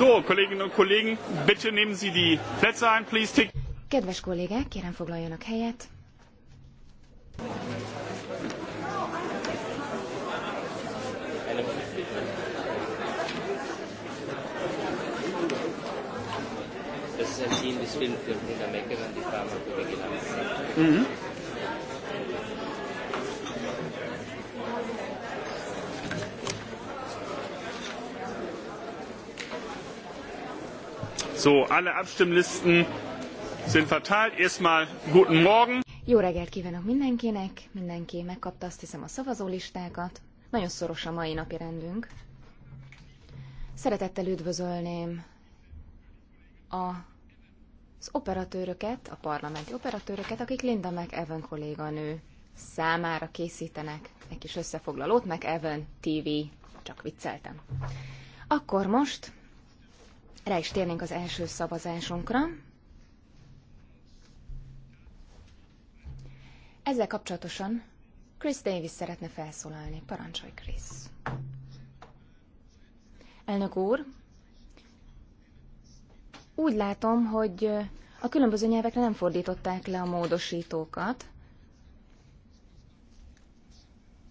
So, Kolleginnen und Kollegen, bitte nehmen Sie die Plätze ein, please take... Kedves kollégák, kérem foglaljanak helyet. So, alle Abstimmlisten sind verteilt. Erstmal guten Morgen. Jó reggelt kívánok mindenkinek, mindenki megkapta azt hiszem a szavazólistákat. Nagyon szoros a mai napi rendünk. Szeretettel üdvözölném a, az operatőröket, a parlamenti operatőröket, akik Linda Evan kolléganő számára készítenek egy kis összefoglalót, meg Evan TV, csak vicceltem. Akkor most rá is térnénk az első szavazásunkra. Ezzel kapcsolatosan Chris Davis szeretne felszólalni. Parancsolj, Chris. Elnök úr, úgy látom, hogy a különböző nyelvekre nem fordították le a módosítókat.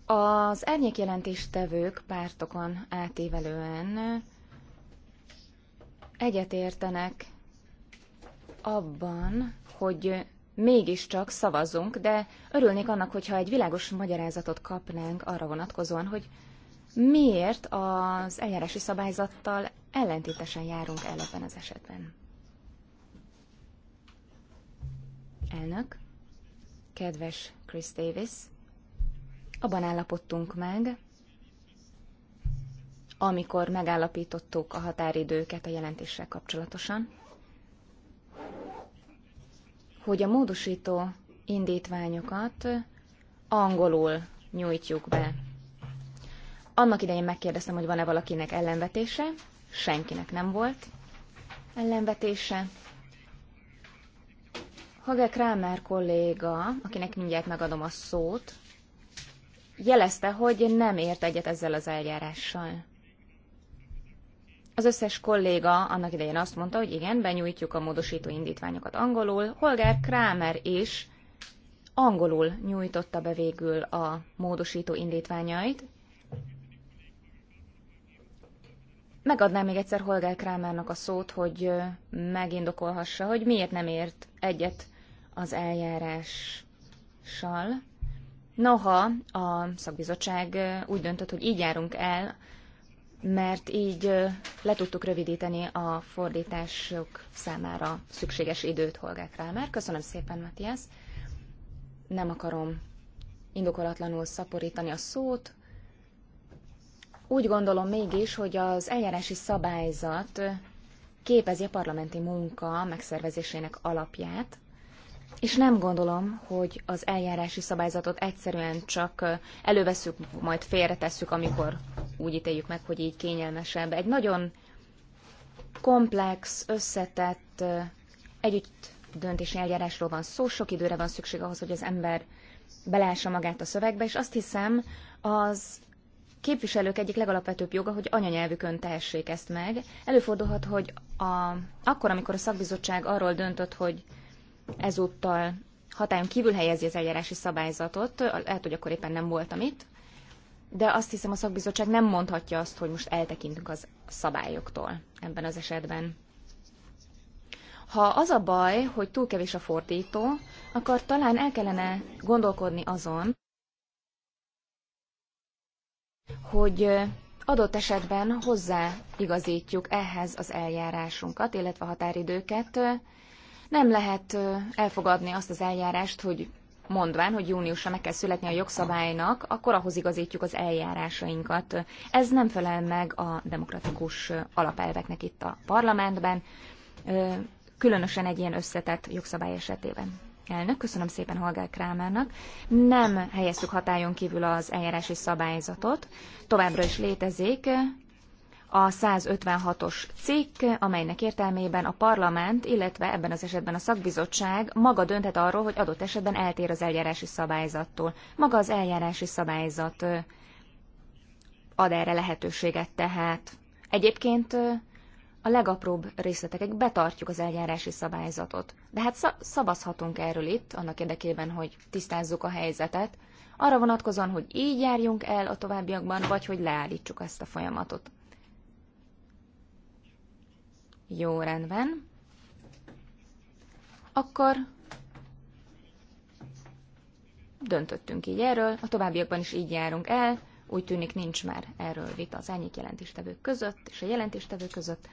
Az árnyékjelentéstevők pártokon átívelően egyetértenek abban, hogy mégiscsak szavazunk, de örülnék annak, hogyha egy világos magyarázatot kapnánk arra vonatkozóan, hogy miért az eljárási szabályzattal ellentétesen járunk el ebben az esetben. Elnök, kedves Chris Davis, abban állapodtunk meg, amikor megállapítottuk a határidőket a jelentéssel kapcsolatosan, hogy a módosító indítványokat angolul nyújtjuk be. Annak idején megkérdeztem, hogy van-e valakinek ellenvetése, senkinek nem volt ellenvetése. Hage Kramer kolléga, akinek mindjárt megadom a szót, jelezte, hogy nem ért egyet ezzel az eljárással. Az összes kolléga annak idején azt mondta, hogy igen, benyújtjuk a módosító indítványokat angolul. Holger Kramer is angolul nyújtotta be végül a módosító indítványait. Megadnám még egyszer Holger Kramernak a szót, hogy megindokolhassa, hogy miért nem ért egyet az eljárással. Noha a szakbizottság úgy döntött, hogy így járunk el mert így le tudtuk rövidíteni a fordítások számára szükséges időt, Holgák Rámer. Köszönöm szépen, Matthias. Nem akarom indokolatlanul szaporítani a szót. Úgy gondolom mégis, hogy az eljárási szabályzat képezi a parlamenti munka megszervezésének alapját, és nem gondolom, hogy az eljárási szabályzatot egyszerűen csak előveszünk majd félretesszük, amikor úgy ítéljük meg, hogy így kényelmesebb. Egy nagyon komplex, összetett együtt döntési eljárásról van szó, sok időre van szükség ahhoz, hogy az ember belássa magát a szövegbe, és azt hiszem, az képviselők egyik legalapvetőbb joga, hogy anyanyelvükön tehessék ezt meg. Előfordulhat, hogy a, akkor, amikor a szakbizottság arról döntött, hogy ezúttal hatályon kívül helyezi az eljárási szabályzatot, lehet, hogy akkor éppen nem voltam itt, de azt hiszem a szakbizottság nem mondhatja azt, hogy most eltekintünk az szabályoktól ebben az esetben. Ha az a baj, hogy túl kevés a fordító, akkor talán el kellene gondolkodni azon, hogy adott esetben hozzáigazítjuk ehhez az eljárásunkat, illetve határidőket. Nem lehet elfogadni azt az eljárást, hogy mondván, hogy júniusra meg kell születni a jogszabálynak, akkor ahhoz igazítjuk az eljárásainkat. Ez nem felel meg a demokratikus alapelveknek itt a parlamentben, különösen egy ilyen összetett jogszabály esetében. Elnök, köszönöm szépen Holger Krámernak. Nem helyeztük hatályon kívül az eljárási szabályzatot, továbbra is létezik, a 156-os cikk, amelynek értelmében a parlament, illetve ebben az esetben a szakbizottság maga dönthet arról, hogy adott esetben eltér az eljárási szabályzattól. Maga az eljárási szabályzat ad erre lehetőséget tehát. Egyébként a legapróbb részletekig betartjuk az eljárási szabályzatot. De hát szavazhatunk erről itt, annak érdekében, hogy tisztázzuk a helyzetet, arra vonatkozóan, hogy így járjunk el a továbbiakban, vagy hogy leállítsuk ezt a folyamatot. Jó, rendben. Akkor döntöttünk így erről, a továbbiakban is így járunk el, úgy tűnik nincs már erről vita az elnyék jelentéstevők között és a jelentéstevők között.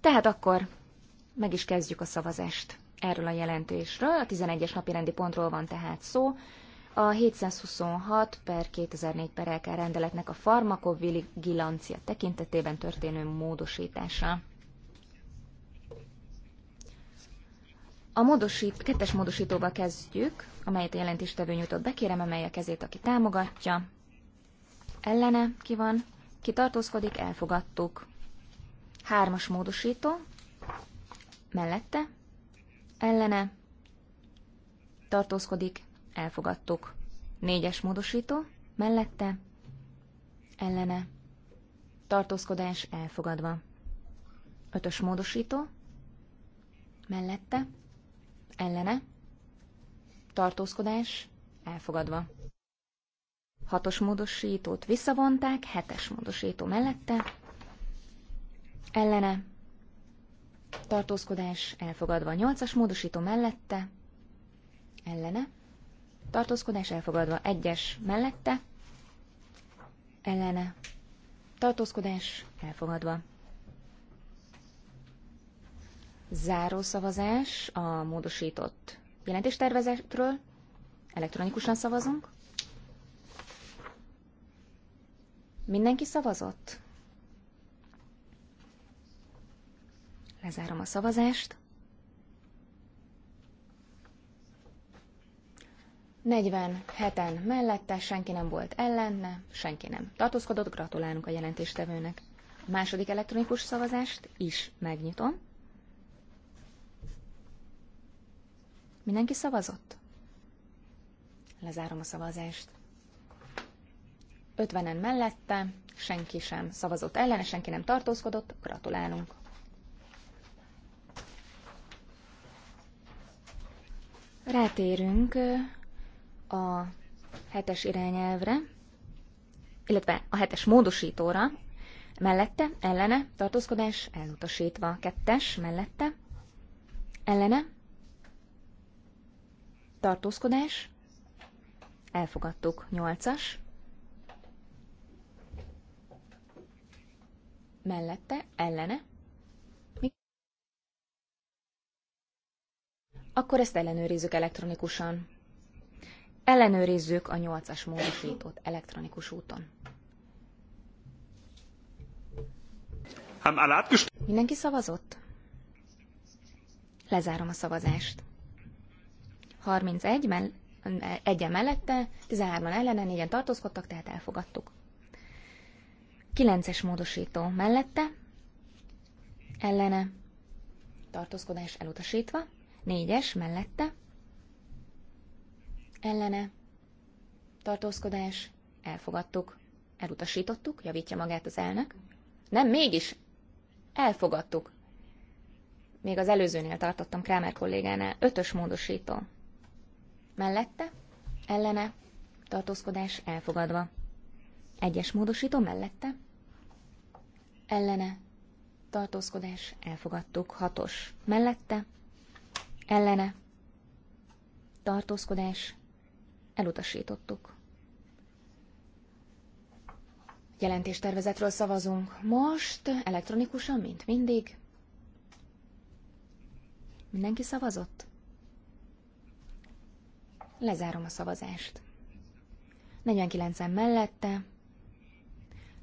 Tehát akkor meg is kezdjük a szavazást erről a jelentésről. A 11-es napi rendi pontról van tehát szó. A 726 per 2004 per LK rendeletnek a farmakovigilancia tekintetében történő módosítása. A módosít, kettes módosítóba kezdjük, amelyet a jelentéstevő nyújtott Bekérem, emelje a kezét, aki támogatja. Ellene ki van, ki tartózkodik, elfogadtuk. Hármas módosító, mellette, ellene, tartózkodik, elfogadtuk. Négyes módosító, mellette, ellene, tartózkodás elfogadva. Ötös módosító, mellette, ellene, tartózkodás, elfogadva. Hatos módosítót visszavonták, hetes módosító mellette, ellene, tartózkodás, elfogadva. Nyolcas módosító mellette, ellene, tartózkodás, elfogadva. Egyes mellette, ellene, tartózkodás, elfogadva. Záró szavazás a módosított jelentéstervezetről. Elektronikusan szavazunk. Mindenki szavazott? Lezárom a szavazást. 47-en mellette, senki nem volt ellenne, senki nem tartózkodott, gratulálunk a jelentéstevőnek. A második elektronikus szavazást is megnyitom. Mindenki szavazott? Lezárom a szavazást. 50-en mellette, senki sem szavazott ellene, senki nem tartózkodott, gratulálunk. Rátérünk a hetes irányelvre, illetve a hetes módosítóra, mellette, ellene, tartózkodás elutasítva, kettes, mellette, ellene, tartózkodás, elfogadtuk. nyolcas. mellette, ellene. Akkor ezt ellenőrizzük elektronikusan. Ellenőrizzük a nyolcas módosítót elektronikus úton. Mindenki szavazott? Lezárom a szavazást. 31 mell- egy mellette, 13-an ellene, 4 tartózkodtak, tehát elfogadtuk. 9-es módosító mellette, ellene, tartózkodás elutasítva, 4-es mellette, ellene, tartózkodás, elfogadtuk, elutasítottuk, javítja magát az elnök. Nem, mégis elfogadtuk. Még az előzőnél tartottam Krámer kollégánál, ötös módosító Mellette, ellene, tartózkodás elfogadva. Egyes módosító mellette, ellene, tartózkodás elfogadtuk. Hatos mellette, ellene, tartózkodás elutasítottuk. Jelentéstervezetről szavazunk most, elektronikusan, mint mindig. Mindenki szavazott? Lezárom a szavazást. 49-en mellette,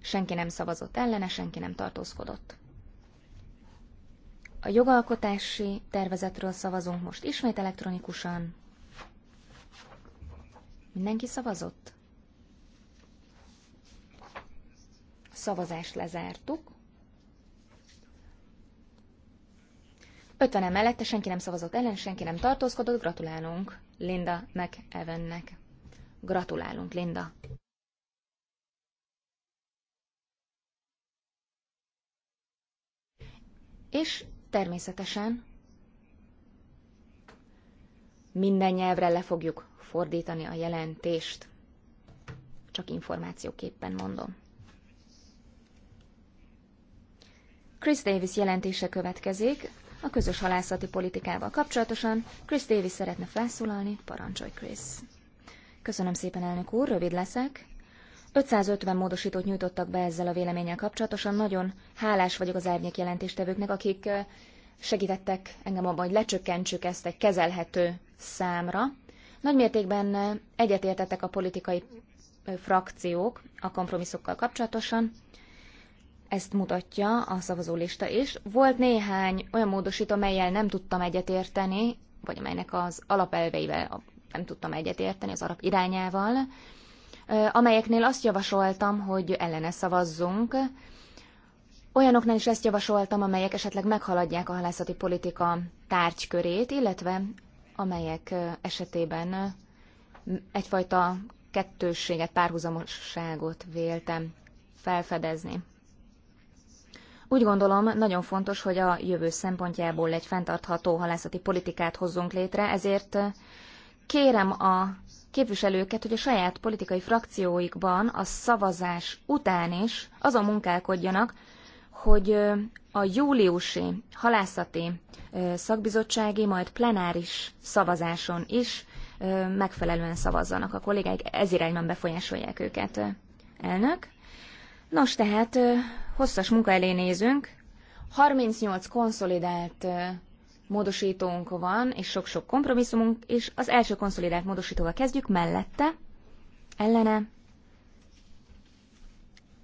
senki nem szavazott ellene, senki nem tartózkodott. A jogalkotási tervezetről szavazunk most ismét elektronikusan. Mindenki szavazott? A szavazást lezártuk. 50 mellette senki nem szavazott ellen, senki nem tartózkodott, gratulálunk Linda McEvennek. Gratulálunk, Linda! És természetesen minden nyelvre le fogjuk fordítani a jelentést. Csak információképpen mondom. Chris Davis jelentése következik a közös halászati politikával kapcsolatosan. Chris Davis szeretne felszólalni, parancsolj Chris. Köszönöm szépen, elnök úr, rövid leszek. 550 módosítót nyújtottak be ezzel a véleménnyel kapcsolatosan. Nagyon hálás vagyok az árnyék jelentéstevőknek, akik segítettek engem abban, hogy lecsökkentsük ezt egy kezelhető számra. mértékben egyetértettek a politikai frakciók a kompromisszokkal kapcsolatosan. Ezt mutatja a szavazólista is. Volt néhány olyan módosító, amelyel nem tudtam egyetérteni, vagy amelynek az alapelveivel nem tudtam egyetérteni, az arab irányával, amelyeknél azt javasoltam, hogy ellene szavazzunk. Olyanoknál is ezt javasoltam, amelyek esetleg meghaladják a halászati politika tárgykörét, illetve amelyek esetében egyfajta kettősséget, párhuzamosságot véltem felfedezni. Úgy gondolom, nagyon fontos, hogy a jövő szempontjából egy fenntartható halászati politikát hozzunk létre, ezért kérem a képviselőket, hogy a saját politikai frakcióikban a szavazás után is azon munkálkodjanak, hogy a júliusi halászati szakbizottsági, majd plenáris szavazáson is megfelelően szavazzanak a kollégáik, ez irányban befolyásolják őket. Elnök, Nos, tehát hosszas munka elé nézünk. 38 konszolidált módosítónk van, és sok-sok kompromisszumunk, és az első konszolidált módosítóval kezdjük, mellette, ellene,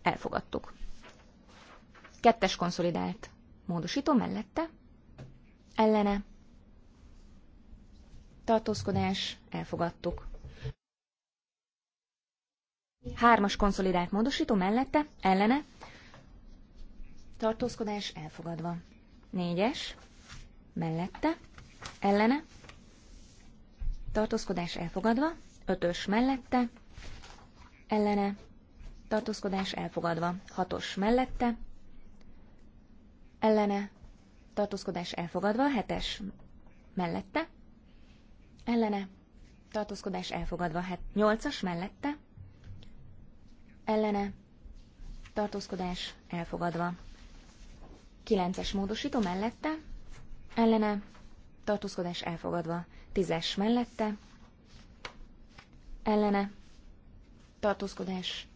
elfogadtuk. Kettes konszolidált módosító mellette, ellene, tartózkodás, elfogadtuk. Hármas konszolidált módosító mellette, ellene. Tartózkodás elfogadva. Négyes, mellette, ellene. Tartózkodás elfogadva. Ötös mellette, ellene. Tartózkodás elfogadva. Hatos mellette, ellene. Tartózkodás elfogadva. Hetes mellette, ellene. Tartózkodás elfogadva. Hát nyolcas mellette, ellene, tartózkodás elfogadva. kilences módosító mellette, ellene, tartózkodás elfogadva. tízes mellette, ellene, tartózkodás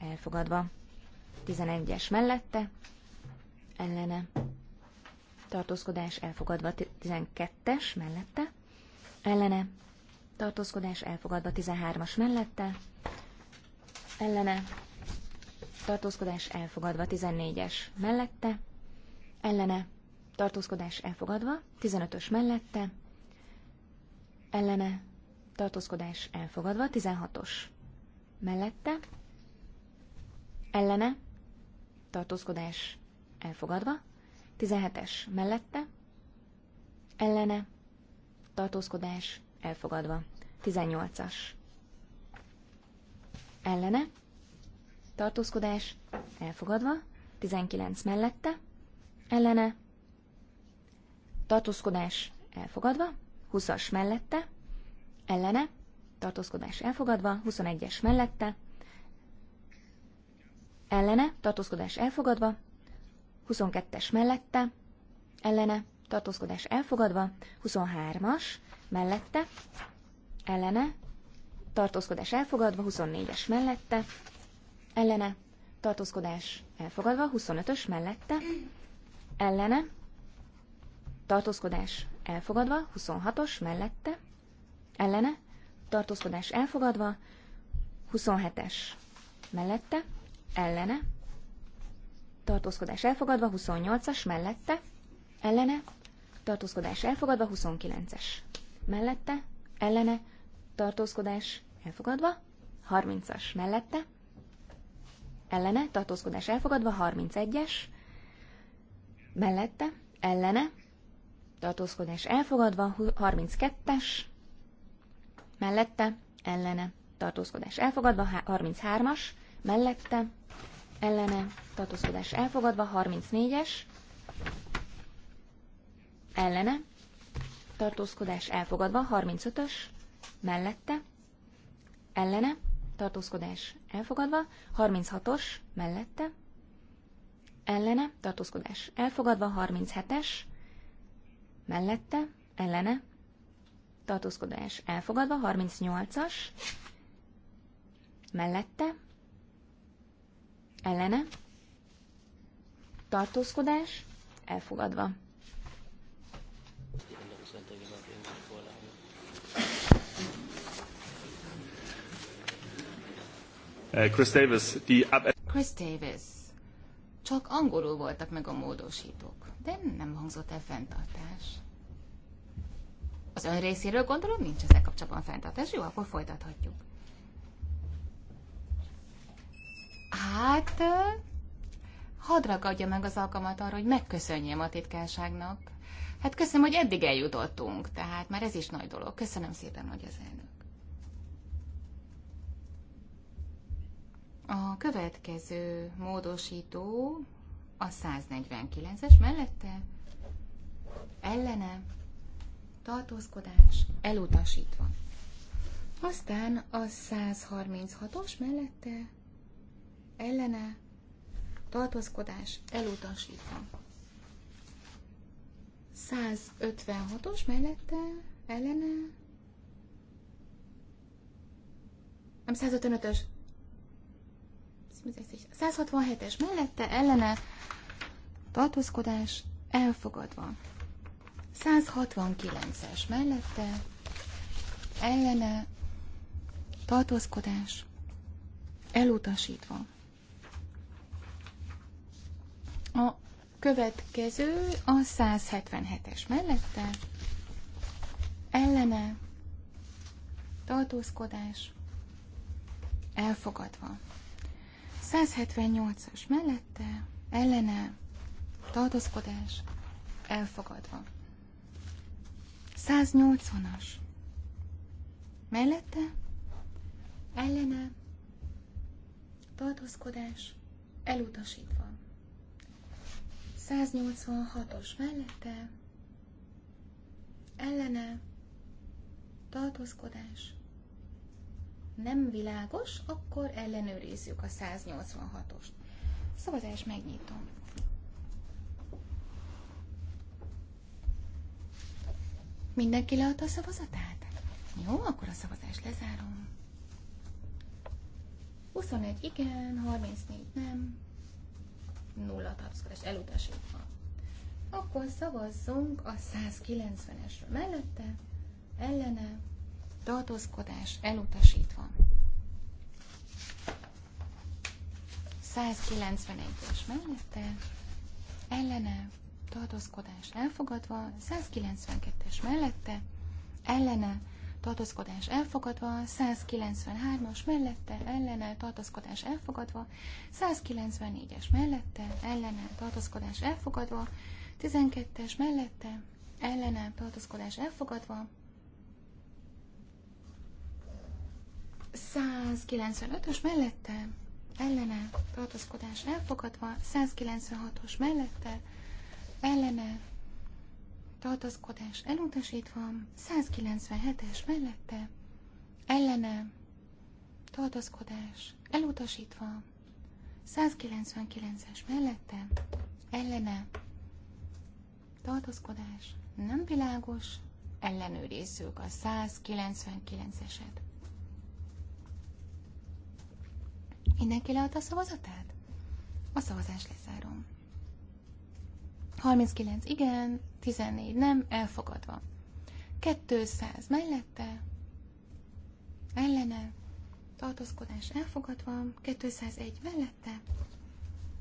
elfogadva. tizenegyes mellette, ellene, tartózkodás elfogadva. tizenkettes mellette, ellene, tartózkodás elfogadva. tizenhármas mellette, ellene, tartózkodás elfogadva, 14-es mellette, ellene, tartózkodás elfogadva, 15-ös mellette, ellene, tartózkodás elfogadva, 16-os mellette, ellene, tartózkodás elfogadva, 17-es mellette, ellene, tartózkodás elfogadva, 18-as ellene, tartózkodás elfogadva, 19 mellette, ellene, tartózkodás elfogadva, 20-as mellette, ellene, tartózkodás elfogadva, 21-es mellette, ellene, tartózkodás elfogadva, 22-es mellette, ellene, tartózkodás elfogadva, 23-as mellette, ellene, tartózkodás elfogadva, 24-es mellette, ellene, tartózkodás elfogadva, 25-ös mellette, ellene, tartózkodás elfogadva, 26-os mellette, ellene, tartózkodás elfogadva, 27-es mellette, ellene, tartózkodás elfogadva, 28-as mellette, ellene, tartózkodás elfogadva, 29-es mellette, ellene, tartózkodás elfogadva, 30-as mellette, ellene, tartózkodás elfogadva, 31-es, mellette, ellene, tartózkodás elfogadva, 32-es, mellette, ellene, tartózkodás elfogadva, 33-as, mellette, ellene, tartózkodás elfogadva, 34-es, ellene, tartózkodás elfogadva, 35-ös, mellette, ellene, tartózkodás elfogadva, 36-os mellette, ellene, tartózkodás elfogadva, 37-es mellette, ellene, tartózkodás elfogadva, 38-as mellette, ellene, tartózkodás elfogadva. Eh, Chris Davis, die Ab Chris Davis. Csak angolul voltak meg a módosítók, de nem hangzott el fenntartás. Az ön részéről gondolom nincs ezzel kapcsolatban fenntartás. Jó, akkor folytathatjuk. Hát, hadd ragadja meg az alkalmat arra, hogy megköszönjem a titkárságnak. Hát köszönöm, hogy eddig eljutottunk, tehát már ez is nagy dolog. Köszönöm szépen, hogy az elnök. A következő módosító a 149-es mellette ellene tartózkodás elutasítva. Aztán a 136-os mellette ellene tartózkodás elutasítva. 156-os mellette ellene nem 155-ös 167-es mellette ellene tartózkodás elfogadva. 169-es mellette ellene tartózkodás elutasítva. A következő a 177-es mellette ellene tartózkodás elfogadva. 178-as mellette, ellene, tartózkodás, elfogadva. 180-as mellette, ellene, tartózkodás, elutasítva. 186-os mellette, ellene, tartózkodás, nem világos, akkor ellenőrizzük a 186-ost. Szavazás megnyitom. Mindenki leadta a szavazatát? Jó, akkor a szavazást lezárom. 21 igen, 34 nem, nulla tapszkodás, elutasítva. Akkor szavazzunk a 190-esről mellette, ellene, tartózkodás elutasítva. 191-es mellette, ellene, tartózkodás elfogadva, 192-es mellette, ellene, tartózkodás elfogadva, 193-as mellette, ellene, tartózkodás elfogadva, 194-es mellette, ellene, tartózkodás elfogadva, 12-es mellette, ellene, tartózkodás elfogadva, 195-ös mellette, ellene, tartózkodás elfogadva, 196-os mellette, ellene, tartózkodás elutasítva, 197-es mellette, ellene, tartózkodás elutasítva, 199-es mellette, ellene, tartózkodás nem világos, ellenőrizzük a 199-eset. Mindenki leadta a szavazatát? A szavazás lezárom. 39 igen, 14 nem, elfogadva. 200 mellette, ellene, tartózkodás elfogadva, 201 mellette,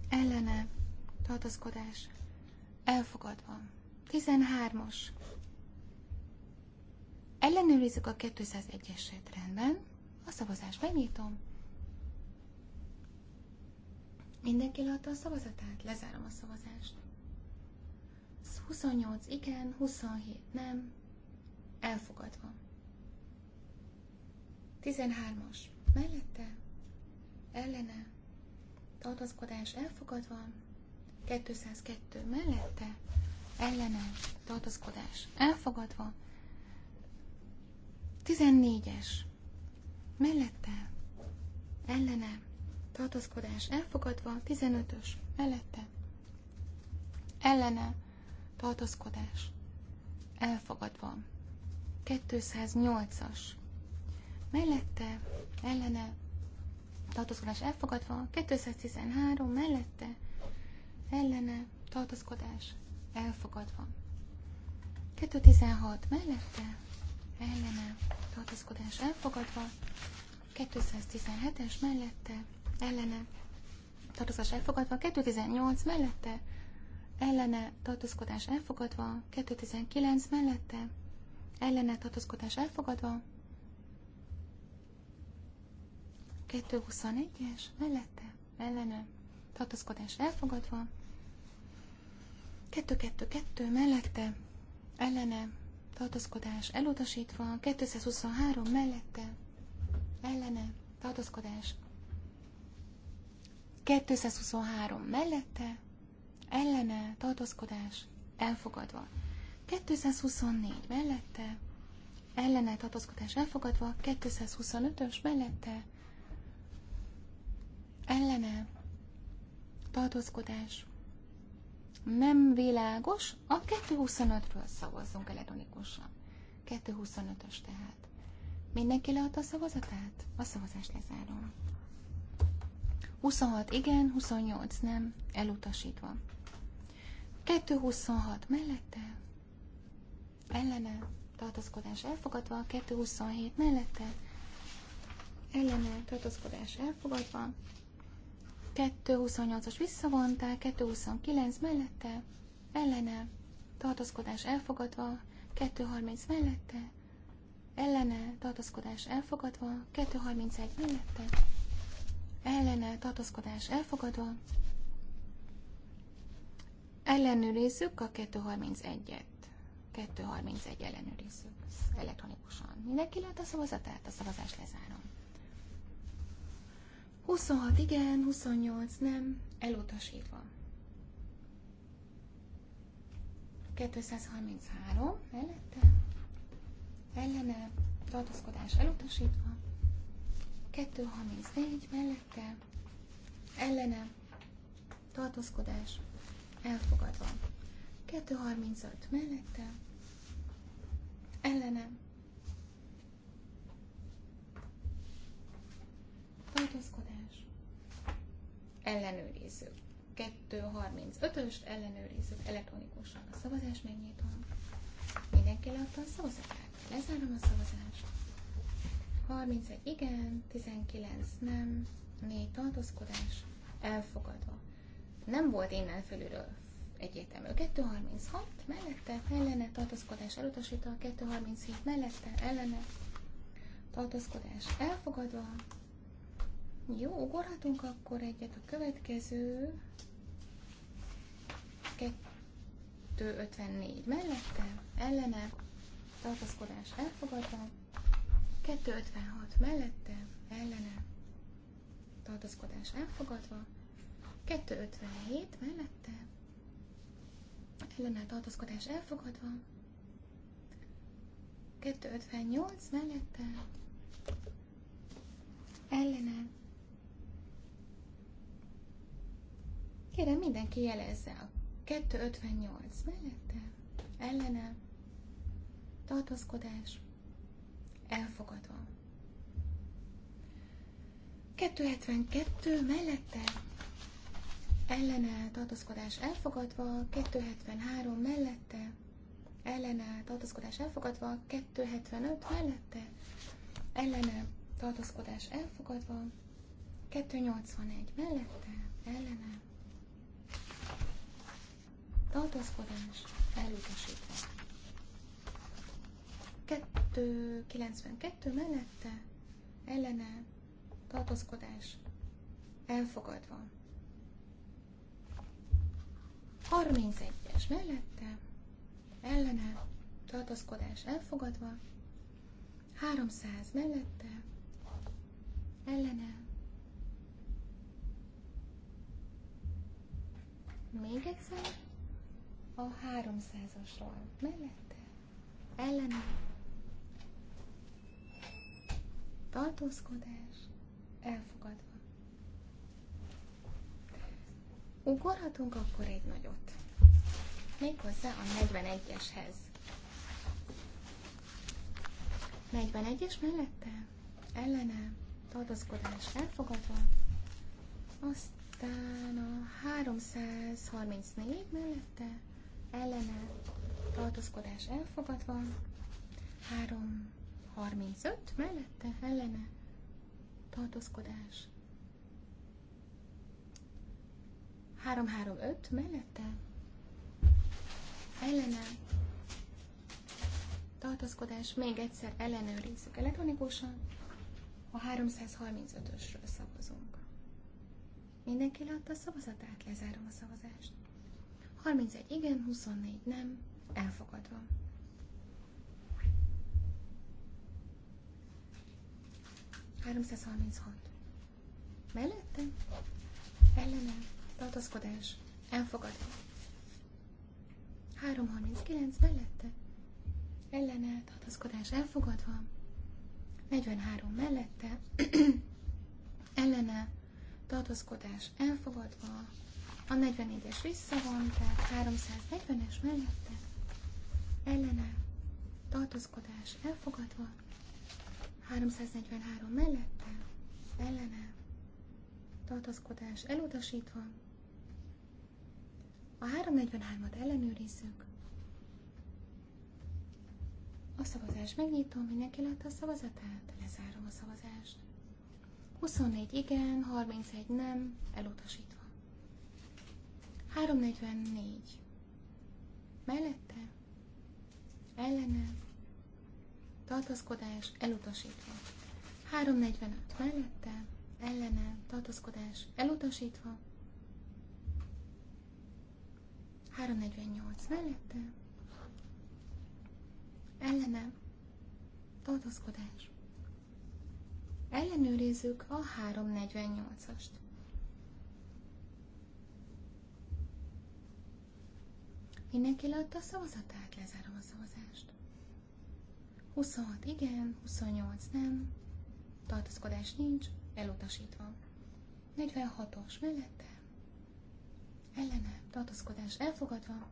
ellene, tartózkodás elfogadva. 13 os. Ellenőrizzük a 201-eset rendben. A szavazást megnyitom. Mindenki látta a szavazatát? Lezárom a szavazást. 28 igen, 27 nem. Elfogadva. 13-as. Mellette? Ellene? Tartozkodás elfogadva. 202 mellette? Ellene? Tartozkodás elfogadva. 14-es. Mellette? Ellene? tartózkodás elfogadva, 15-ös mellette, ellene, tartózkodás elfogadva, 208-as mellette, ellene, tartózkodás elfogadva, 213 mellette, ellene, tartózkodás elfogadva, 216 mellette, ellene, tartózkodás elfogadva, 217-es mellette, ellene tartozás elfogadva, 2018 mellette ellene tartózkodás elfogadva, 2019 mellette ellene tartózkodás elfogadva, 221-es mellette ellene tartózkodás elfogadva, 222 mellette ellene tartózkodás elutasítva, 223 mellette ellene tartózkodás 223 mellette, ellene, tartózkodás, elfogadva. 224 mellette, ellene, tartózkodás, elfogadva. 225-ös mellette, ellene, tartózkodás, nem világos, a 225-ről szavazzunk elektronikusan. 225-ös tehát. Mindenki leadta a szavazatát? A szavazást lezárom. 26 igen, 28 nem, elutasítva. 226 mellette, ellene, tartozkodás elfogadva, 227 mellette, ellene, tartozkodás elfogadva, 228-as visszavonták, 229 mellette, ellene, tartozkodás elfogadva, 230 mellette, ellene, tartozkodás elfogadva, 231 mellette, ellene tartózkodás elfogadva. Ellenőrizzük a 231-et. 231 ellenőrizzük elektronikusan. Mindenki lát a szavazatát, a szavazás lezárom. 26 igen, 28 nem, elutasítva. 233 mellette, ellene, tartózkodás elutasítva. 234 mellette ellene tartózkodás elfogadva. 235 mellette ellene tartózkodás ellenőriző. 235-öst ellenőriző elektronikusan. A szavazás megnyitva. Mindenki látta a szavazatát. Lezárom a szavazást. 31 igen, 19 nem, 4 tartózkodás, elfogadva. Nem volt innen fölülről egyértelmű. 236 mellette, ellene, tartózkodás elutasítva, 237 mellette, ellene, tartózkodás elfogadva. Jó, ugorhatunk akkor egyet a következő. 254 mellette, ellene, tartózkodás elfogadva. 256 mellette, ellene, tartózkodás elfogadva, 257 mellette, ellene tartózkodás elfogadva, 258 mellette, ellene, kérem mindenki jelezze a 258 mellette, ellene, tartózkodás, elfogadva. 272 mellette ellene tartózkodás elfogadva, 273 mellette ellene tartózkodás elfogadva, 275 mellette ellene tartózkodás elfogadva, 281 mellette ellene tartózkodás elutasítva. 292 mellette ellene tartozkodás elfogadva. 31-es mellette ellene tartozkodás elfogadva. 300 mellette ellene még egyszer a 300-asról mellette ellene tartózkodás, elfogadva. Ugorhatunk akkor egy nagyot. Méghozzá a 41-eshez. 41-es mellette, ellene, tartózkodás elfogadva, aztán a 334 mellette, ellene, tartózkodás elfogadva, 3 35 mellette ellene tartózkodás. 335 mellette ellene tartózkodás. Még egyszer ellenőrizzük elektronikusan. A 335-ösről szavazunk. Mindenki látta a szavazatát, lezárom a szavazást. 31 igen, 24 nem, elfogadva. 336. Mellette? Ellene. Tartózkodás. Elfogadva. 339. Mellette? Ellene. Tartózkodás. Elfogadva. 43. Mellette? ellene. Tartózkodás. Elfogadva. A 44-es visszavon, tehát 340-es mellette. Ellene. Tartózkodás. Elfogadva. 343 mellette, ellene, tartózkodás elutasítva. A 343-at ellenőrizzük. A szavazás megnyitom, mindenki látta a szavazatát, lezárom a szavazást. 24 igen, 31 nem, elutasítva. 344. Mellette, ellenem, tartózkodás elutasítva. 345 mellette, ellene, tartózkodás elutasítva. 348 mellette, ellene, tartózkodás. Ellenőrizzük a 348-ast. Mindenki látta a szavazatát, lezárom a szavazást. 26 igen, 28 nem, tartózkodás nincs, elutasítva. 46-os mellette, ellene, tartózkodás elfogadva,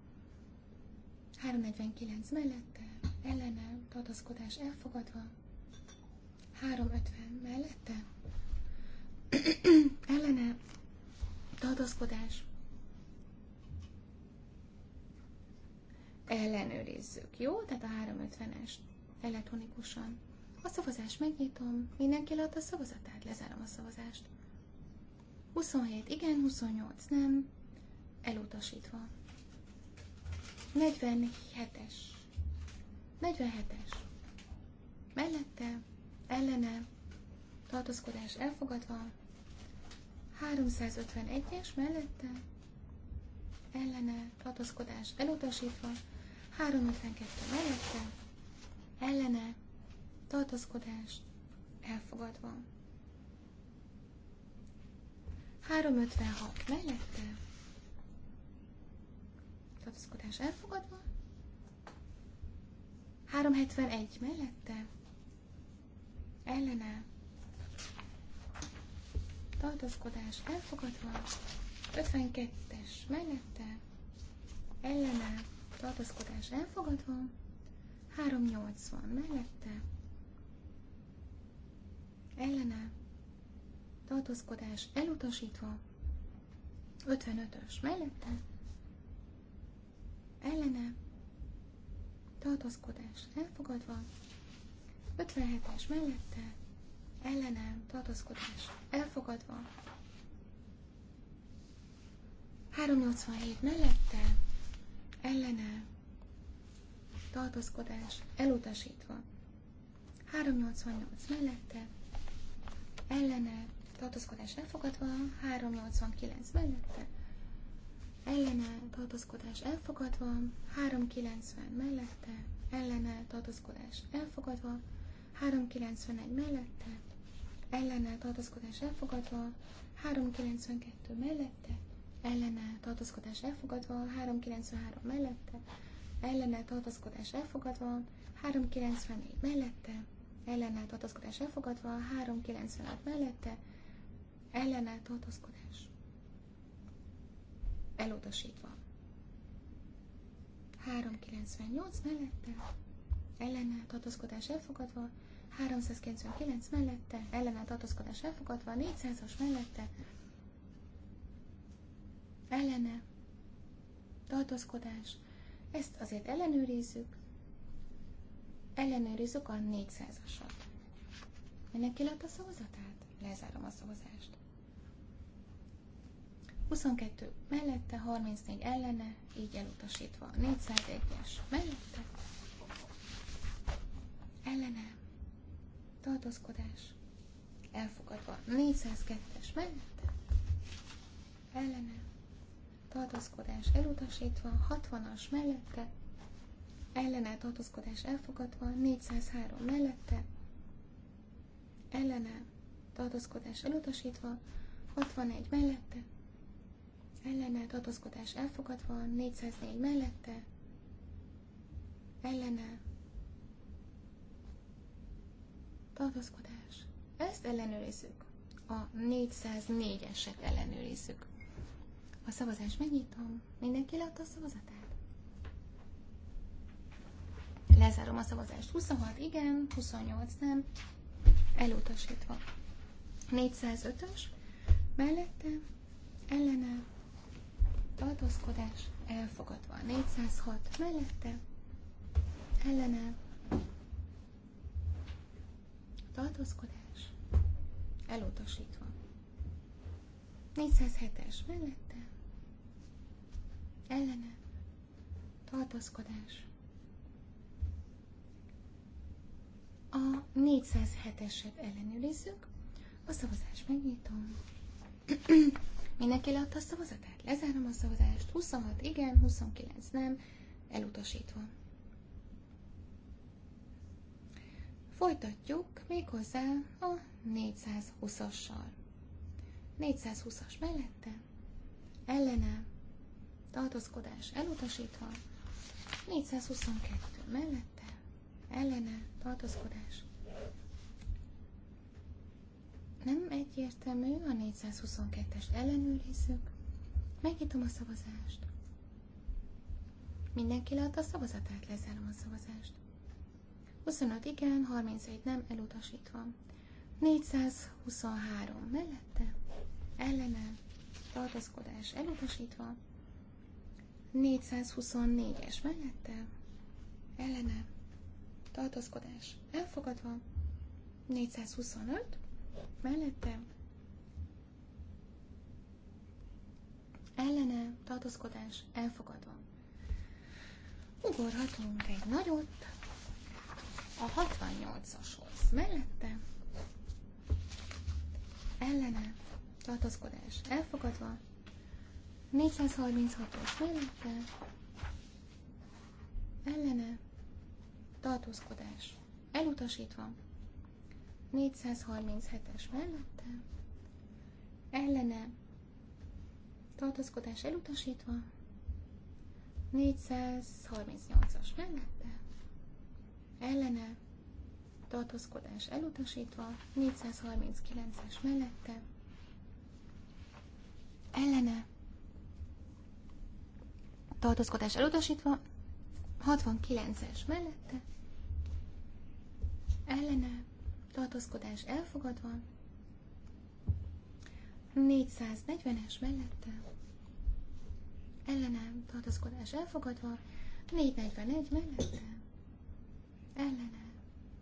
349 mellette, ellene, tartózkodás elfogadva, 350 mellette, ellene, tartózkodás ellenőrizzük, jó? Tehát a 350-est elektronikusan. A szavazást megnyitom, mindenki leadta a szavazatát, lezárom a szavazást. 27 igen, 28 nem, elutasítva. 47-es. 47-es. Mellette, ellene, tartózkodás elfogadva. 351-es mellette, ellene, tartózkodás elutasítva. 352 mellette, ellene, tartózkodás, elfogadva. 356 mellette, tartózkodás elfogadva. 371 mellette, ellene, tartózkodás elfogadva. 52-es mellette, ellene, tartózkodás elfogadva. 380 mellette, ellene, tartózkodás elutasítva, 55-ös mellette, ellene, tartózkodás elfogadva, 57-es mellette, Ellene tartózkodás elfogadva, 387 mellette, ellene, tartózkodás elutasítva. 388 mellette, ellene, tartózkodás elfogadva, 389 mellette, ellene, tartózkodás elfogadva, 390 mellette, ellene, tartózkodás elfogadva, 391 mellette, ellene, tartózkodás elfogadva, 392 mellette, ellene, tartózkodás elfogadva, 393 mellette, ellene tartózkodás elfogadva, 394 mellette, ellene tartózkodás elfogadva, 396 mellette, ellene tartózkodás elutasítva. 398 mellette, ellene tartózkodás elfogadva, 399 mellette, ellene tartózkodás elfogadva, 400-as mellette, ellene tartózkodás ezt azért ellenőrizzük. Ellenőrizzük a 400-asat. Mindenki látta a szavazatát? Lezárom a szavazást. 22 mellette, 34 ellene, így elutasítva. 401-es mellette, ellene, tartózkodás, elfogadva. 402-es mellette, ellene, tartózkodás elutasítva, 60-as mellette, ellene tartózkodás elfogadva, 403 mellette, ellene tartózkodás elutasítva, 61 mellette, ellene tartózkodás elfogadva, 404 mellette, ellene tartózkodás. Ezt ellenőrizzük. A 404-eset ellenőrizzük. A szavazást megnyitom. Mindenki látta a szavazatát? Lezárom a szavazást. 26 igen, 28 nem. Elutasítva. 405-ös. Mellette ellene tartózkodás elfogadva. 406 mellette ellene tartózkodás elutasítva. 407-es mellette ellene tartózkodás. A 407-eset ellenőrizzük, a szavazás megnyitom. Mindenki leadta a szavazatát? Lezárom a szavazást. 26 igen, 29 nem, elutasítva. Folytatjuk méghozzá a 420-assal. 420-as mellette, ellenem tartózkodás elutasítva, 422 mellette, ellene, tartózkodás. Nem egyértelmű, a 422-est ellenőrizzük, megnyitom a szavazást. Mindenki leadta a szavazatát, lezárom a szavazást. 25 igen, 31 nem, elutasítva. 423 mellette, ellene, tartozkodás elutasítva, 424-es mellette, ellene, tartózkodás elfogadva, 425 mellette, ellene, tartózkodás elfogadva. Ugorhatunk egy nagyot a 68-ashoz mellette, ellene, tartózkodás elfogadva, 436-os mellette ellene tartózkodás elutasítva. 437-es mellette ellene tartózkodás elutasítva. 438-as mellette ellene tartózkodás elutasítva. 439-es mellette ellene tartózkodás elutasítva, 69-es mellette, ellene, tartózkodás elfogadva, 440-es mellette, ellene, tartózkodás elfogadva, 441 mellette, ellene,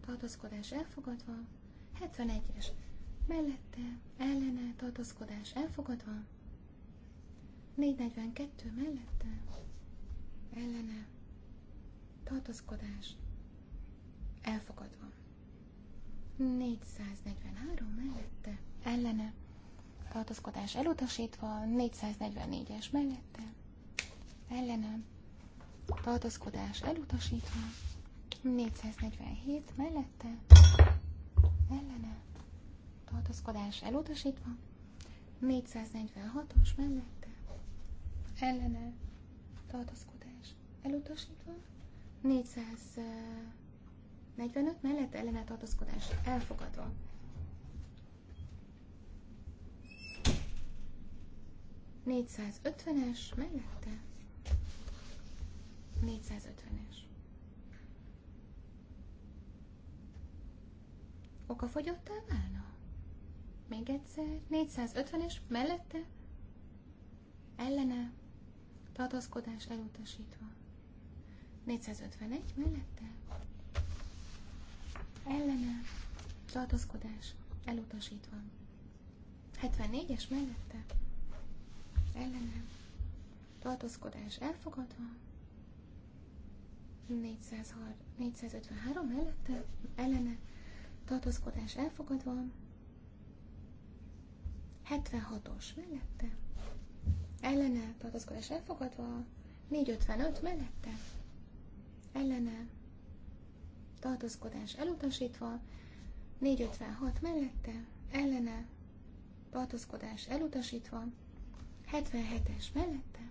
tartózkodás elfogadva, 71-es mellette, ellene, tartózkodás elfogadva, 442 mellette, ellene, tartozkodás elfogadva. 443 mellette, ellene, tartozkodás elutasítva, 444-es mellette, ellene, tartozkodás elutasítva, 447 mellette, ellene, tartozkodás elutasítva, 446-os mellette, ellene, tartozkodás elutasítva, 445 mellett ellene tartózkodás elfogadva. es mellette. 450-es. Okafogyottá válna? Még egyszer. 450-es mellette. Ellene. tartózkodás elutasítva. 451 mellette ellene tartózkodás elutasítva. 74-es mellette ellene tartózkodás elfogadva. 400, 453 mellette ellene tartózkodás elfogadva. 76-os mellette ellene tartózkodás elfogadva. 455 mellette ellene, tartózkodás elutasítva, 456 mellette, ellene, tartózkodás elutasítva, 77-es mellette,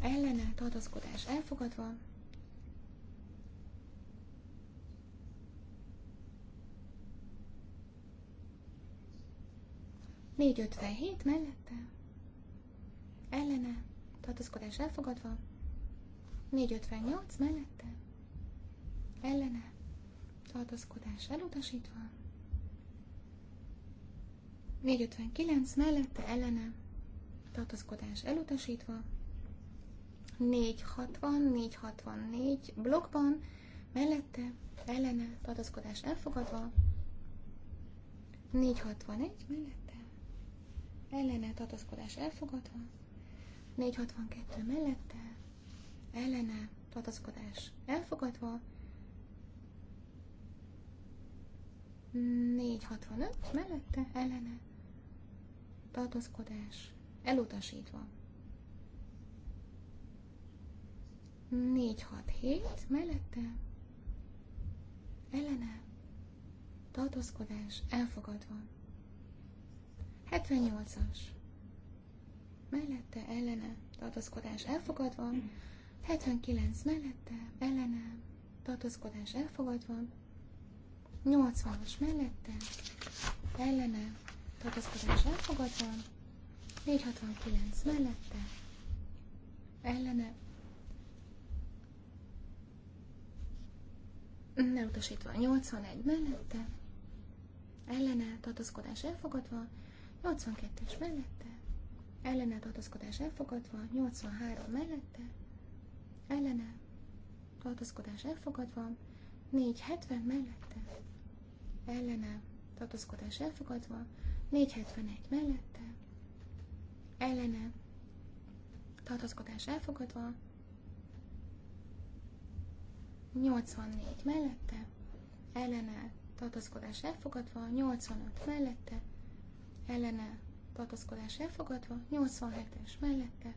ellene, tartózkodás elfogadva, 457 mellette, ellene, tartózkodás elfogadva, 458 mellette, ellene, tartózkodás elutasítva. 459 mellette, ellene, tartózkodás elutasítva. 460, 464 blokkban, mellette, ellene, tartózkodás elfogadva. 461 mellette, ellene, tartózkodás elfogadva. 462 mellette, ellene tartozkodás elfogadva, 465 mellette ellene tartózkodás elutasítva. 467 mellette ellene tartózkodás elfogadva. 78-as mellette ellene tartozkodás elfogadva. 79 mellette, ellene, tartózkodás elfogadva, 80-as mellette, ellene, tartózkodás elfogadva, 469 mellette, ellene, nem utasítva, 81 mellette, ellene, tartozkodás elfogadva, 82-es mellette, ellene, tartozkodás elfogadva, 83 mellette, ellene, tartózkodás elfogadva, 470 mellette, ellene, tartózkodás elfogadva, 471 mellette, ellene, tartózkodás elfogadva, 84 mellette, ellene, tartózkodás elfogadva, 85 mellette, ellene, tartózkodás elfogadva, 87-es mellette,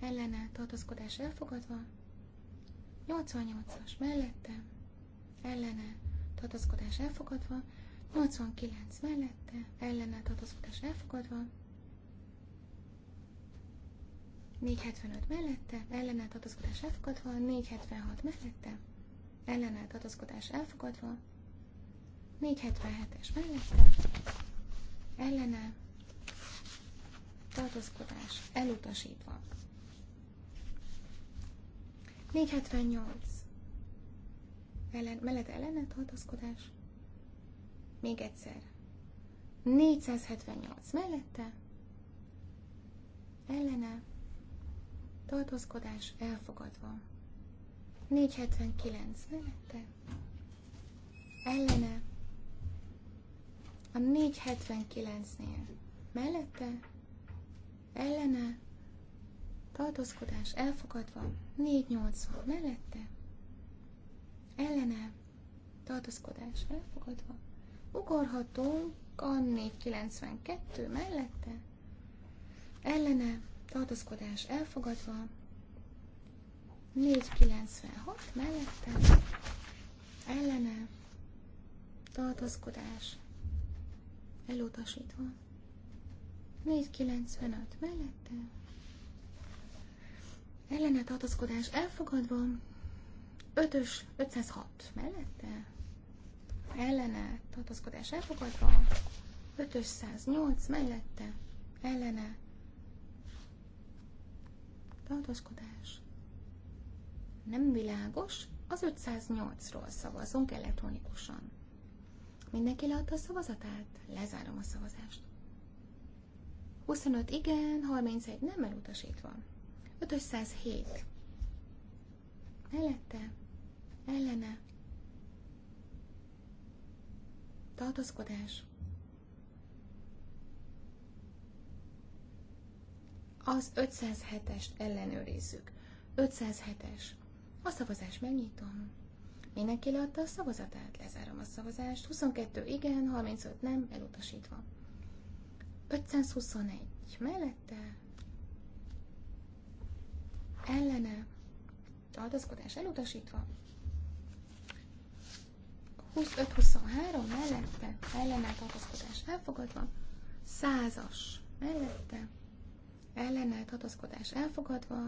ellene tartózkodás elfogadva, 88-as mellette, ellene tartózkodás elfogadva, 89 mellette, ellene tartózkodás elfogadva, 475 mellette, ellene tartózkodás elfogadva, 476 mellette, ellene tartózkodás elfogadva, 477-es mellette, ellene tartózkodás elutasítva. 478. Ellen, mellette ellene tartózkodás. Még egyszer. 478 mellette. Ellene. Tartózkodás elfogadva. 479 mellette. Ellene. A 479-nél. Mellette. Ellene tartózkodás elfogadva, 480 mellette, ellene, tartózkodás elfogadva, ugorhatunk a 492 mellette, ellene, tartózkodás elfogadva, 496 mellette, ellene, tartózkodás elutasítva, 495 mellette, ellene tartozkodás elfogadva, Ötös, 506 mellette, ellene tartozkodás elfogadva, 108 mellette, ellene tartozkodás Nem világos, az 508-ról szavazunk elektronikusan. Mindenki leadta a szavazatát? Lezárom a szavazást. 25 igen, 31 nem elutasítva. 507. Mellette, ellene, tartozkodás, Az 507-est ellenőrizzük. 507-es. A szavazást megnyitom. Mindenki leadta a szavazatát, lezárom a szavazást. 22 igen, 35 nem, elutasítva. 521 mellette, ellene tartózkodás elutasítva, 25-23 mellette ellene tartózkodás elfogadva, 100-as mellette ellene tartózkodás elfogadva,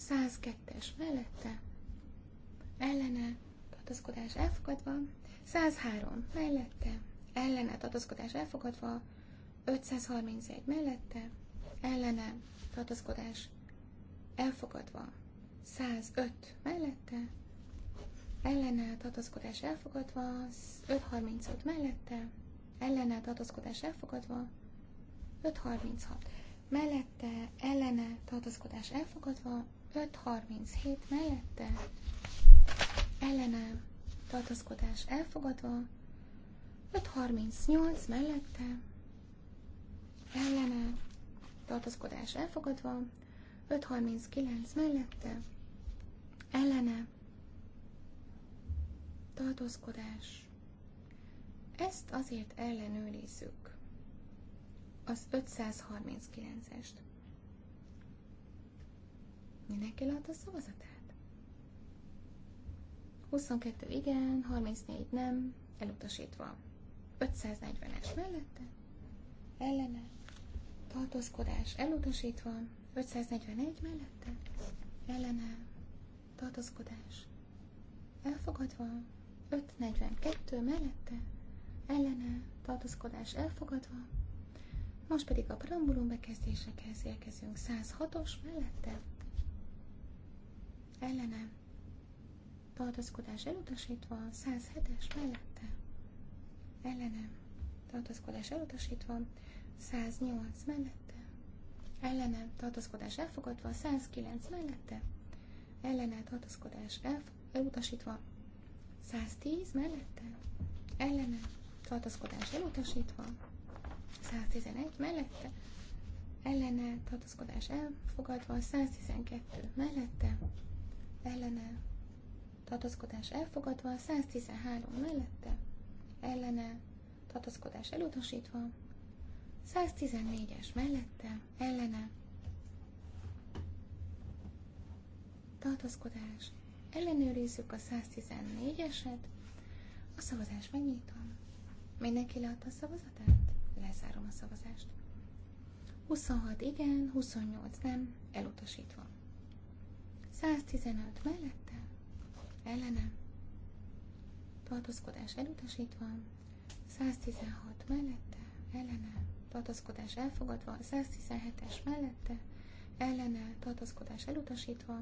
102-es mellette ellene tartózkodás elfogadva, 103 mellette ellene tartózkodás elfogadva, 531 mellette ellene tartózkodás elfogadva. 105 mellette, ellene tartozkodás elfogadva, 535 mellette, ellene tartozkodás elfogadva, 536 mellette, ellene tartozkodás elfogadva, 537 mellette, ellene tartozkodás elfogadva, 538 mellette, ellene tartozkodás elfogadva, 539 mellette, ellene, tartózkodás. Ezt azért ellenőrizzük, az 539-est. Mindenki látta a szavazatát? 22 igen, 34 nem, elutasítva. 540-es mellette, ellene, tartózkodás elutasítva, 541 mellette ellene tartózkodás elfogadva, 542 mellette ellene tartózkodás elfogadva, most pedig a preambulum bekezdésekhez érkezünk 106-os mellette ellene tartózkodás elutasítva, 107-es mellette ellene tartózkodás elutasítva, 108 mellette ellene tartózkodás elfogadva, 109 mellette, ellene tartózkodás elutasítva, 110 mellette, ellene tartózkodás elutasítva, 111 mellette, ellene tartózkodás elfogadva, 112 mellette, ellene tartózkodás elfogadva, 113 mellette, ellene tartózkodás elutasítva, 114-es mellette, ellene, tartózkodás, ellenőrizzük a 114-eset, a szavazást megnyitom. Mindenki leadta a szavazatát? Lezárom a szavazást. 26 igen, 28 nem, elutasítva. 115 mellette, ellene, tartózkodás elutasítva, 116 mellette, ellene, tartózkodás elfogadva, 117-es mellette, ellene tartózkodás elutasítva,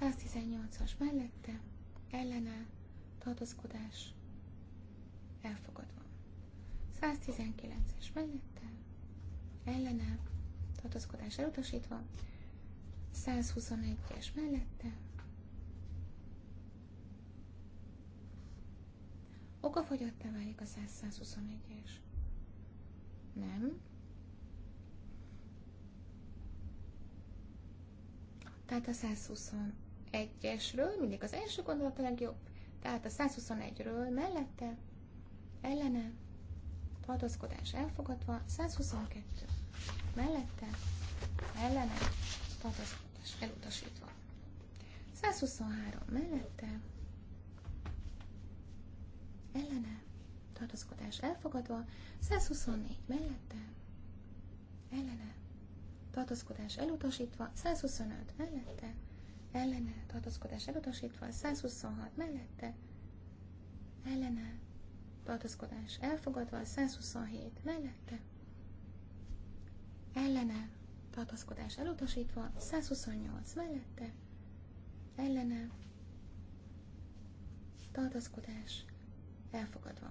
118-as mellette, ellene tartózkodás elfogadva. 119-es mellette, ellene tartózkodás elutasítva, 121-es mellette, okafogyottá válik a 121-es. Nem. Tehát a 121-esről mindig az első gondolat a legjobb. Tehát a 121-ről mellette, ellene, tartózkodás elfogadva, 122 mellette, ellene, tartózkodás elutasítva. 123 mellette, ellene, tartózkodás elfogadva, 124 mellette, ellene, tartózkodás elutasítva, 125 mellette, ellene, tartózkodás elutasítva, 126 mellette, ellene, tartózkodás elfogadva, 127 mellette, ellene, tartózkodás elutasítva, 128 mellette, ellene, tartózkodás elfogadva.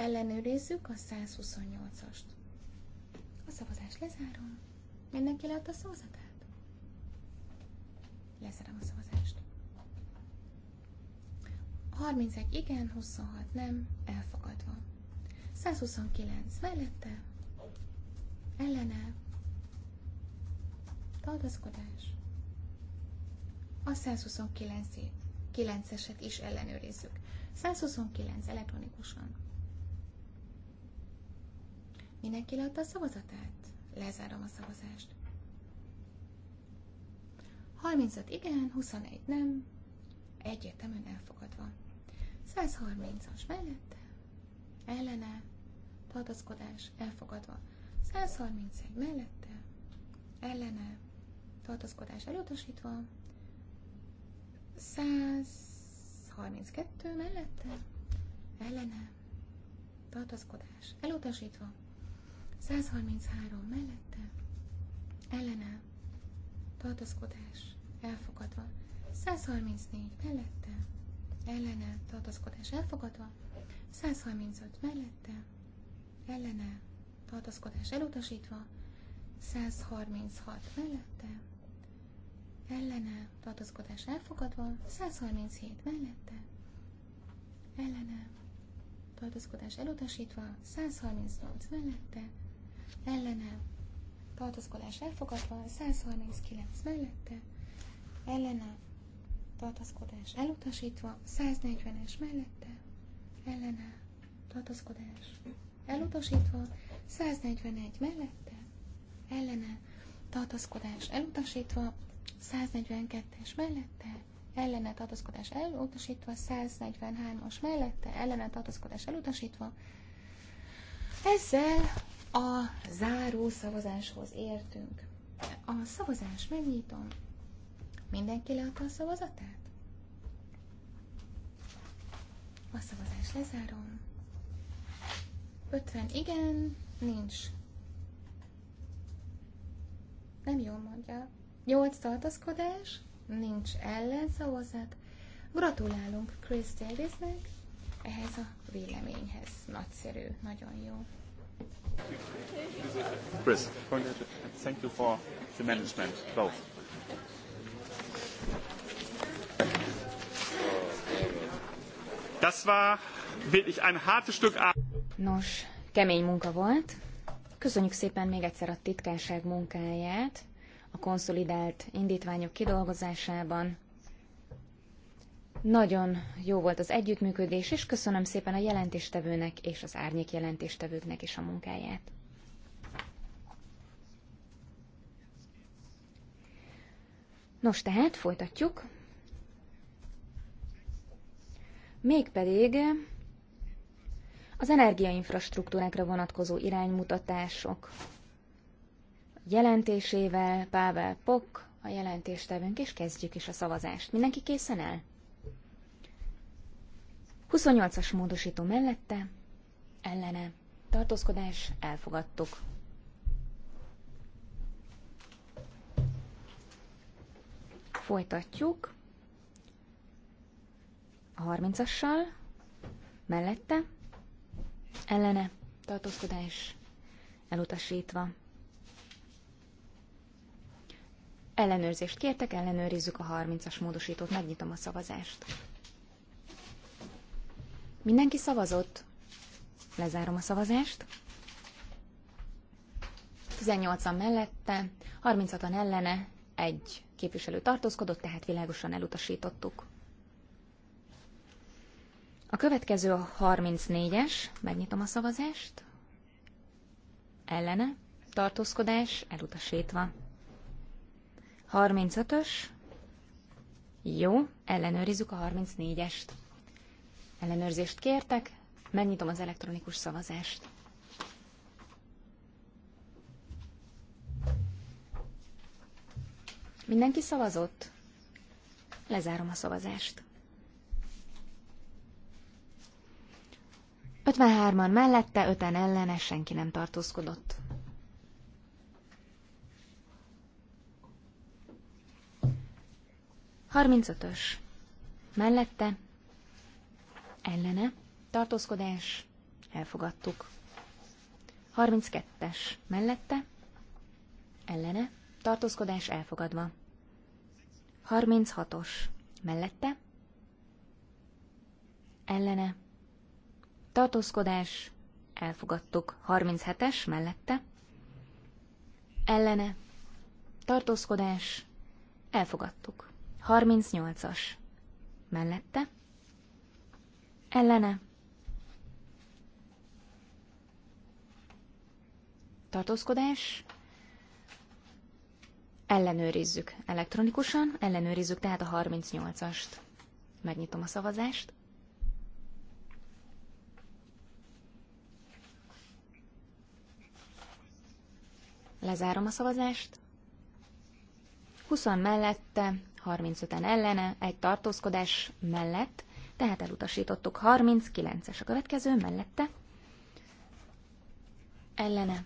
Ellenőrizzük a 128-ast. A szavazást lezárom. Mindenki leadta a szavazatát? Lezárom a szavazást. 31 igen, 26 nem, elfogadva. 129 mellette, ellene, tartaszkodás. A 129 eset is ellenőrizzük. 129 elektronikusan. Mindenki látta a szavazatát? Lezárom a szavazást. 35 igen, 21 nem. Egyértelműen elfogadva. 130-as mellette, ellene, tartozkodás elfogadva. 131 mellette, ellene, tartozkodás elutasítva. 132 mellette, ellene, tartozkodás elutasítva. 133 mellette, ellene, tartozkodás, elfogadva. 134 mellette, ellene, tartozkodás, elfogadva. 135 mellette, ellene, tartozkodás, elutasítva. 136 mellette, ellene, tartozkodás, elfogadva. 137 mellette, ellene, tartozkodás elutasítva, 138 mellette, ellene, tartózkodás elfogadva, 139 mellette, ellene, tartózkodás elutasítva, 140-es mellette, ellene, tartózkodás elutasítva, 141 mellette, ellene, tartózkodás elutasítva, 142-es mellette, ellene tartózkodás elutasítva, 143-as mellette, ellene tartózkodás elutasítva. Ezzel a záró szavazáshoz értünk. A szavazás megnyitom. Mindenki leadta a szavazatát? A szavazás lezárom. 50 igen, nincs. Nem jól mondja. 8 tartozkodás, nincs ellenszavazat. Gratulálunk Chris Davisnek ehhez a véleményhez. Nagyszerű, nagyon jó. Chris, thank you for the management, both. Das war wirklich ein hartes Stück Nos, kemény munka volt. Köszönjük szépen még egyszer a titkárság munkáját a konszolidált indítványok kidolgozásában. Nagyon jó volt az együttműködés, és köszönöm szépen a jelentéstevőnek és az árnyék jelentéstevőknek is a munkáját. Nos, tehát folytatjuk. Mégpedig az energiainfrastruktúrákra vonatkozó iránymutatások jelentésével Pável Pok, a jelentéstevünk, és kezdjük is a szavazást. Mindenki készen el? 28-as módosító mellette, ellene, tartózkodás, elfogadtuk. Folytatjuk a 30-assal, mellette, ellene, tartózkodás, elutasítva. Ellenőrzést kértek, ellenőrizzük a 30-as módosítót, megnyitom a szavazást. Mindenki szavazott? Lezárom a szavazást. 18-an mellette, 36-an ellene, egy képviselő tartózkodott, tehát világosan elutasítottuk. A következő a 34-es, megnyitom a szavazást. Ellene, tartózkodás, elutasítva. 35-ös, jó, ellenőrizzük a 34-est ellenőrzést kértek. Megnyitom az elektronikus szavazást. Mindenki szavazott? Lezárom a szavazást. 53-an mellette, 5-en ellene, senki nem tartózkodott. Harmincötös. Mellette, ellene, tartózkodás, elfogadtuk. 32-es mellette, ellene, tartózkodás elfogadva. 36-os mellette, ellene, tartózkodás elfogadtuk. 37-es mellette, ellene, tartózkodás elfogadtuk. 38-as mellette, Ellene. Tartózkodás. Ellenőrizzük elektronikusan, ellenőrizzük tehát a 38-ast. Megnyitom a szavazást. Lezárom a szavazást. 20 mellette, 35-en ellene, egy tartózkodás mellett tehát elutasítottuk. 39-es a következő, mellette. Ellene.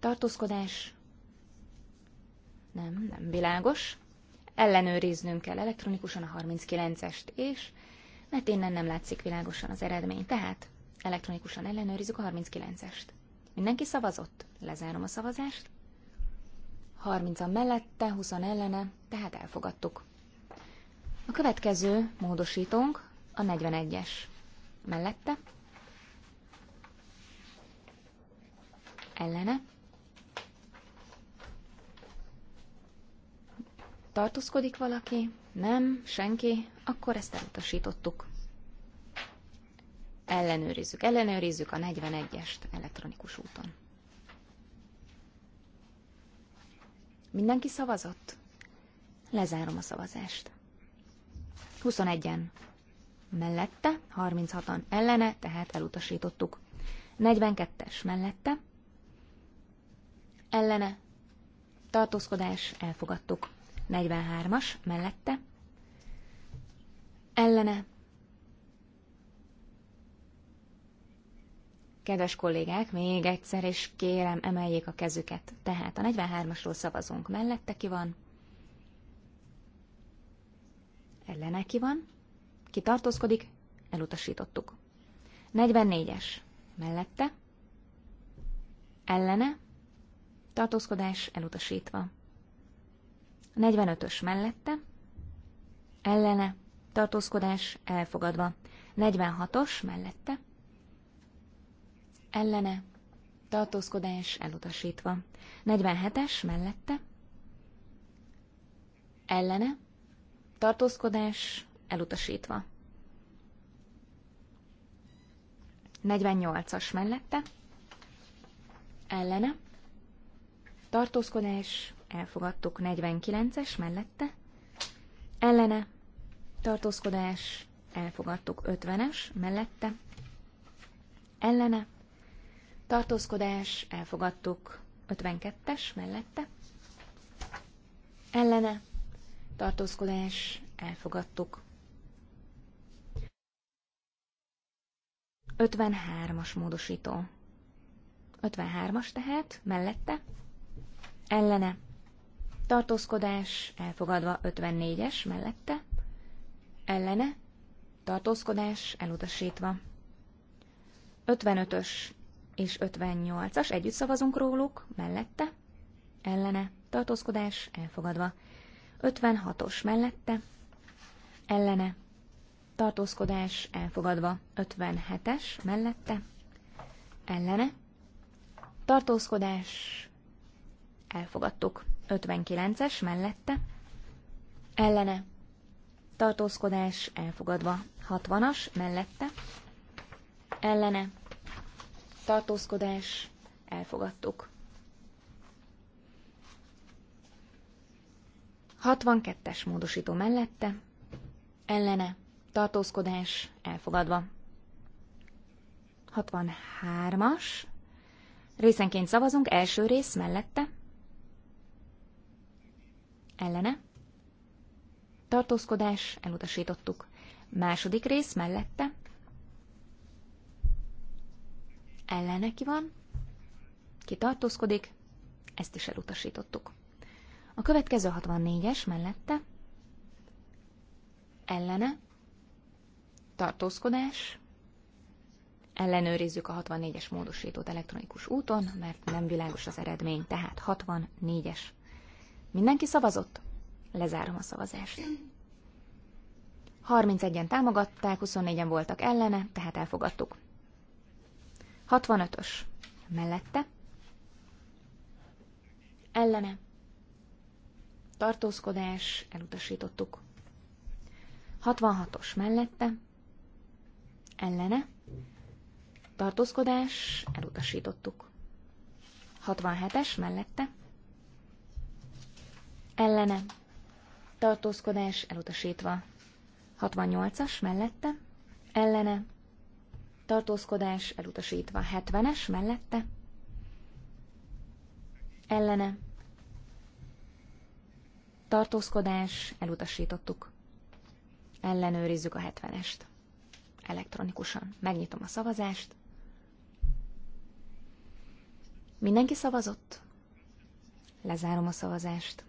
Tartózkodás. Nem, nem világos. Ellenőriznünk kell elektronikusan a 39-est, és mert innen nem látszik világosan az eredmény, tehát elektronikusan ellenőrizzük a 39-est. Mindenki szavazott? Lezárom a szavazást. 30 a mellette, 20 ellene, tehát elfogadtuk. A következő módosítónk a 41-es. Mellette. Ellene. Tartózkodik valaki? Nem, senki. Akkor ezt elutasítottuk. Ellenőrizzük, ellenőrizzük a 41-est elektronikus úton. Mindenki szavazott? Lezárom a szavazást. 21-en mellette, 36-an ellene, tehát elutasítottuk. 42-es mellette, ellene, tartózkodás, elfogadtuk. 43-as mellette, ellene. Kedves kollégák, még egyszer, és kérem, emeljék a kezüket. Tehát a 43-asról szavazunk. Mellette ki van? Ellene ki van? Ki tartózkodik? Elutasítottuk. 44-es. Mellette? Ellene? Tartózkodás elutasítva. 45-ös mellette? Ellene? Tartózkodás elfogadva. 46-os mellette? Ellene? Tartózkodás elutasítva. 47-es mellette? Ellene? tartózkodás elutasítva. 48-as mellette, ellene, tartózkodás, elfogadtuk 49-es mellette, ellene, tartózkodás, elfogadtuk 50-es mellette, ellene, tartózkodás, elfogadtuk 52-es mellette, ellene, tartózkodás, elfogadtuk. 53-as módosító. 53-as tehát, mellette, ellene, tartózkodás, elfogadva 54-es, mellette, ellene, tartózkodás, elutasítva. 55-ös és 58-as, együtt szavazunk róluk, mellette, ellene, tartózkodás, elfogadva. 56-os mellette, ellene, tartózkodás elfogadva. 57-es mellette, ellene, tartózkodás elfogadtuk. 59-es mellette, ellene, tartózkodás elfogadva. 60-as mellette, ellene, tartózkodás elfogadtuk. 62-es módosító mellette, ellene, tartózkodás elfogadva. 63-as, részenként szavazunk, első rész mellette, ellene, tartózkodás elutasítottuk. Második rész mellette, ellene ki van, ki tartózkodik, ezt is elutasítottuk. A következő 64-es mellette ellene tartózkodás. Ellenőrizzük a 64-es módosítót elektronikus úton, mert nem világos az eredmény, tehát 64-es. Mindenki szavazott? Lezárom a szavazást. 31-en támogatták, 24-en voltak ellene, tehát elfogadtuk. 65-ös. Mellette. Ellene tartózkodás, elutasítottuk. 66-os mellette, ellene, tartózkodás, elutasítottuk. 67-es mellette, ellene, tartózkodás, elutasítva. 68-as mellette, ellene, tartózkodás, elutasítva. 70-es mellette, ellene, tartózkodás, elutasítottuk. Ellenőrizzük a 70-est. Elektronikusan. Megnyitom a szavazást. Mindenki szavazott? Lezárom a szavazást.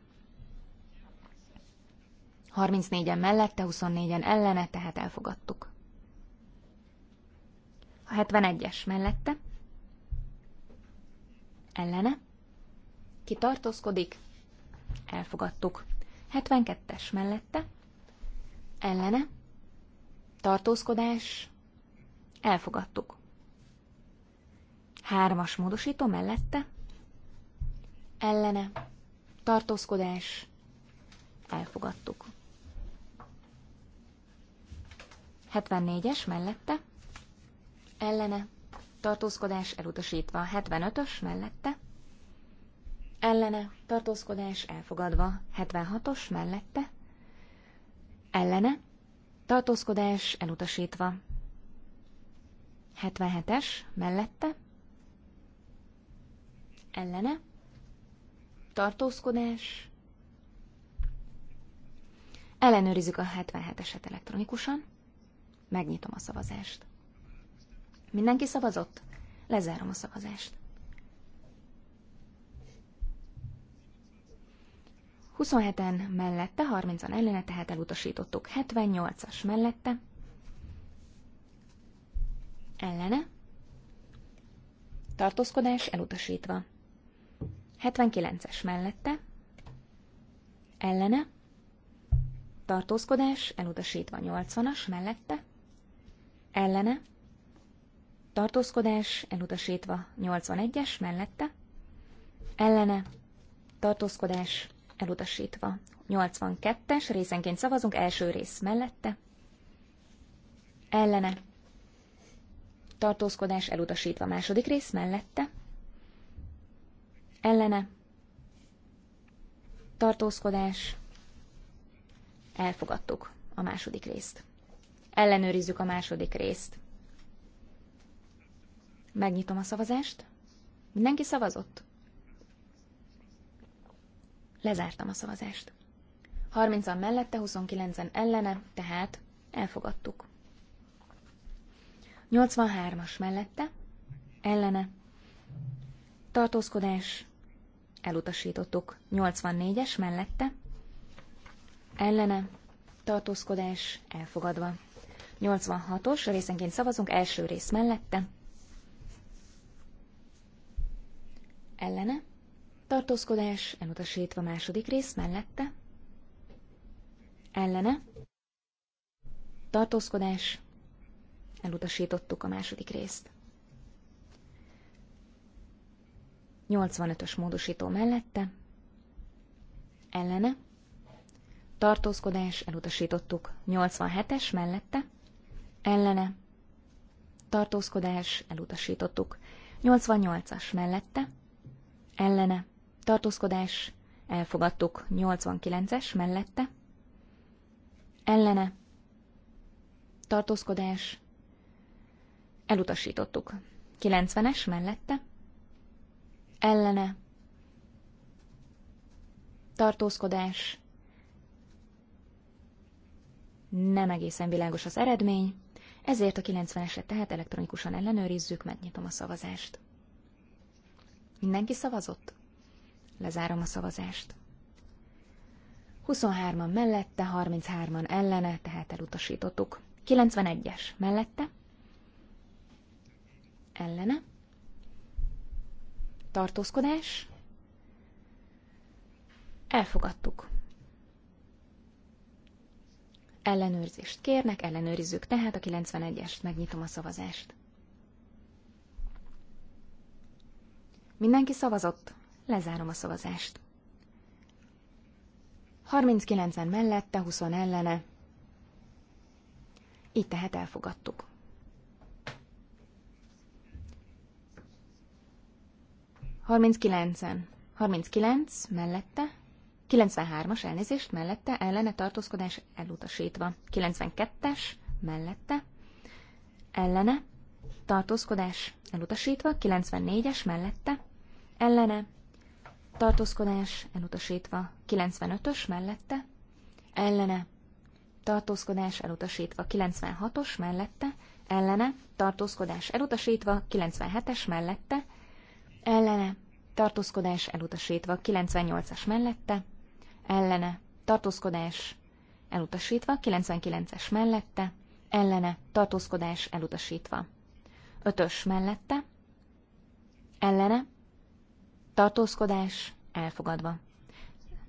34-en mellette, 24-en ellene, tehát elfogadtuk. A 71-es mellette. Ellene. Ki tartózkodik? Elfogadtuk. 72-es mellette, ellene, tartózkodás, elfogadtuk. Hármas módosító mellette, ellene, tartózkodás, elfogadtuk. 74-es mellette, ellene, tartózkodás elutasítva, 75-ös mellette, ellene, tartózkodás elfogadva, 76-os mellette, ellene, tartózkodás elutasítva, 77-es mellette, ellene, tartózkodás, ellenőrizzük a 77-eset elektronikusan, megnyitom a szavazást. Mindenki szavazott? Lezárom a szavazást. 27-en mellette, 30-an ellene, tehát elutasítottuk. 78-as mellette, ellene, tartózkodás elutasítva. 79-es mellette, ellene, tartózkodás elutasítva. 80-as mellette, ellene, tartózkodás elutasítva. 81-es mellette, ellene, tartózkodás elutasítva. 82-es részenként szavazunk, első rész mellette, ellene, tartózkodás elutasítva, második rész mellette, ellene, tartózkodás, elfogadtuk a második részt. Ellenőrizzük a második részt. Megnyitom a szavazást. Mindenki szavazott? Lezártam a szavazást. 30-an mellette, 29-en ellene, tehát elfogadtuk. 83-as mellette, ellene, tartózkodás, elutasítottuk. 84-es mellette, ellene, tartózkodás, elfogadva. 86-os, részenként szavazunk, első rész mellette, ellene, tartózkodás elutasítva második rész mellette, ellene, tartózkodás, elutasítottuk a második részt. 85-ös módosító mellette, ellene, tartózkodás, elutasítottuk 87-es mellette, ellene, tartózkodás, elutasítottuk 88-as mellette, ellene, tartózkodás, elfogadtuk 89-es mellette, ellene, tartózkodás, elutasítottuk 90-es mellette, ellene, tartózkodás, nem egészen világos az eredmény, ezért a 90-eset tehát elektronikusan ellenőrizzük, megnyitom a szavazást. Mindenki szavazott? Lezárom a szavazást. 23-an mellette, 33-an ellene, tehát elutasítottuk. 91-es mellette, ellene, tartózkodás, elfogadtuk. Ellenőrzést kérnek, ellenőrizzük tehát a 91-est, megnyitom a szavazást. Mindenki szavazott? Lezárom a szavazást. 39 mellette, 20 ellene. Így tehát elfogadtuk. Harminckilencen. 39 mellette, 93-as elnézést mellette, ellene tartózkodás elutasítva. 92-es mellette, ellene tartózkodás elutasítva. 94-es mellette, ellene tartózkodás elutasítva. 95-ös mellette, ellene, tartózkodás elutasítva. 96-os mellette, ellene, tartózkodás elutasítva. 97-es mellette, ellene, tartózkodás elutasítva. 98-as mellette, ellene, tartózkodás elutasítva. 99-es mellette, ellene, tartózkodás elutasítva. 5-ös mellette, ellene, tartózkodás elfogadva.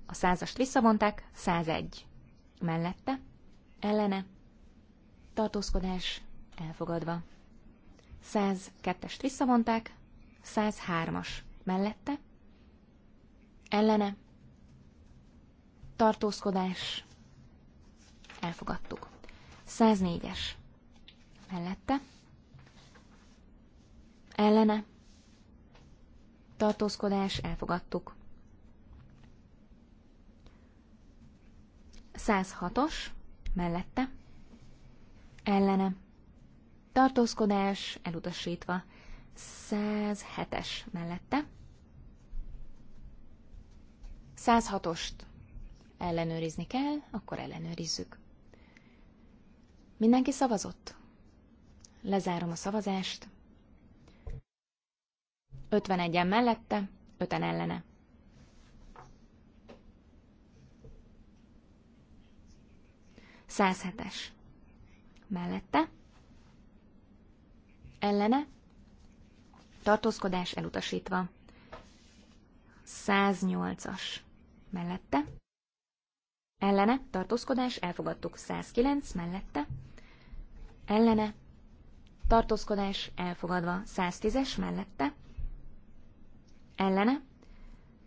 A százast visszavonták, 101 mellette, ellene, tartózkodás elfogadva. 102-est visszavonták, 103-as mellette, ellene, tartózkodás elfogadtuk. 104-es mellette, ellene, tartózkodás, elfogadtuk. 106-os, mellette, ellene, tartózkodás, elutasítva, 107-es, mellette, 106-ost ellenőrizni kell, akkor ellenőrizzük. Mindenki szavazott? Lezárom a szavazást. 51-en mellette, 5-en ellene. Százhetes. Mellette. Ellene. Tartózkodás elutasítva. 108-as. Mellette. Ellene. Tartózkodás elfogadtuk. 109 mellette. Ellene. Tartózkodás elfogadva. 110-es mellette ellene,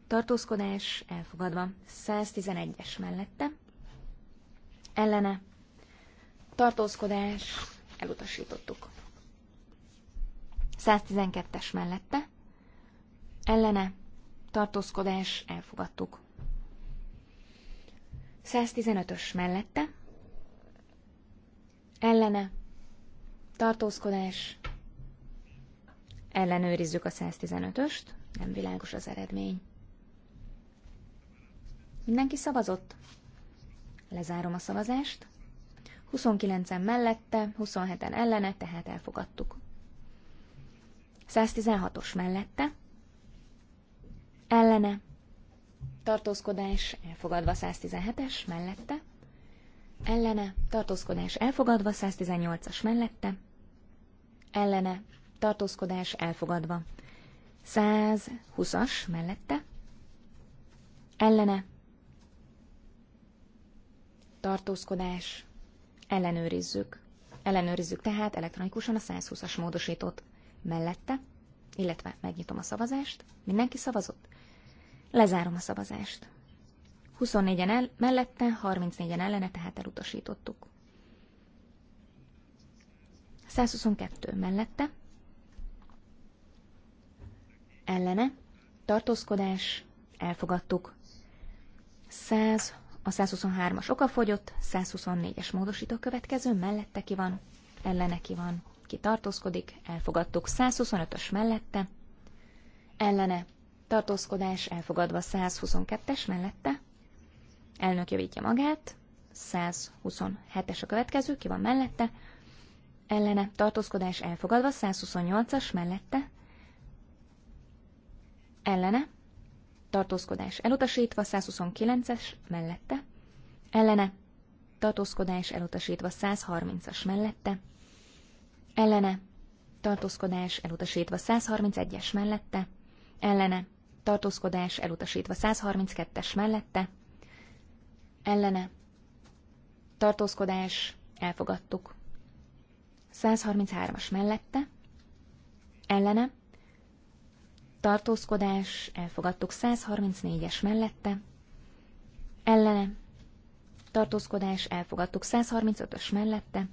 tartózkodás elfogadva. 111-es mellette, ellene, tartózkodás elutasítottuk. 112-es mellette, ellene, tartózkodás elfogadtuk. 115-ös mellette, ellene, tartózkodás, ellenőrizzük a 115-öst, nem világos az eredmény. Mindenki szavazott? Lezárom a szavazást. 29-en mellette, 27-en ellene, tehát elfogadtuk. 116-os mellette, ellene, tartózkodás elfogadva 117-es mellette, ellene, tartózkodás elfogadva 118-as mellette, ellene, tartózkodás elfogadva 120-as mellette, ellene, tartózkodás, ellenőrizzük. Ellenőrizzük tehát elektronikusan a 120-as módosítót mellette, illetve megnyitom a szavazást. Mindenki szavazott? Lezárom a szavazást. 24-en el, mellette, 34-en ellene, tehát elutasítottuk. 122 mellette, ellene, tartózkodás, elfogadtuk. 100, a 123-as fogyott, 124-es módosító következő, mellette ki van, ellene ki van, ki tartózkodik, elfogadtuk. 125-ös mellette, ellene, tartózkodás, elfogadva 122-es mellette, elnök javítja magát, 127-es a következő, ki van mellette, ellene, tartózkodás elfogadva, 128-as mellette, ellene, tartózkodás elutasítva, 129-es mellette, ellene, tartózkodás elutasítva, 130-as mellette, ellene, tartózkodás elutasítva, 131-es mellette, ellene, tartózkodás elutasítva, 132-es mellette, ellene, tartózkodás elfogadtuk, 133-as mellette, ellene, tartózkodás, elfogadtuk 134-es mellette, ellene, tartózkodás, elfogadtuk 135-ös mellette,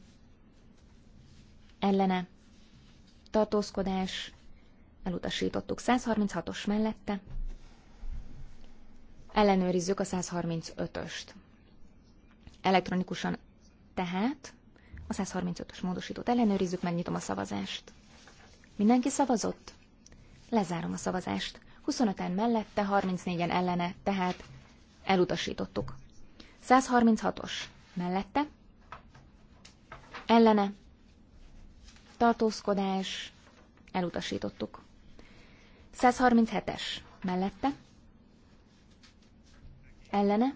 ellene, tartózkodás, elutasítottuk 136-os mellette, ellenőrizzük a 135-öst. Elektronikusan tehát a 135-ös módosítót ellenőrizzük, megnyitom a szavazást. Mindenki szavazott? Lezárom a szavazást. 25-en mellette, 34-en ellene, tehát elutasítottuk. 136-os mellette, ellene, tartózkodás, elutasítottuk. 137-es mellette, ellene,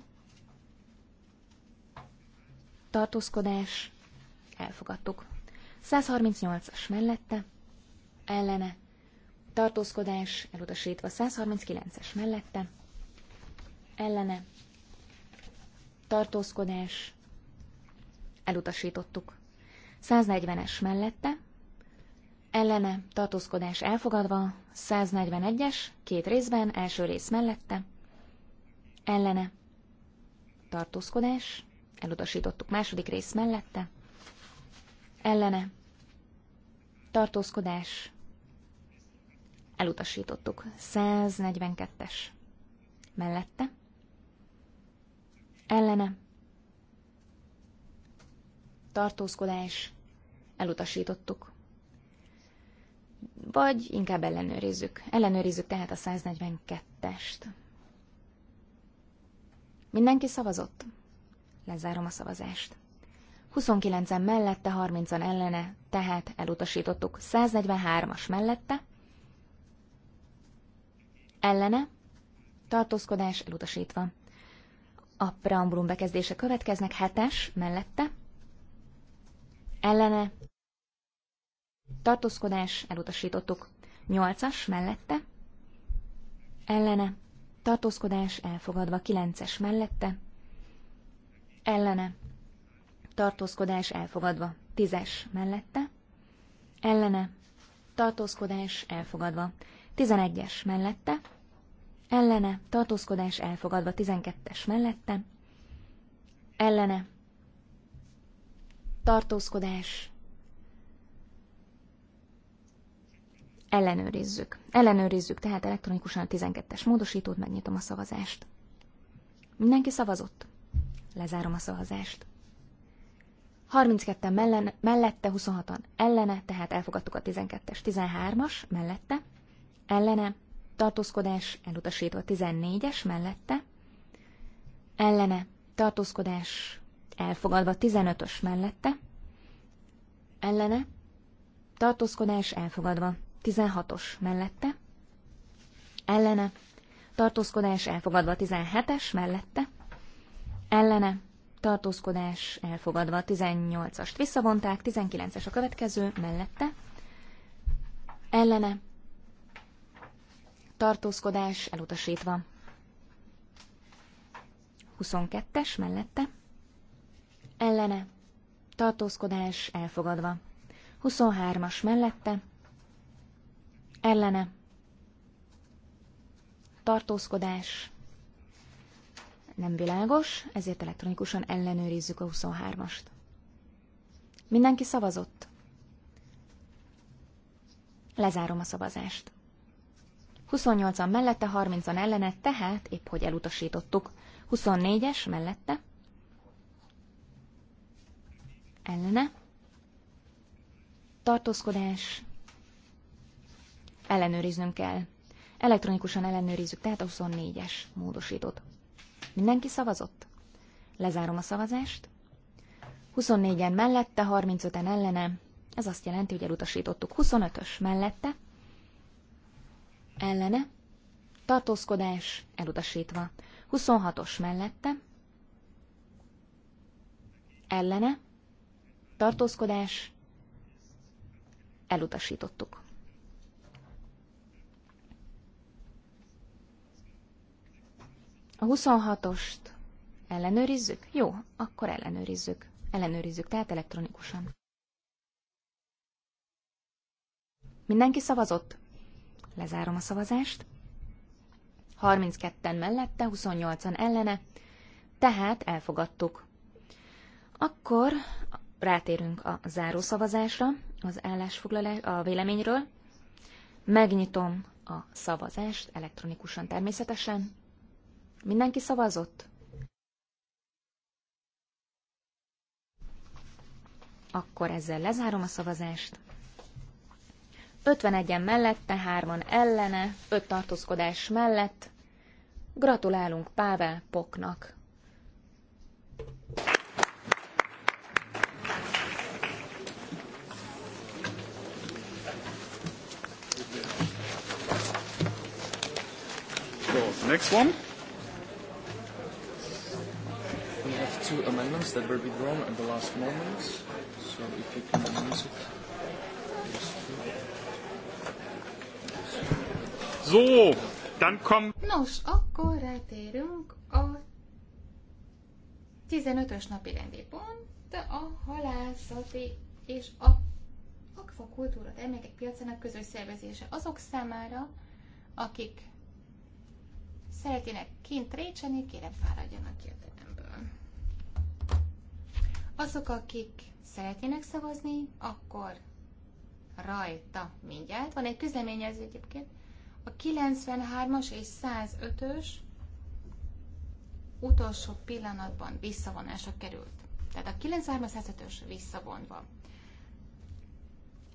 tartózkodás, elfogadtuk. 138-as mellette, ellene, tartózkodás elutasítva 139-es mellette, ellene, tartózkodás elutasítottuk 140-es mellette, ellene, tartózkodás elfogadva 141-es, két részben, első rész mellette, ellene, tartózkodás elutasítottuk második rész mellette, ellene, tartózkodás Elutasítottuk. 142-es. Mellette. Ellene. Tartózkodás. Elutasítottuk. Vagy inkább ellenőrizzük. Ellenőrizzük tehát a 142-est. Mindenki szavazott? Lezárom a szavazást. 29-en mellette, 30-an ellene, tehát elutasítottuk. 143-as mellette, ellene, tartózkodás elutasítva. A preambulum bekezdése következnek, hetes, mellette, ellene, tartózkodás elutasítottuk, nyolcas, mellette, ellene, tartózkodás elfogadva, kilences, mellette, ellene, tartózkodás elfogadva, tízes, mellette, ellene, tartózkodás elfogadva, 11-es mellette, ellene, tartózkodás elfogadva 12-es mellette, ellene, tartózkodás, ellenőrizzük. Ellenőrizzük tehát elektronikusan a 12-es módosítót, megnyitom a szavazást. Mindenki szavazott? Lezárom a szavazást. 32-en mellette, 26-an ellene, tehát elfogadtuk a 12-es, 13-as mellette, ellene, tartózkodás elutasítva 14-es mellette, ellene, tartózkodás elfogadva 15-ös mellette, ellene, tartózkodás elfogadva 16-os mellette, ellene, tartózkodás elfogadva 17-es mellette, ellene, tartózkodás elfogadva 18-ast visszavonták, 19-es a következő mellette, ellene, tartózkodás elutasítva. 22-es mellette, ellene, tartózkodás elfogadva. 23-as mellette, ellene, tartózkodás nem világos, ezért elektronikusan ellenőrizzük a 23-ast. Mindenki szavazott. Lezárom a szavazást. 28-an mellette, 30-an ellene, tehát épp hogy elutasítottuk. 24-es mellette, ellene, tartózkodás, ellenőriznünk kell. Elektronikusan ellenőrizzük, tehát a 24-es módosított. Mindenki szavazott? Lezárom a szavazást. 24-en mellette, 35-en ellene. Ez azt jelenti, hogy elutasítottuk. 25-ös mellette ellene, tartózkodás elutasítva. 26-os mellette, ellene, tartózkodás elutasítottuk. A 26-ost ellenőrizzük? Jó, akkor ellenőrizzük. Ellenőrizzük, tehát elektronikusan. Mindenki szavazott? Lezárom a szavazást. 32-en mellette, 28-an ellene, tehát elfogadtuk. Akkor rátérünk a záró szavazásra, az állásfoglalás, a véleményről. Megnyitom a szavazást elektronikusan természetesen. Mindenki szavazott? Akkor ezzel lezárom a szavazást. 51-en mellette, 3-an ellene, 5 tartózkodás mellett. Gratulálunk Pável Poknak! next one. We have two amendments that were withdrawn at the last moment, so if you can announce it. So, dann kommen... Nos, akkor rátérünk a 15-ös napi rendi pont, a halászati és a akvakultúra termékek piacának közös szervezése azok számára, akik szeretnének kint récseni, kérem fáradjanak ki a teremből. Azok, akik szeretnének szavazni, akkor rajta mindjárt. Van egy közleményező egyébként. A 93-as és 105-ös utolsó pillanatban visszavonásra került. Tehát a 93-as, 105-ös visszavonva.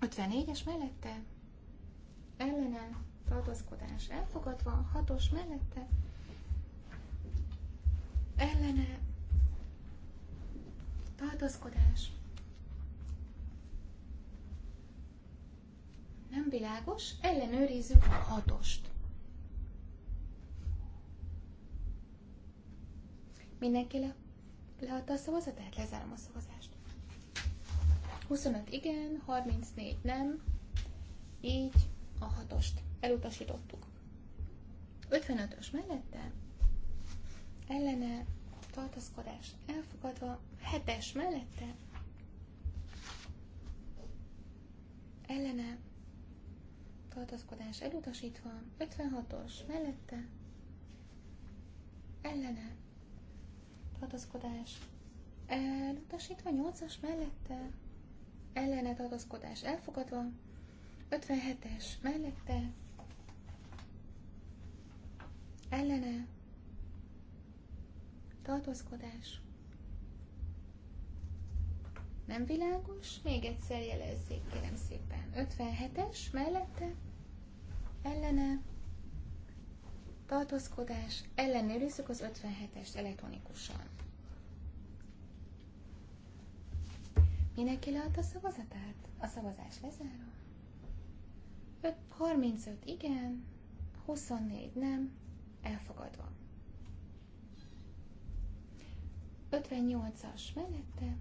54-es mellette ellene tartózkodás elfogadva, 6-os mellette ellene tartózkodás Nem világos, ellenőrizzük a hatost. Mindenki le, leadta a szavazatát? Lezárom a szavazást. 25 igen, 34 nem. Így a hatost elutasítottuk. 55-ös mellette ellene tartaszkodás elfogadva, 7-es mellette ellene tartózkodás elutasítva, 56-os mellette, ellene, tartózkodás elutasítva, 8-as mellette, ellene tartózkodás elfogadva, 57-es mellette, ellene, tartózkodás nem világos? Még egyszer jelezzék, kérem szépen. 57-es mellette, ellene, tartózkodás, ellenőrizzük az 57-est elektronikusan. Mindenki leadta a szavazatát? A szavazás lezárom. 35 igen, 24 nem, elfogadva. 58-as mellette,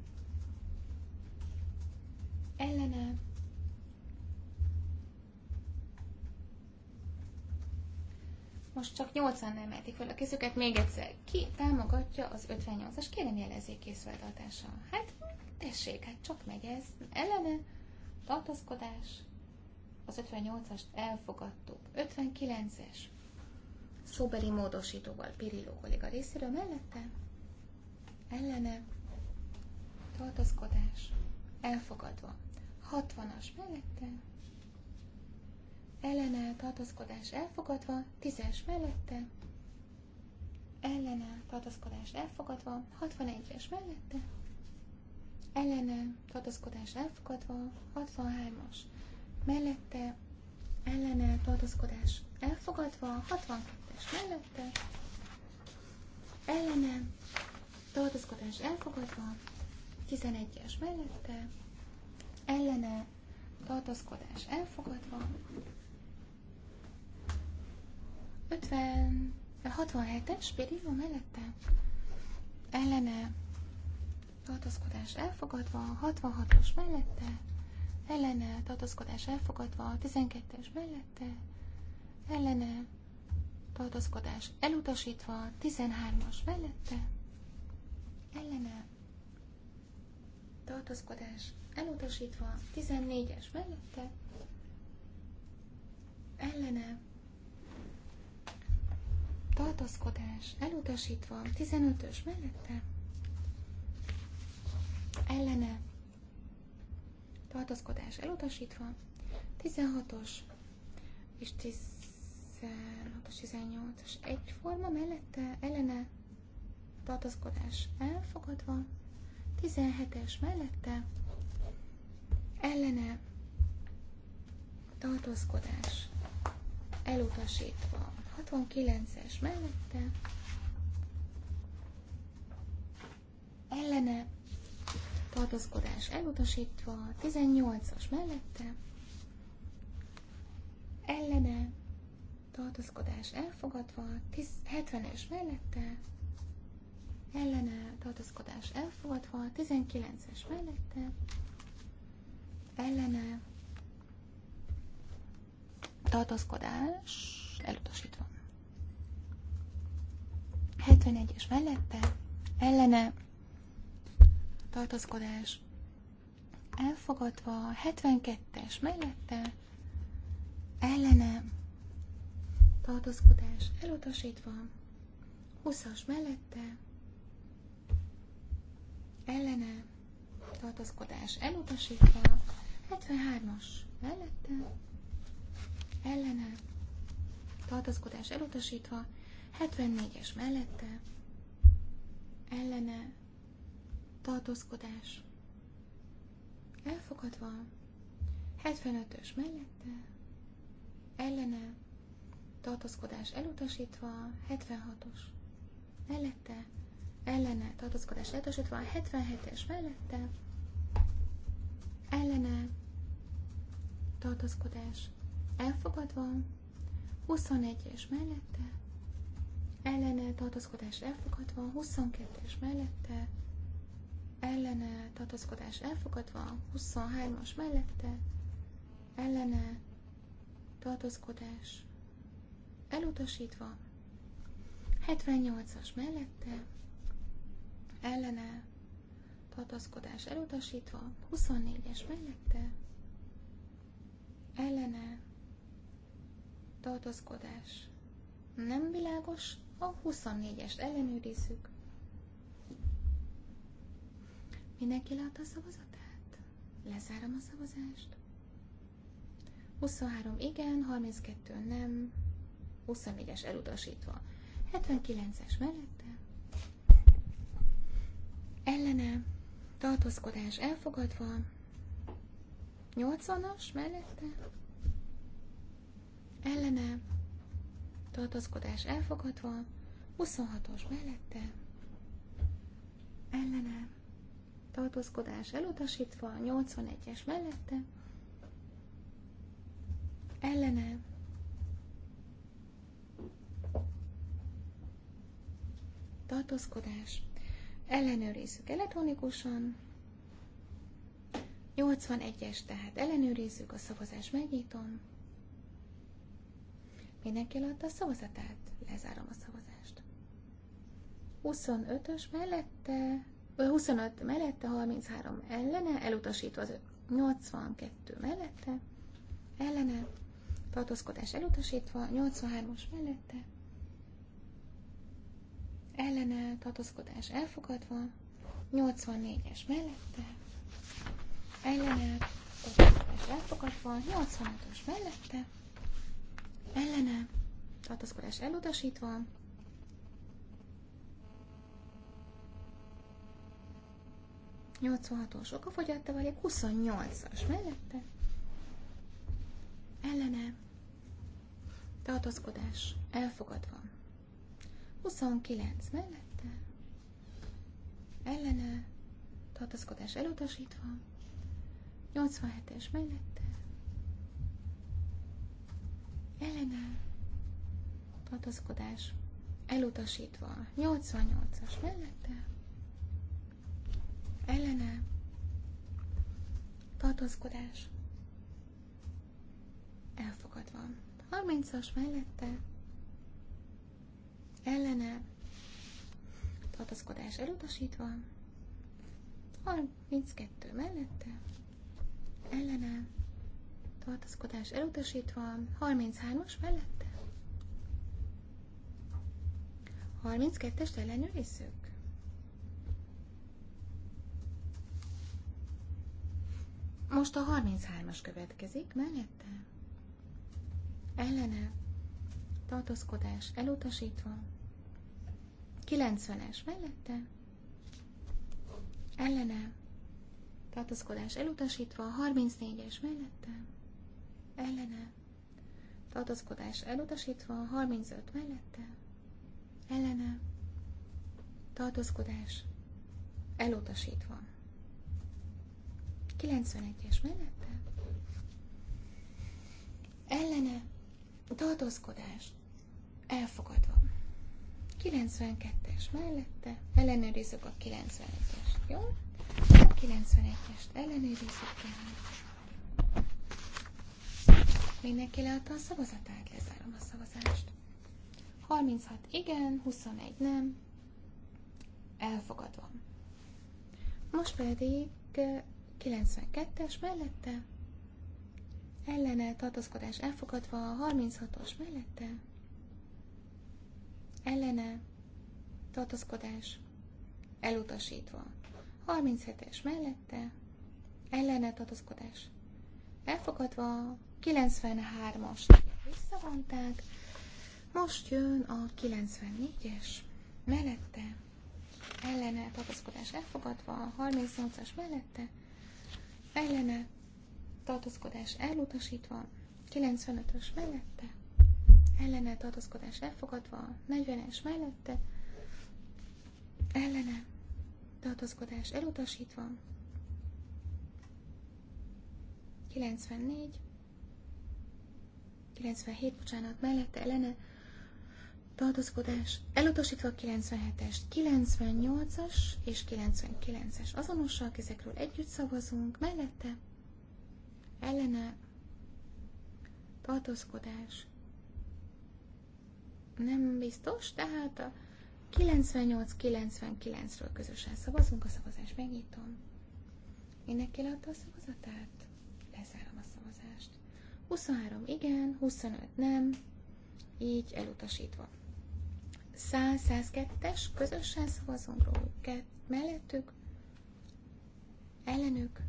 ellene. Most csak 80 nem emelték fel a kezüket, még egyszer. Ki támogatja az 58-as? Kérem jelezzék készfeltartással. Hát, tessék, hát csak megy ez. Ellene, tartozkodás. az 58-ast elfogadtuk. 59-es, szóbeli módosítóval Pirilló kolléga részéről mellette, ellene, tartozkodás, elfogadva. 60-as mellette, ellenáll tartózkodás elfogadva, 10-es mellette, ellenáll tartózkodás elfogadva, 61-es mellette, ellenáll tartózkodás elfogadva, 63-as mellette, ellenáll tartózkodás elfogadva, 62-es mellette, ellenáll tartózkodás elfogadva, 11-es mellette, ellene tartózkodás elfogadva. 50, 67-es Pirino mellette ellene tartózkodás elfogadva, 66-os mellette ellene tartózkodás elfogadva, 12-es mellette ellene tartózkodás elutasítva, 13-as mellette ellene tartózkodás elutasítva, 14-es mellette, ellene, tartózkodás elutasítva, 15-ös mellette, ellene, tartózkodás elutasítva, 16-os és 16-os, 18-as egyforma mellette, ellene, tartózkodás elfogadva, 17-es mellette ellene tartózkodás elutasítva. 69-es mellette ellene tartózkodás elutasítva. 18-as mellette ellene tartózkodás elfogadva. 70-es mellette ellene tartózkodás elfogadva, 19-es mellette, ellene tartózkodás elutasítva. 71-es mellette, ellene tartózkodás elfogadva, 72-es mellette, ellene tartózkodás elutasítva, 20-as mellette, ellene tartozkodás elutasítva, 73-as mellette ellene tartozkodás elutasítva, 74-es mellette ellene tartózkodás elfogadva, 75-ös mellette ellene tartózkodás elutasítva, 76-os mellette ellene tartózkodás elutasítva, 77-es mellette ellene tartózkodás elfogadva, 21-es mellette ellene tartózkodás elfogadva, 22-es mellette ellene tartózkodás elfogadva, 23-as mellette ellene tartózkodás elutasítva, 78-as mellette ellene, tartaszkodás elutasítva, 24-es mellette, ellene, tartaszkodás nem világos, a 24-est ellenőrizzük. Mindenki látta a szavazatát? Lezárom a szavazást. 23 igen, 32 nem, 24-es elutasítva. 79-es mellette, ellene, tartózkodás elfogadva, 80-as mellette, ellene, tartózkodás elfogadva, 26-os mellette, ellene, tartózkodás elutasítva, 81-es mellette, ellene, tartózkodás ellenőrizzük elektronikusan. 81-es, tehát ellenőrizzük, a szavazás megnyitom. Mindenki adta a szavazatát, lezárom a szavazást. 25-ös mellette, 25 mellette, 33 ellene, elutasítva az 82 mellette, ellene, tartózkodás elutasítva, 83-os mellette, ellene tartózkodás elfogadva, 84-es mellette, ellene tartózkodás elfogadva, 85 os mellette, ellene tartózkodás elutasítva, os okafogyatta vagy 28-as mellette, ellene tartozkodás elfogadva. 29 mellette, ellene, tartaszkodás elutasítva, 87-es mellette, ellene, tartaszkodás elutasítva, 88-as mellette, ellene, tartaszkodás elfogadva, 30-as mellette, ellene, tartaszkodás elutasítva, 32 mellette, ellene, tartaszkodás elutasítva, 33-as mellette. 32 es ellenőrizzük. Most a 33-as következik, mellette. Ellene, tartózkodás elutasítva, 90-es mellette, ellene, tartózkodás elutasítva, 34-es mellette, ellene, tartózkodás elutasítva, 35 mellette, ellene, tartózkodás elutasítva. 91-es mellette, ellene, tartózkodás elfogadva. 92-es mellette, ellenőrizzük a 91-est, jó? A 91-est ellenőrizzük tehát. Mindenki leadta a szavazatát, lezárom a szavazást. 36 igen, 21 nem. Elfogadom. Most pedig 92-es eh, mellette, ellene tartózkodás elfogadva, a 36-os mellette, ellene, tartózkodás, elutasítva. 37-es mellette, ellene, tartózkodás, elfogadva. 93-as visszavonták. Most jön a 94-es mellette, ellene, tartózkodás elfogadva, 38-as mellette, ellene, tartózkodás elutasítva, 95-ös mellette, ellene tartózkodás elfogadva, 40-es mellette, ellene tartózkodás elutasítva, 94, 97, bocsánat, mellette ellene tartózkodás elutasítva 97-es, 98-as és 99-es azonosak, ezekről együtt szavazunk, mellette ellene tartózkodás nem biztos, tehát a 98-99-ről közösen szavazunk, a szavazást megnyitom. Mindenki látta a szavazatát? Lezárom a szavazást. 23 igen, 25 nem, így elutasítva. 100-102-es, közösen szavazunk róluk, mellettük, ellenük,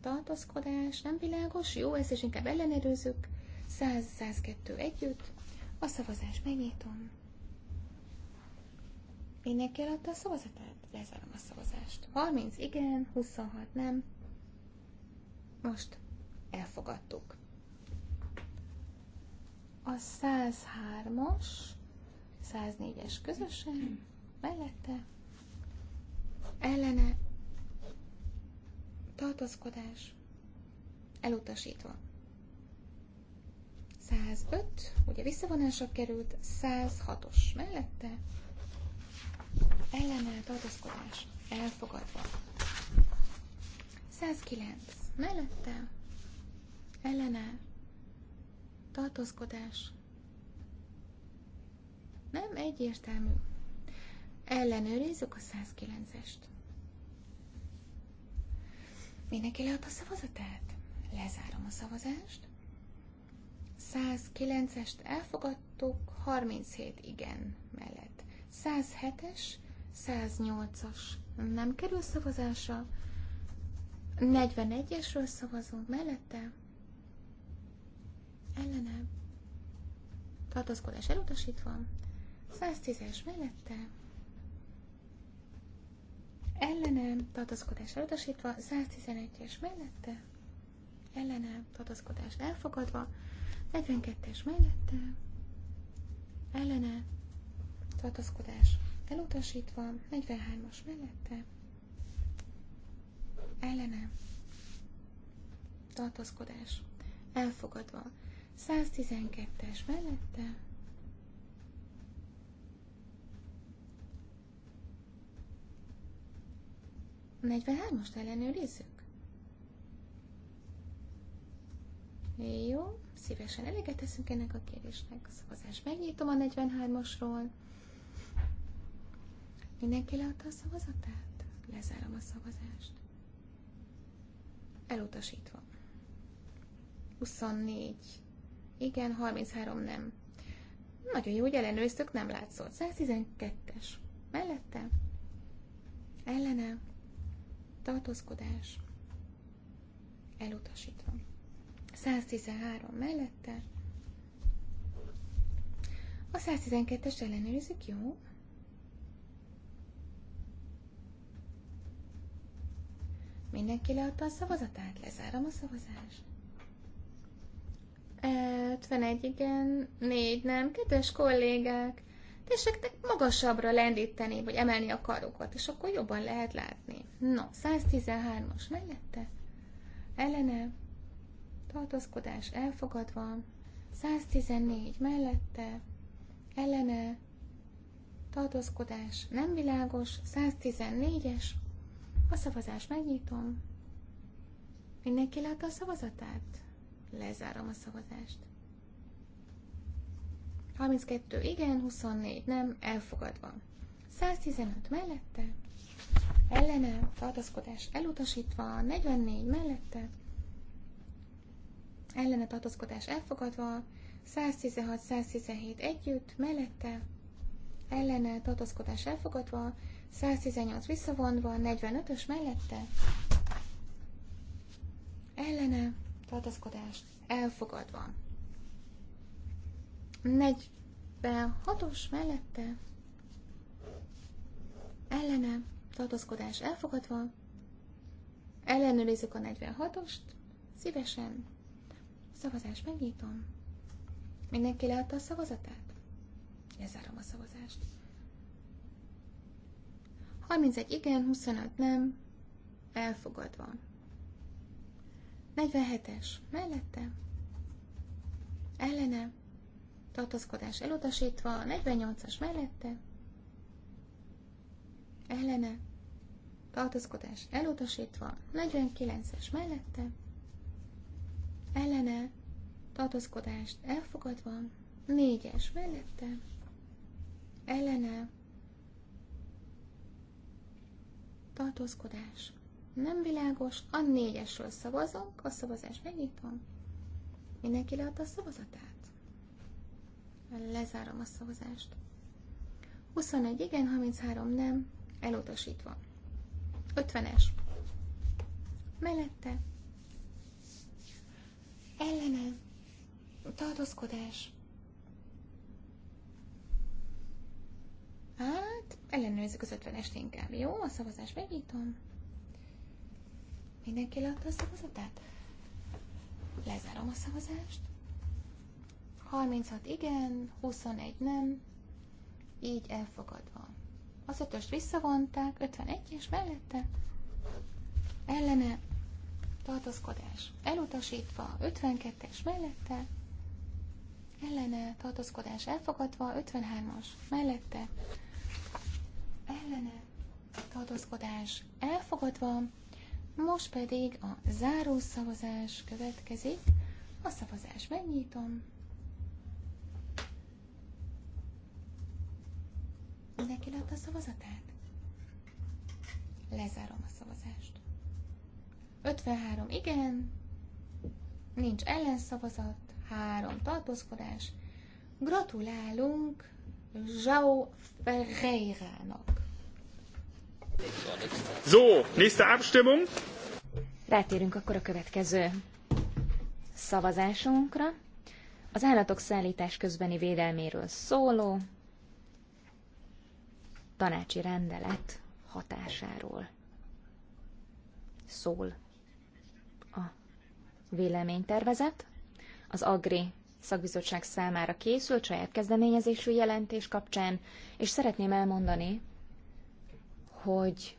tartózkodás, nem világos, jó, ezt is inkább ellenőrizzük, 100-102 együtt. A szavazás megnyitom. Mindenki eladta a szavazatát? Lezárom a szavazást. 30 igen, 26 nem. Most elfogadtuk. A 103-as, 104-es közösen, mellette, ellene, tartózkodás, elutasítva. 105, ugye visszavonásra került, 106-os mellette, ellene tartózkodás elfogadva. 109 mellette, ellene tartózkodás nem egyértelmű. Ellenőrizzük a 109-est. Mindenki leadta a szavazatát? Lezárom a szavazást. 109-est elfogadtuk, 37 igen mellett. 107-es, 108-as nem kerül szavazásra, 41-esről szavazunk mellette, ellene, tartózkodás elutasítva, 110-es mellette, ellene, tartózkodás elutasítva, 111-es mellette, ellene, tartózkodás elfogadva, 42-es mellette, ellene, tartózkodás elutasítva, 43-as mellette, ellene, tartózkodás elfogadva, 112-es mellette, Negyvenhármast ellenőrizzük? Jó, szívesen eléget teszünk ennek a kérdésnek. Szavazás megnyitom a 43-asról. Mindenki leadta a szavazatát? Lezárom a szavazást. Elutasítva. 24. Igen, 33 nem. Nagyon jó, hogy ellenőriztök, nem látszott. 112-es. Mellette. Ellene. Tartózkodás. Elutasítva. 113 mellette. A 112-es ellenőrizik, jó? Mindenki leadta a szavazatát, lezárom a szavazást. 51 igen, 4 nem, kedves kollégák, tessék te magasabbra lendíteni, vagy emelni a karokat, és akkor jobban lehet látni. No, 113-as mellette, ellene, tartózkodás elfogadva, 114 mellette, ellene, tartózkodás nem világos, 114-es, a szavazást megnyitom. Mindenki látta a szavazatát? Lezárom a szavazást. 32 igen, 24 nem, elfogadva. 115 mellette, ellene, tartózkodás elutasítva, 44 mellette, ellene tartózkodás elfogadva, 116-117 együtt, mellette, ellene tartózkodás elfogadva, 118 visszavonva, 45-ös mellette, ellene tartózkodás elfogadva. 46-os mellette, ellene tartózkodás elfogadva, ellenőrizzük a 46-ost, szívesen Szavazás megnyitom. Mindenki leadta a szavazatát? Lezárom a szavazást. 31 igen, 25 nem. Elfogadva. 47-es. Mellette. Ellene. Tartozkodás elutasítva. 48-as mellette. Ellene. Tartozkodás elutasítva. 49-es mellette ellene, tartózkodást elfogadva, négyes mellette, ellene, tartózkodás nem világos, a négyesről szavazunk, a szavazást megnyitom, mindenki leadta a szavazatát. Lezárom a szavazást. 21 igen, 33 nem, elutasítva. 50-es. Mellette ellene tartózkodás. Hát, ellenőrizzük az 50-est inkább. Jó, a szavazást megnyitom. Mindenki látta a szavazatát? Lezárom a szavazást. 36 igen, 21 nem, így elfogadva. Az ötöst visszavonták, 51 és mellette ellene tartózkodás elutasítva, 52-es mellette, ellene tartózkodás elfogadva, 53-as mellette, ellene tartózkodás elfogadva, most pedig a záró szavazás következik. A szavazás megnyitom. Mindenki látta a szavazatát? Lezárom a szavazást. 53 igen, nincs ellenszavazat, három tartózkodás. Gratulálunk João Ferreira-nak. So, nächste Abstimmung. Rátérünk akkor a következő szavazásunkra. Az állatok szállítás közbeni védelméről szóló tanácsi rendelet hatásáról szól véleménytervezet, az Agri szakbizottság számára készült saját kezdeményezésű jelentés kapcsán, és szeretném elmondani, hogy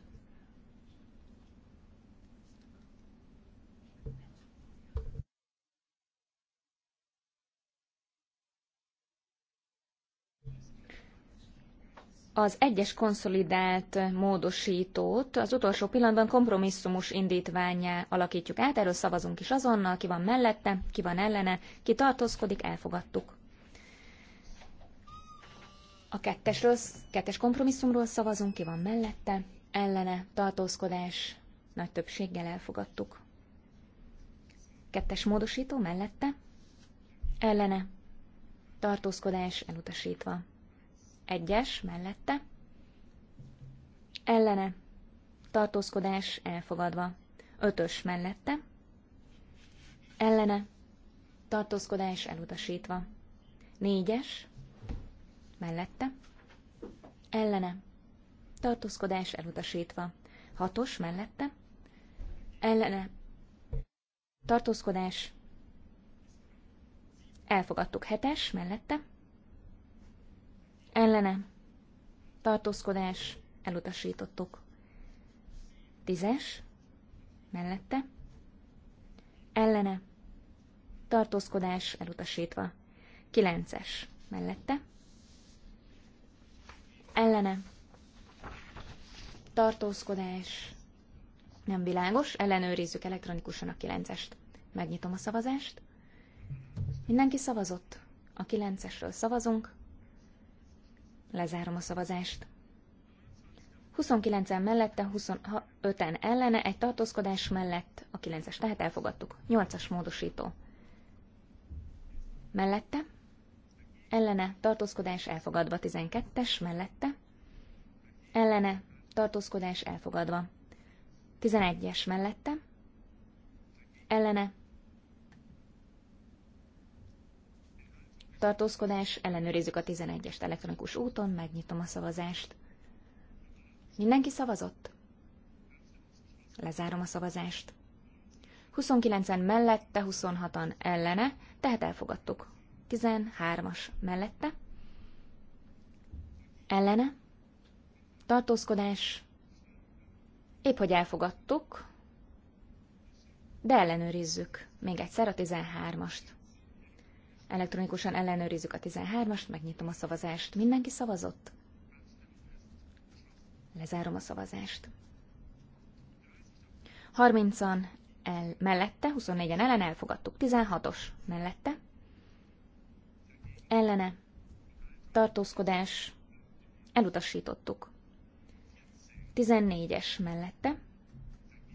az egyes konszolidált módosítót az utolsó pillanatban kompromisszumos indítványá alakítjuk át, erről szavazunk is azonnal, ki van mellette, ki van ellene, ki tartózkodik, elfogadtuk. A kettesről, kettes kompromisszumról szavazunk, ki van mellette, ellene, tartózkodás, nagy többséggel elfogadtuk. Kettes módosító mellette, ellene, tartózkodás elutasítva. Egyes mellette. Ellene. Tartózkodás elfogadva. Ötös mellette. Ellene. Tartózkodás elutasítva. Négyes. Mellette. Ellene. Tartózkodás elutasítva. Hatos mellette. Ellene. Tartózkodás. Elfogadtuk hetes mellette ellene, tartózkodás, elutasítottuk. Tízes, mellette, ellene, tartózkodás, elutasítva. Kilences, mellette, ellene, tartózkodás, nem világos, ellenőrizzük elektronikusan a kilencest. Megnyitom a szavazást. Mindenki szavazott. A kilencesről szavazunk. Lezárom a szavazást. 29-en mellette, 25-en ellene, egy tartózkodás mellett, a 9-es tehát elfogadtuk. 8-as módosító. Mellette, ellene, tartózkodás elfogadva, 12-es mellette, ellene, tartózkodás elfogadva, 11-es mellette, ellene, tartózkodás, ellenőrizzük a 11-est elektronikus úton, megnyitom a szavazást. Mindenki szavazott? Lezárom a szavazást. 29-en mellette, 26-an ellene, tehát elfogadtuk. 13-as mellette. Ellene. Tartózkodás. Épp hogy elfogadtuk, de ellenőrizzük még egyszer a 13-ast. Elektronikusan ellenőrizzük a 13-ast, megnyitom a szavazást. Mindenki szavazott? Lezárom a szavazást. 30-an el, mellette, 24-en ellen elfogadtuk. 16-os mellette. Ellene. Tartózkodás. Elutasítottuk. 14-es mellette.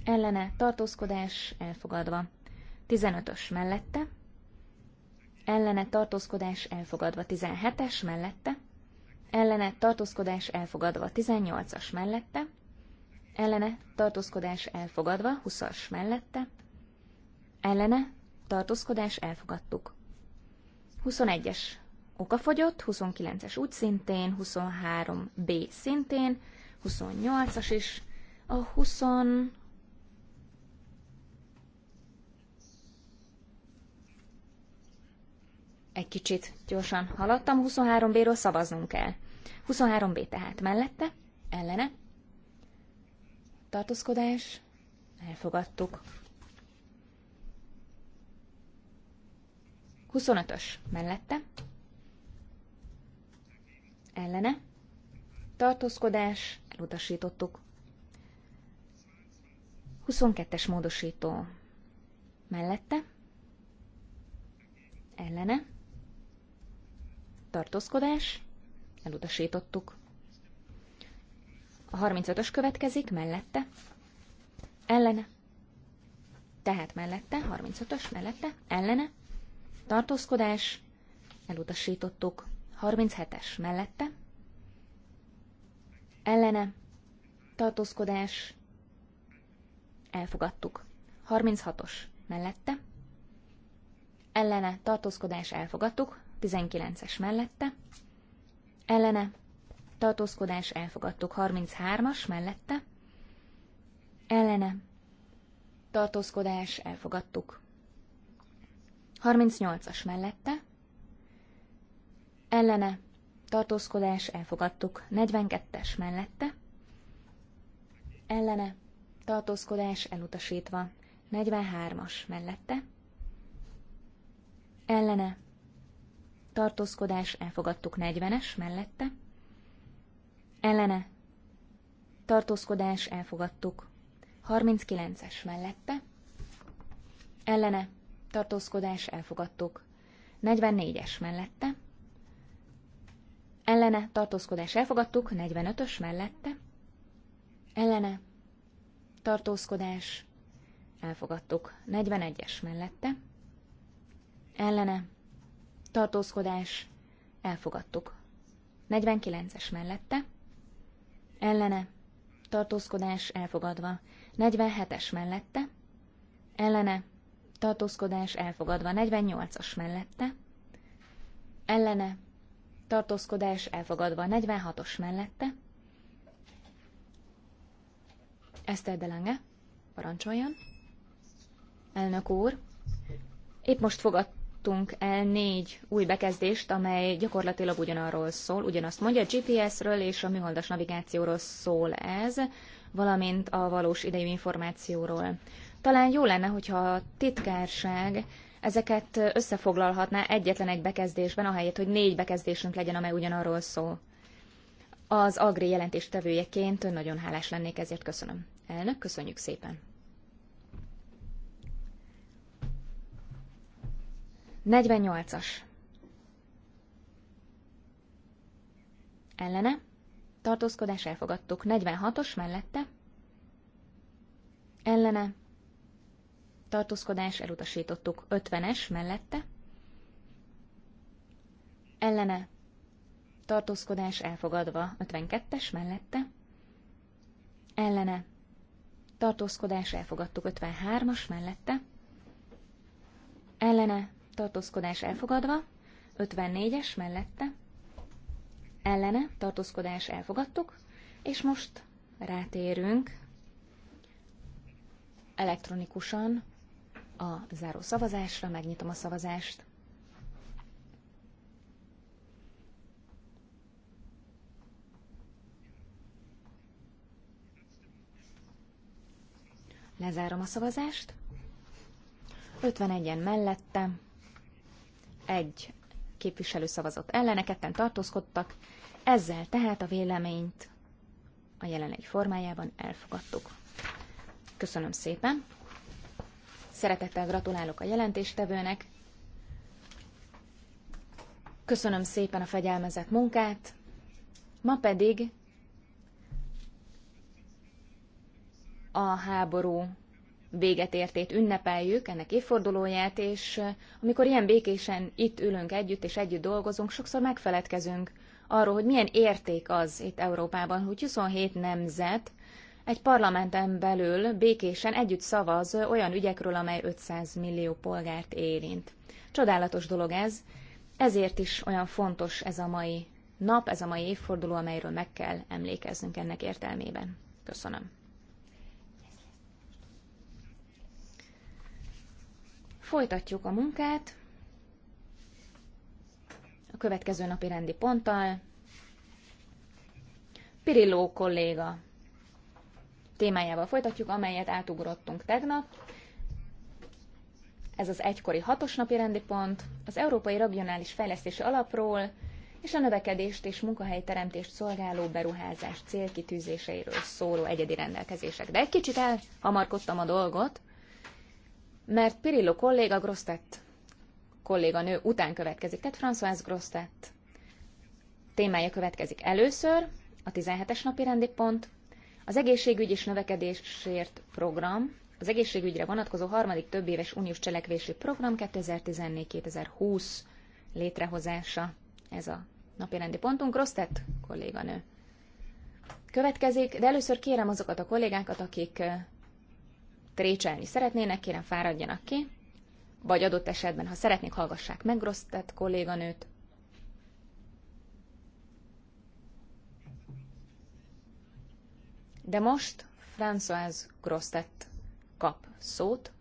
Ellene. Tartózkodás. Elfogadva. 15-ös mellette ellene tartózkodás elfogadva 17-es mellette, ellene tartózkodás elfogadva 18-as mellette, ellene tartózkodás elfogadva 20-as mellette, ellene tartózkodás elfogadtuk. 21-es okafogyott, 29-es úgy szintén, 23B szintén, 28-as is, a Egy kicsit gyorsan haladtam, 23B-ről szavaznunk kell. 23B tehát mellette, ellene. Tartózkodás, elfogadtuk. 25-ös mellette, ellene. Tartózkodás, elutasítottuk. 22-es módosító mellette, ellene, tartózkodás, elutasítottuk. A 35-ös következik, mellette, ellene, tehát mellette, 35-ös, mellette, ellene, tartózkodás, elutasítottuk. 37-es, mellette, ellene, tartózkodás, elfogadtuk. 36-os, mellette, ellene, tartózkodás, elfogadtuk. 19-es mellette, ellene, tartózkodás elfogadtuk 33-as mellette, ellene, tartózkodás elfogadtuk 38-as mellette, ellene, tartózkodás elfogadtuk 42-es mellette, ellene, tartózkodás elutasítva 43-as mellette, ellene, tartózkodás, elfogadtuk 40-es mellette, ellene, tartózkodás, elfogadtuk 39-es mellette, ellene, tartózkodás, elfogadtuk 44-es mellette, ellene, tartózkodás, elfogadtuk 45-ös mellette, ellene, tartózkodás, elfogadtuk 41-es mellette, ellene, tartózkodás, elfogadtuk. 49-es mellette, ellene, tartózkodás elfogadva. 47-es mellette, ellene, tartózkodás elfogadva. 48-as mellette, ellene, tartózkodás elfogadva. 46-os mellette, Eszter Delange, parancsoljon. Elnök úr, épp most fogadt fogadtunk el négy új bekezdést, amely gyakorlatilag ugyanarról szól, ugyanazt mondja, a GPS-ről és a műholdas navigációról szól ez, valamint a valós idejű információról. Talán jó lenne, hogyha a titkárság ezeket összefoglalhatná egyetlen egy bekezdésben, ahelyett, hogy négy bekezdésünk legyen, amely ugyanarról szól. Az Agri jelentéstevőjeként nagyon hálás lennék, ezért köszönöm. Elnök, köszönjük szépen! 48-as. Ellene. Tartózkodás elfogadtuk. 46-os mellette. Ellene. Tartózkodás elutasítottuk. 50-es mellette. Ellene. Tartózkodás elfogadva. 52-es mellette. Ellene. Tartózkodás elfogadtuk. 53-as mellette. Ellene tartózkodás elfogadva, 54-es mellette, ellene, tartózkodás elfogadtuk, és most rátérünk elektronikusan a záró szavazásra, megnyitom a szavazást. Lezárom a szavazást. 51-en mellette, egy képviselő szavazott ellene, ketten tartózkodtak, ezzel tehát a véleményt a jelenlegi formájában elfogadtuk. Köszönöm szépen! Szeretettel gratulálok a jelentéstevőnek, köszönöm szépen a fegyelmezett munkát, ma pedig a háború véget értét ünnepeljük, ennek évfordulóját, és amikor ilyen békésen itt ülünk együtt és együtt dolgozunk, sokszor megfeledkezünk arról, hogy milyen érték az itt Európában, hogy 27 nemzet egy parlamenten belül békésen együtt szavaz olyan ügyekről, amely 500 millió polgárt érint. Csodálatos dolog ez, ezért is olyan fontos ez a mai nap, ez a mai évforduló, amelyről meg kell emlékeznünk ennek értelmében. Köszönöm. Folytatjuk a munkát a következő napi rendi ponttal. Pirilló kolléga témájával folytatjuk, amelyet átugrottunk tegnap. Ez az egykori hatos napi rendi pont, az Európai Regionális Fejlesztési Alapról és a növekedést és munkahelyteremtést szolgáló beruházás célkitűzéseiről szóló egyedi rendelkezések. De egy kicsit elhamarkodtam a dolgot, mert Pirillo kolléga Grosztett kolléganő után következik, tehát François Grosztett témája következik először, a 17-es napi rendi pont, az egészségügy és növekedésért program, az egészségügyre vonatkozó harmadik többéves uniós cselekvési program 2014-2020 létrehozása. Ez a napi rendi pontunk. Rosztett kolléganő. Következik, de először kérem azokat a kollégákat, akik trécselni szeretnének, kérem fáradjanak ki, vagy adott esetben, ha szeretnék, hallgassák meg tett kolléganőt. De most François Grosztett kap szót.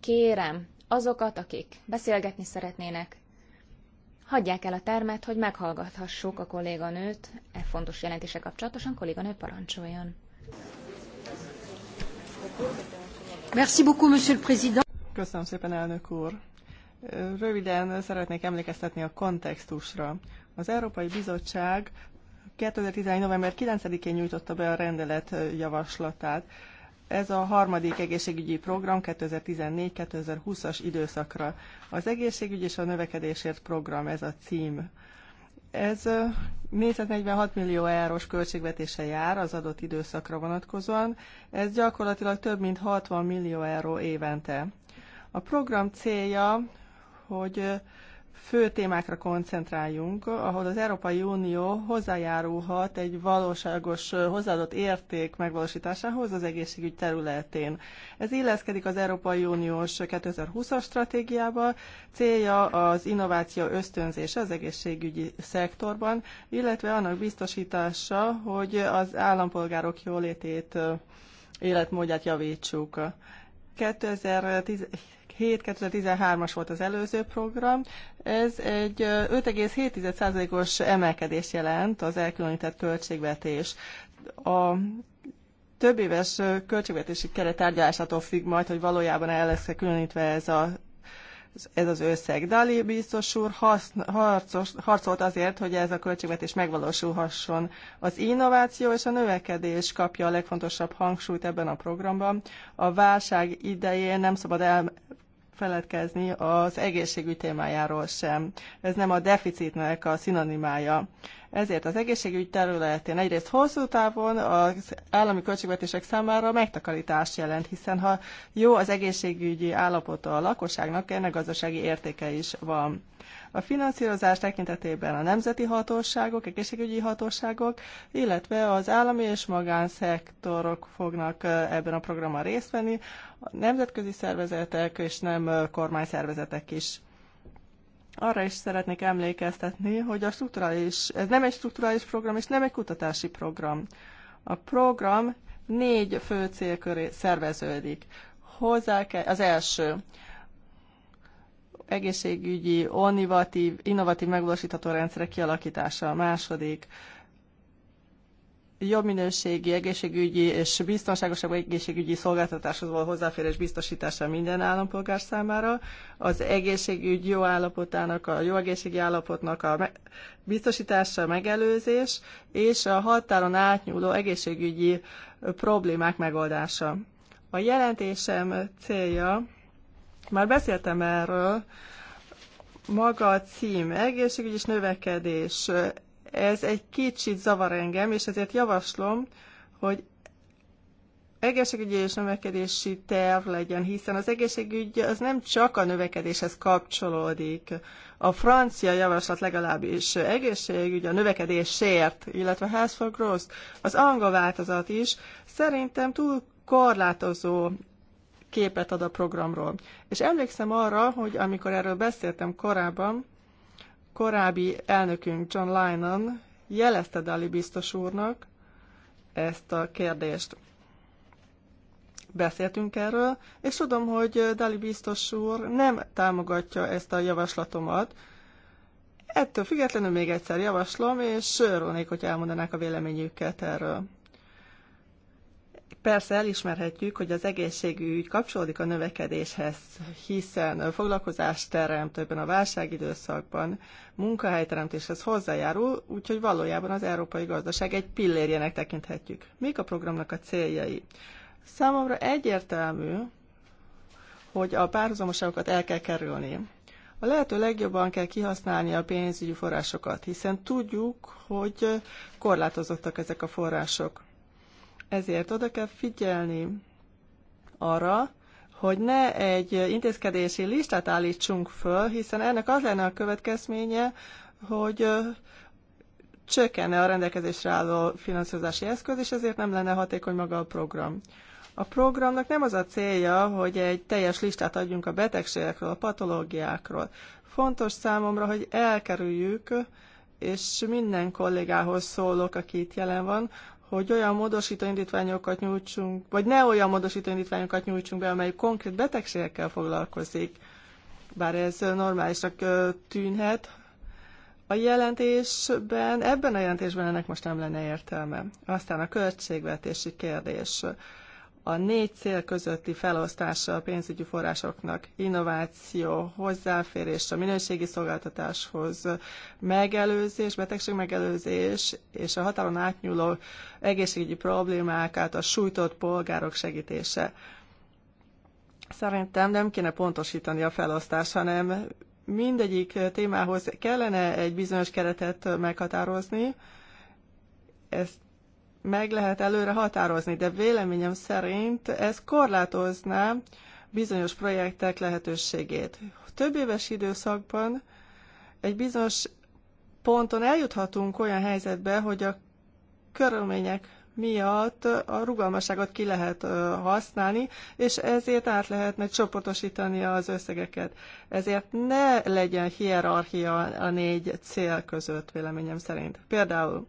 Kérem, azokat, akik beszélgetni szeretnének, hagyják el a termet, hogy meghallgathassuk a kolléganőt e fontos jelentése kapcsolatosan. Kolléganő parancsoljon. Merci beaucoup, Monsieur le Président. Köszönöm szépen, elnök úr. Röviden szeretnék emlékeztetni a kontextusra. Az Európai Bizottság 2011. november 9-én nyújtotta be a rendelet javaslatát. Ez a harmadik egészségügyi program 2014-2020-as időszakra. Az egészségügy és a növekedésért program ez a cím. Ez 446 millió eurós költségvetése jár az adott időszakra vonatkozóan, ez gyakorlatilag több mint 60 millió euró évente. A program célja, hogy fő témákra koncentráljunk, ahol az Európai Unió hozzájárulhat egy valóságos hozzáadott érték megvalósításához az egészségügy területén. Ez illeszkedik az Európai Uniós 2020-as stratégiába, célja az innováció ösztönzése az egészségügyi szektorban, illetve annak biztosítása, hogy az állampolgárok jólétét, életmódját javítsuk. 2010 2007-2013-as volt az előző program. Ez egy 5,7%-os emelkedést jelent az elkülönített költségvetés. A több éves költségvetési keret tárgyalásától függ majd, hogy valójában el lesz e különítve ez a ez az összeg. Dali biztos úr haszn, harcos, harcolt azért, hogy ez a költségvetés megvalósulhasson. Az innováció és a növekedés kapja a legfontosabb hangsúlyt ebben a programban. A válság idején nem szabad el, megfeledkezni az egészségügy témájáról sem. Ez nem a deficitnek a szinonimája. Ezért az egészségügy területén egyrészt hosszú távon az állami költségvetések számára megtakarítást jelent, hiszen ha jó az egészségügyi állapota a lakosságnak, ennek gazdasági értéke is van. A finanszírozás tekintetében a nemzeti hatóságok, egészségügyi hatóságok, illetve az állami és magánszektorok fognak eh, ebben a programban részt venni, a nemzetközi szervezetek és nem eh, kormányszervezetek is. Arra is szeretnék emlékeztetni, hogy a strukturális, ez nem egy strukturális program, és nem egy kutatási program. A program négy fő célköré szerveződik. Hozzá kell, az első, egészségügyi, innovatív, innovatív megvalósítható rendszerek kialakítása. A második, jobb minőségi egészségügyi és biztonságosabb egészségügyi szolgáltatáshoz való hozzáférés biztosítása minden állampolgár számára, az egészségügy jó állapotának, a jó egészségi állapotnak a biztosítása, megelőzés és a határon átnyúló egészségügyi problémák megoldása. A jelentésem célja, már beszéltem erről, maga a cím, egészségügy és növekedés, ez egy kicsit zavar engem, és ezért javaslom, hogy egészségügyi és növekedési terv legyen, hiszen az egészségügy az nem csak a növekedéshez kapcsolódik. A francia javaslat legalábbis egészségügy a növekedésért, illetve House for Growth, az angol változat is szerintem túl korlátozó képet ad a programról. És emlékszem arra, hogy amikor erről beszéltem korábban, korábbi elnökünk John Lennon jelezte Dali biztos úrnak ezt a kérdést. Beszéltünk erről, és tudom, hogy Dali biztos úr nem támogatja ezt a javaslatomat. Ettől függetlenül még egyszer javaslom, és örülnék, hogy elmondanák a véleményüket erről. Persze elismerhetjük, hogy az egészségügy kapcsolódik a növekedéshez, hiszen foglalkozást teremt ebben a válságidőszakban, munkahelyteremtéshez hozzájárul, úgyhogy valójában az európai gazdaság egy pillérjének tekinthetjük. Mik a programnak a céljai? Számomra egyértelmű, hogy a párhuzamoságokat el kell kerülni. A lehető legjobban kell kihasználni a pénzügyi forrásokat, hiszen tudjuk, hogy korlátozottak ezek a források ezért oda kell figyelni arra, hogy ne egy intézkedési listát állítsunk föl, hiszen ennek az lenne a következménye, hogy csökkenne a rendelkezésre álló finanszírozási eszköz, és ezért nem lenne hatékony maga a program. A programnak nem az a célja, hogy egy teljes listát adjunk a betegségekről, a patológiákról. Fontos számomra, hogy elkerüljük, és minden kollégához szólok, aki itt jelen van, hogy olyan módosító indítványokat nyújtsunk, vagy ne olyan módosító indítványokat nyújtsunk be, amely konkrét betegségekkel foglalkozik, bár ez normálisnak tűnhet. A jelentésben, ebben a jelentésben ennek most nem lenne értelme. Aztán a költségvetési kérdés a négy cél közötti felosztása a pénzügyi forrásoknak, innováció, hozzáférés a minőségi szolgáltatáshoz, megelőzés, betegség megelőzés és a határon átnyúló egészségügyi problémák által sújtott polgárok segítése. Szerintem nem kéne pontosítani a felosztást, hanem mindegyik témához kellene egy bizonyos keretet meghatározni, ezt meg lehet előre határozni, de véleményem szerint ez korlátozná bizonyos projektek lehetőségét. Több éves időszakban egy bizonyos ponton eljuthatunk olyan helyzetbe, hogy a körülmények miatt a rugalmasságot ki lehet használni, és ezért át lehetne csoportosítani az összegeket. Ezért ne legyen hierarchia a négy cél között, véleményem szerint. Például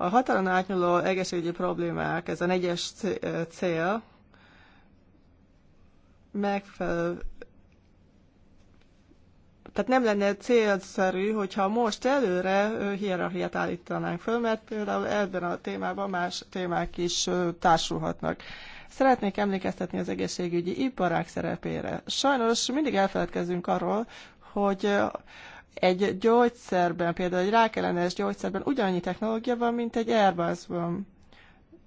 a határon átnyúló egészségügyi problémák, ez a negyes cél, megfelelő tehát nem lenne célszerű, hogyha most előre hierarchiát állítanánk föl, mert például ebben a témában más témák is társulhatnak. Szeretnék emlékeztetni az egészségügyi iparák szerepére. Sajnos mindig elfeledkezünk arról, hogy egy gyógyszerben, például egy rákellenes gyógyszerben ugyannyi technológia van, mint egy Airbusban.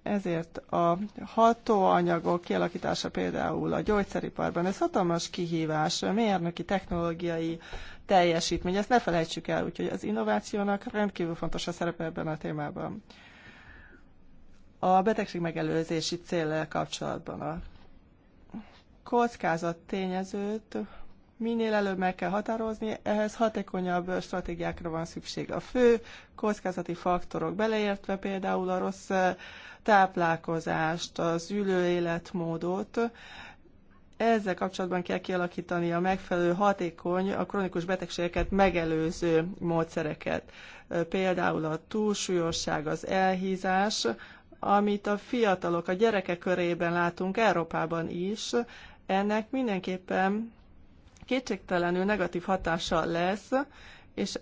Ezért a hatóanyagok kialakítása például a gyógyszeriparban, ez hatalmas kihívás, mérnöki, technológiai teljesítmény, ezt ne felejtsük el, úgyhogy az innovációnak rendkívül fontos a szerepe ebben a témában. A betegség megelőzési célra kapcsolatban a kockázat tényezőt minél előbb meg kell határozni, ehhez hatékonyabb stratégiákra van szükség. A fő kockázati faktorok beleértve például a rossz eh, táplálkozást, az ülő életmódot, ezzel kapcsolatban kell kialakítani a megfelelő hatékony, a kronikus betegségeket megelőző módszereket. Eh, például a túlsúlyosság, az elhízás, amit a fiatalok, a gyerekek körében látunk Európában is, ennek mindenképpen kétségtelenül negatív hatása lesz, és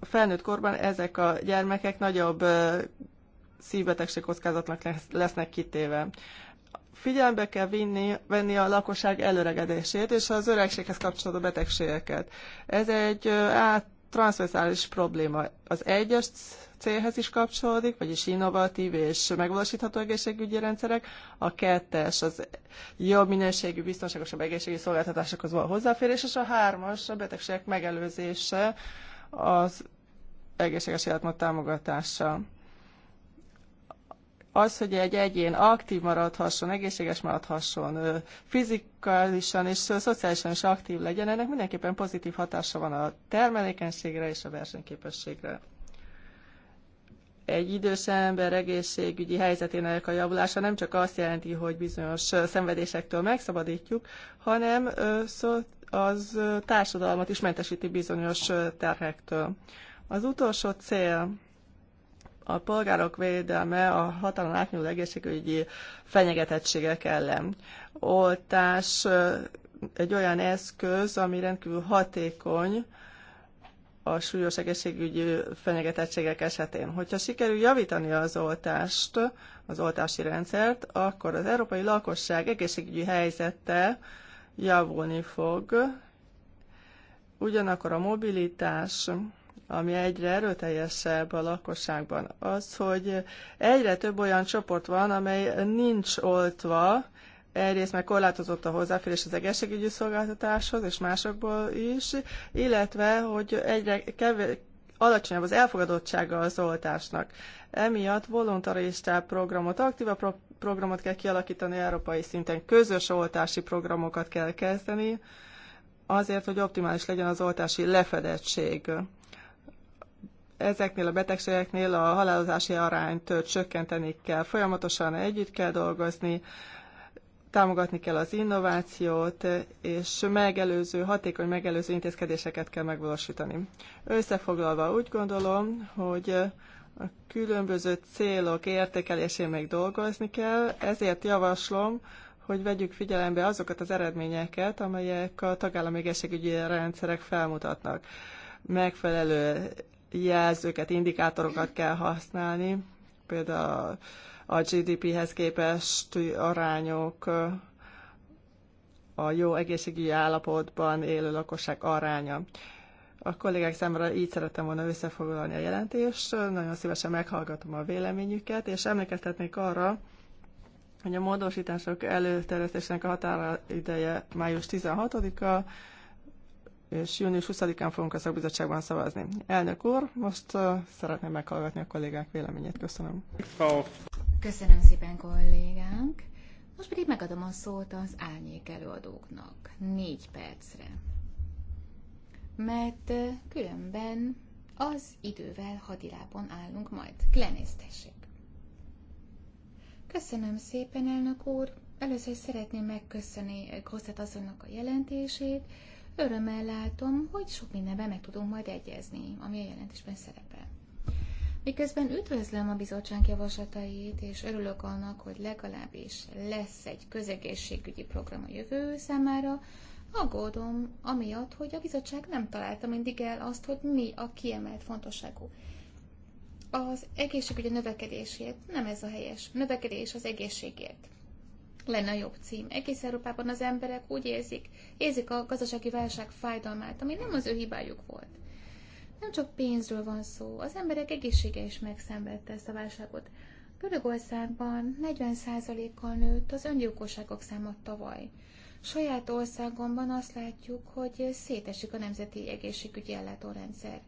felnőtt korban ezek a gyermekek nagyobb szívbetegség kockázatnak lesznek kitéve. Figyelembe kell vinni, venni a lakosság előregedését és az öregséghez kapcsolódó betegségeket. Ez egy át transzverzális probléma. Az egyes célhez is kapcsolódik, vagyis innovatív és megvalósítható egészségügyi rendszerek. A kettes az jobb minőségű, biztonságosabb egészségügyi szolgáltatásokhoz való hozzáférés, és a hármas a betegségek megelőzése az egészséges életmód támogatása az, hogy egy egyén aktív maradhasson, egészséges maradhasson, fizikálisan és szociálisan is aktív legyen, ennek mindenképpen pozitív hatása van a termelékenységre és a versenyképességre egy idős ember egészségügyi helyzetének a javulása nem csak azt jelenti, hogy bizonyos szenvedésektől megszabadítjuk, hanem az társadalmat is mentesíti bizonyos terhektől. Az utolsó cél a polgárok védelme a hatalan átnyúló egészségügyi fenyegetettségek ellen. Oltás egy olyan eszköz, ami rendkívül hatékony, a súlyos egészségügyi fenyegetettségek esetén. Hogyha sikerül javítani az oltást, az oltási rendszert, akkor az európai lakosság egészségügyi helyzete javulni fog. Ugyanakkor a mobilitás, ami egyre erőteljesebb a lakosságban, az, hogy egyre több olyan csoport van, amely nincs oltva, egyrészt már korlátozott a hozzáférés az egészségügyi szolgáltatáshoz, és másokból is, illetve, hogy egyre kevés, alacsonyabb az elfogadottsága az oltásnak. Emiatt voluntaristább programot, aktíva pro- programot kell kialakítani európai szinten, közös oltási programokat kell kezdeni, azért, hogy optimális legyen az oltási lefedettség. Ezeknél a betegségeknél a halálozási arányt csökkenteni kell, folyamatosan együtt kell dolgozni, támogatni kell az innovációt, és megelőző, hatékony megelőző intézkedéseket kell megvalósítani. Összefoglalva úgy gondolom, hogy a különböző célok értékelésén még dolgozni kell, ezért javaslom, hogy vegyük figyelembe azokat az eredményeket, amelyek a tagállami egészségügyi rendszerek felmutatnak. Megfelelő jelzőket, indikátorokat kell használni, például a GDP-hez képest arányok, a jó egészségügyi állapotban élő lakosság aránya. A kollégák számára így szerettem volna összefoglalni a jelentést, nagyon szívesen meghallgatom a véleményüket, és emlékeztetnék arra, hogy a módosítások előterjesztésének a határideje május 16-a, és június 20-án fogunk a szakbizottságban szavazni. Elnök úr, most uh, szeretném meghallgatni a kollégák véleményét. Köszönöm. Köszönöm szépen, kollégánk. Most pedig megadom a szót az árnyék előadóknak. Négy percre. Mert különben az idővel hadilábon állunk majd. Klenésztessék. Köszönöm szépen, elnök úr. Először is szeretném megköszönni Kosszát azonnak a jelentését. Örömmel látom, hogy sok mindenben meg tudunk majd egyezni, ami a jelentésben szerepel. Miközben üdvözlöm a bizottság javaslatait, és örülök annak, hogy legalábbis lesz egy közegészségügyi program a jövő számára, aggódom amiatt, hogy a bizottság nem találta mindig el azt, hogy mi a kiemelt fontosságú. Az egészségügyi növekedésért nem ez a helyes. Növekedés az egészségért. Lenne a jobb cím. Egész Európában az emberek úgy érzik, érzik a gazdasági válság fájdalmát, ami nem az ő hibájuk volt. Nem csak pénzről van szó, az emberek egészsége is megszenvedte ezt a válságot. Görögországban 40%-kal nőtt az öngyilkosságok száma tavaly. Saját országomban azt látjuk, hogy szétesik a nemzeti egészségügyi ellátórendszer.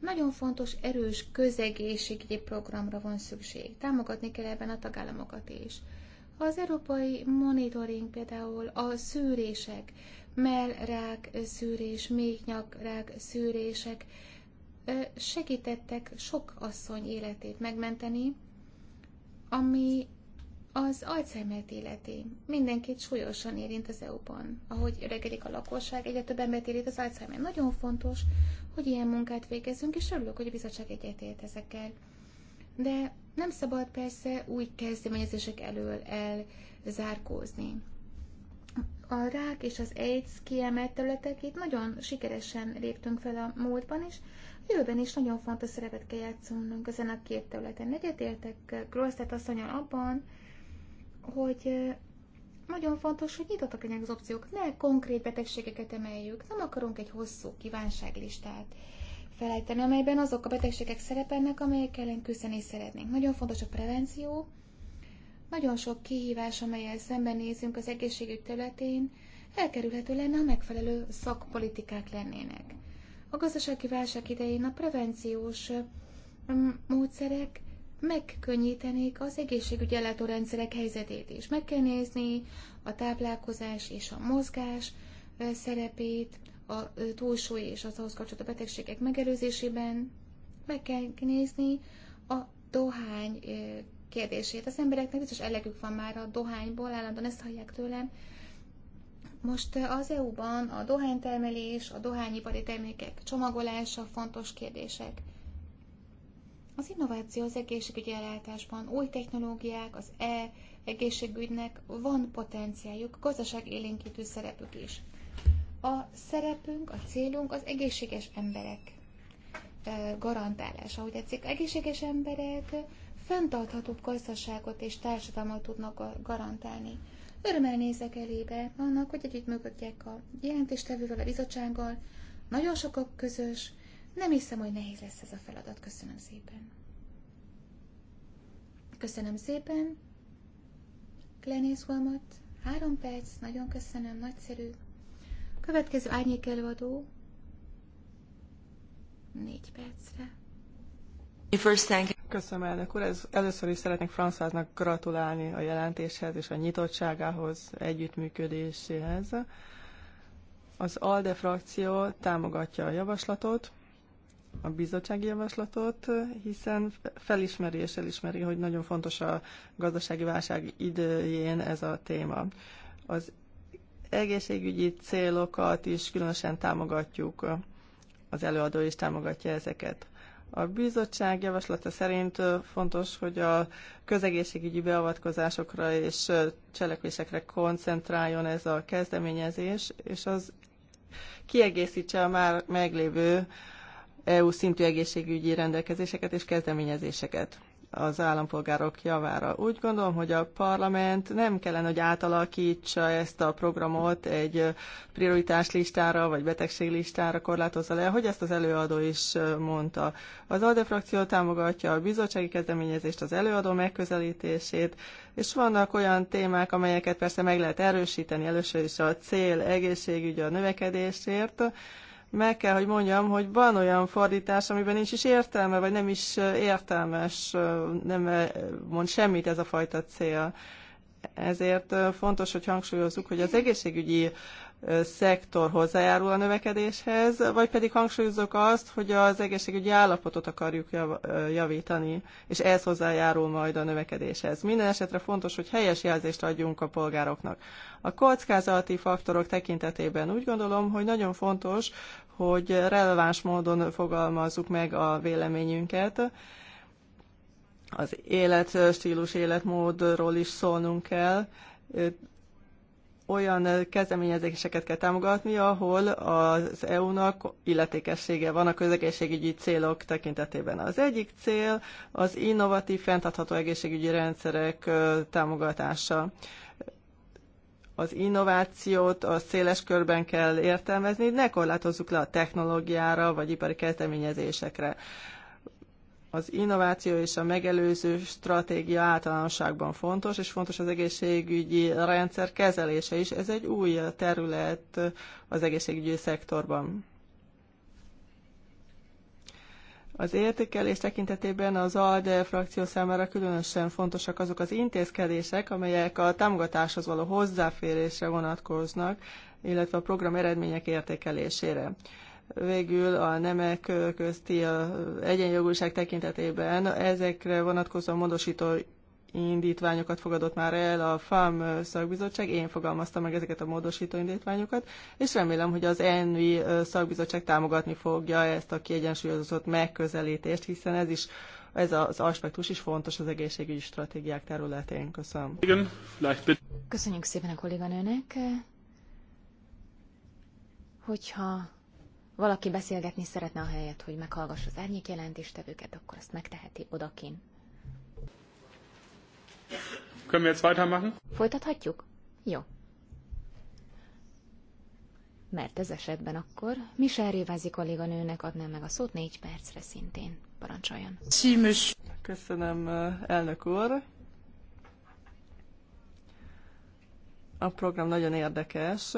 Nagyon fontos, erős közegészségügyi programra van szükség. Támogatni kell ebben a tagállamokat is. Az európai monitoring például a szűrések, mellrák szűrés, méhnyakrák szűrések segítettek sok asszony életét megmenteni, ami az Alzheimer-t életi. Mindenkit súlyosan érint az EU-ban. Ahogy öregedik a lakosság, egyre több embert érint az Alzheimer. Nagyon fontos, hogy ilyen munkát végezzünk, és örülök, hogy a bizottság egyetért ezekkel. De nem szabad persze új kezdeményezések elől elzárkózni a rák és az AIDS kiemelt területek, itt nagyon sikeresen léptünk fel a múltban is, jövőben is nagyon fontos szerepet kell játszanunk ezen a két területen. Egyetértek Grosztet asszonyon abban, hogy nagyon fontos, hogy nyitottak legyenek az opciók, ne konkrét betegségeket emeljük, nem akarunk egy hosszú kívánságlistát felejteni, amelyben azok a betegségek szerepelnek, amelyek ellen küzdeni szeretnénk. Nagyon fontos a prevenció, nagyon sok kihívás, amelyel szembenézünk az egészségügy területén, elkerülhető lenne, ha megfelelő szakpolitikák lennének. A gazdasági válság idején a prevenciós mm, módszerek megkönnyítenék az egészségügyi ellátórendszerek helyzetét is. Meg kell nézni a táplálkozás és a mozgás szerepét, a túlsúly és az ahhoz kapcsolatos betegségek megelőzésében. Meg kell nézni a dohány kérdését. Az embereknek biztos elegük van már a dohányból, állandóan ezt hallják tőlem. Most eh, az EU-ban a dohánytermelés, a dohányipari termékek csomagolása fontos kérdések. Az innováció az egészségügyi ellátásban, új technológiák, az e-egészségügynek van potenciáljuk, gazdaság élénkítő szerepük is. A szerepünk, a célunk az egészséges emberek eh, garantálása, Ahogy egyszik egészséges emberek fenntarthatóbb gazdaságot és társadalmat tudnak garantálni. Örömmel nézek elébe annak, hogy együtt mögöttjek a jelentéstevővel, a bizottsággal. Nagyon sokak közös. Nem hiszem, hogy nehéz lesz ez a feladat. Köszönöm szépen. Köszönöm szépen. Glenész három perc, nagyon köszönöm, nagyszerű. Következő árnyék előadó, négy percre. First thank Köszönöm, elnök úr. Ez, először is szeretnék Franszáznak gratulálni a jelentéshez és a nyitottságához, együttműködéséhez. Az ALDE frakció támogatja a javaslatot, a bizottsági javaslatot, hiszen felismeri és elismeri, hogy nagyon fontos a gazdasági válság idején ez a téma. Az egészségügyi célokat is különösen támogatjuk, az előadó is támogatja ezeket. A bizottság javaslata szerint fontos, hogy a közegészségügyi beavatkozásokra és cselekvésekre koncentráljon ez a kezdeményezés, és az kiegészítse a már meglévő EU szintű egészségügyi rendelkezéseket és kezdeményezéseket az állampolgárok javára. Úgy gondolom, hogy a parlament nem kellene, hogy átalakítsa ezt a programot egy prioritás listára vagy listára korlátozza le, hogy ezt az előadó is mondta. Az ALDE frakció támogatja a bizottsági kezdeményezést, az előadó megközelítését, és vannak olyan témák, amelyeket persze meg lehet erősíteni, először is a cél egészségügy a növekedésért, meg kell, hogy mondjam, hogy van olyan fordítás, amiben nincs is értelme, vagy nem is értelmes, nem mond semmit ez a fajta cél. Ezért fontos, hogy hangsúlyozzuk, hogy az egészségügyi szektor hozzájárul a növekedéshez, vagy pedig hangsúlyozzuk azt, hogy az egészségügyi állapotot akarjuk javítani, és ez hozzájárul majd a növekedéshez. Minden esetre fontos, hogy helyes jelzést adjunk a polgároknak. A kockázati faktorok tekintetében úgy gondolom, hogy nagyon fontos, hogy releváns módon fogalmazzuk meg a véleményünket. Az életstílus, életmódról is szólnunk kell. Olyan kezdeményezéseket kell támogatni, ahol az EU-nak illetékessége van a közegészségügyi célok tekintetében. Az egyik cél az innovatív, fenntartható egészségügyi rendszerek támogatása az innovációt a széles körben kell értelmezni, ne korlátozzuk le a technológiára vagy ipari kezdeményezésekre. Az innováció és a megelőző stratégia általánosságban fontos, és fontos az egészségügyi rendszer kezelése is. Ez egy új terület az egészségügyi szektorban. Az értékelés tekintetében az ALDE frakció számára különösen fontosak azok az intézkedések, amelyek a támogatáshoz való hozzáférésre vonatkoznak, illetve a program eredmények értékelésére. Végül a nemek közti egyenjogúság tekintetében ezekre vonatkozó módosító indítványokat fogadott már el a FAM szakbizottság, én fogalmaztam meg ezeket a módosító indítványokat, és remélem, hogy az ENVI szakbizottság támogatni fogja ezt a kiegyensúlyozott megközelítést, hiszen ez is ez az aspektus is fontos az egészségügyi stratégiák területén. Köszönöm. Köszönjük szépen a kolléganőnek. Hogyha valaki beszélgetni szeretne a helyet, hogy meghallgass az árnyék jelentéstevőket, akkor azt megteheti odakin. Können wir jetzt weitermachen? Folytathatjuk? Jó. Mert ez esetben akkor Michel Révázi kolléganőnek adnám meg a szót négy percre szintén. Parancsoljon. Símus. Köszönöm, elnök úr. A program nagyon érdekes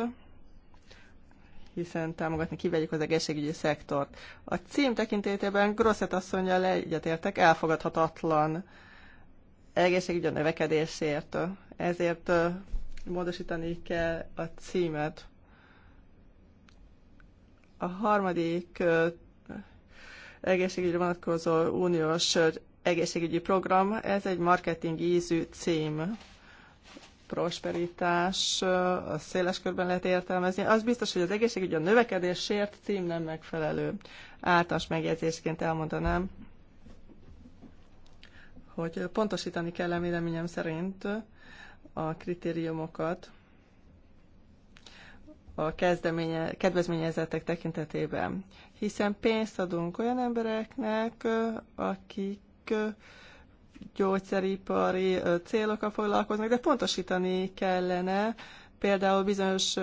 hiszen támogatni kivegyük az egészségügyi szektort. A cím tekintetében Grosset asszonyjal egyetértek, elfogadhatatlan egészségügy a növekedésért. Ezért módosítani kell a címet. A harmadik egészségügyre vonatkozó uniós egészségügyi program, ez egy marketing ízű cím prosperitás, a széles körben lehet értelmezni. Az biztos, hogy az egészségügy a növekedésért cím nem megfelelő. Általános megjegyzésként elmondanám, hogy pontosítani kell véleményem szerint a kritériumokat a kezdeménye, kedvezményezetek tekintetében, hiszen pénzt adunk olyan embereknek, akik gyógyszeripari célokkal foglalkoznak, de pontosítani kellene például bizonyos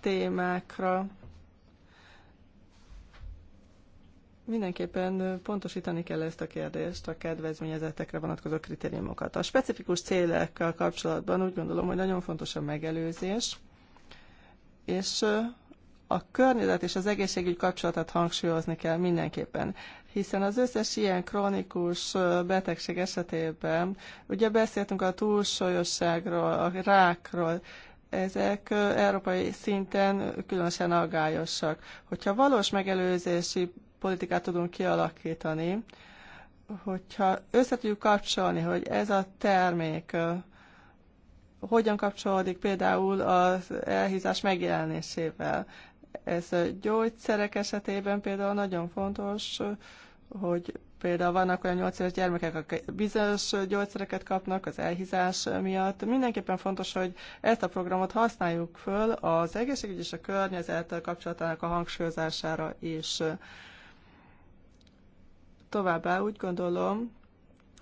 témákra Mindenképpen pontosítani kell ezt a kérdést, a kedvezményezettekre vonatkozó kritériumokat. A specifikus célekkel kapcsolatban úgy gondolom, hogy nagyon fontos a megelőzés, és a környezet és az egészségügy kapcsolatát hangsúlyozni kell mindenképpen, hiszen az összes ilyen krónikus betegség esetében, ugye beszéltünk a túlsólyosságról, a rákról, ezek európai szinten különösen aggályosak. Hogyha valós megelőzési politikát tudunk kialakítani, hogyha össze tudjuk kapcsolni, hogy ez a termék hogyan kapcsolódik például az elhízás megjelenésével. Ez gyógyszerek esetében például nagyon fontos, hogy Például vannak olyan 8 éves gyermekek, akik bizonyos gyógyszereket kapnak az elhízás miatt. Mindenképpen fontos, hogy ezt a programot használjuk föl az egészségügy és a környezet kapcsolatának a hangsúlyozására is. Továbbá úgy gondolom,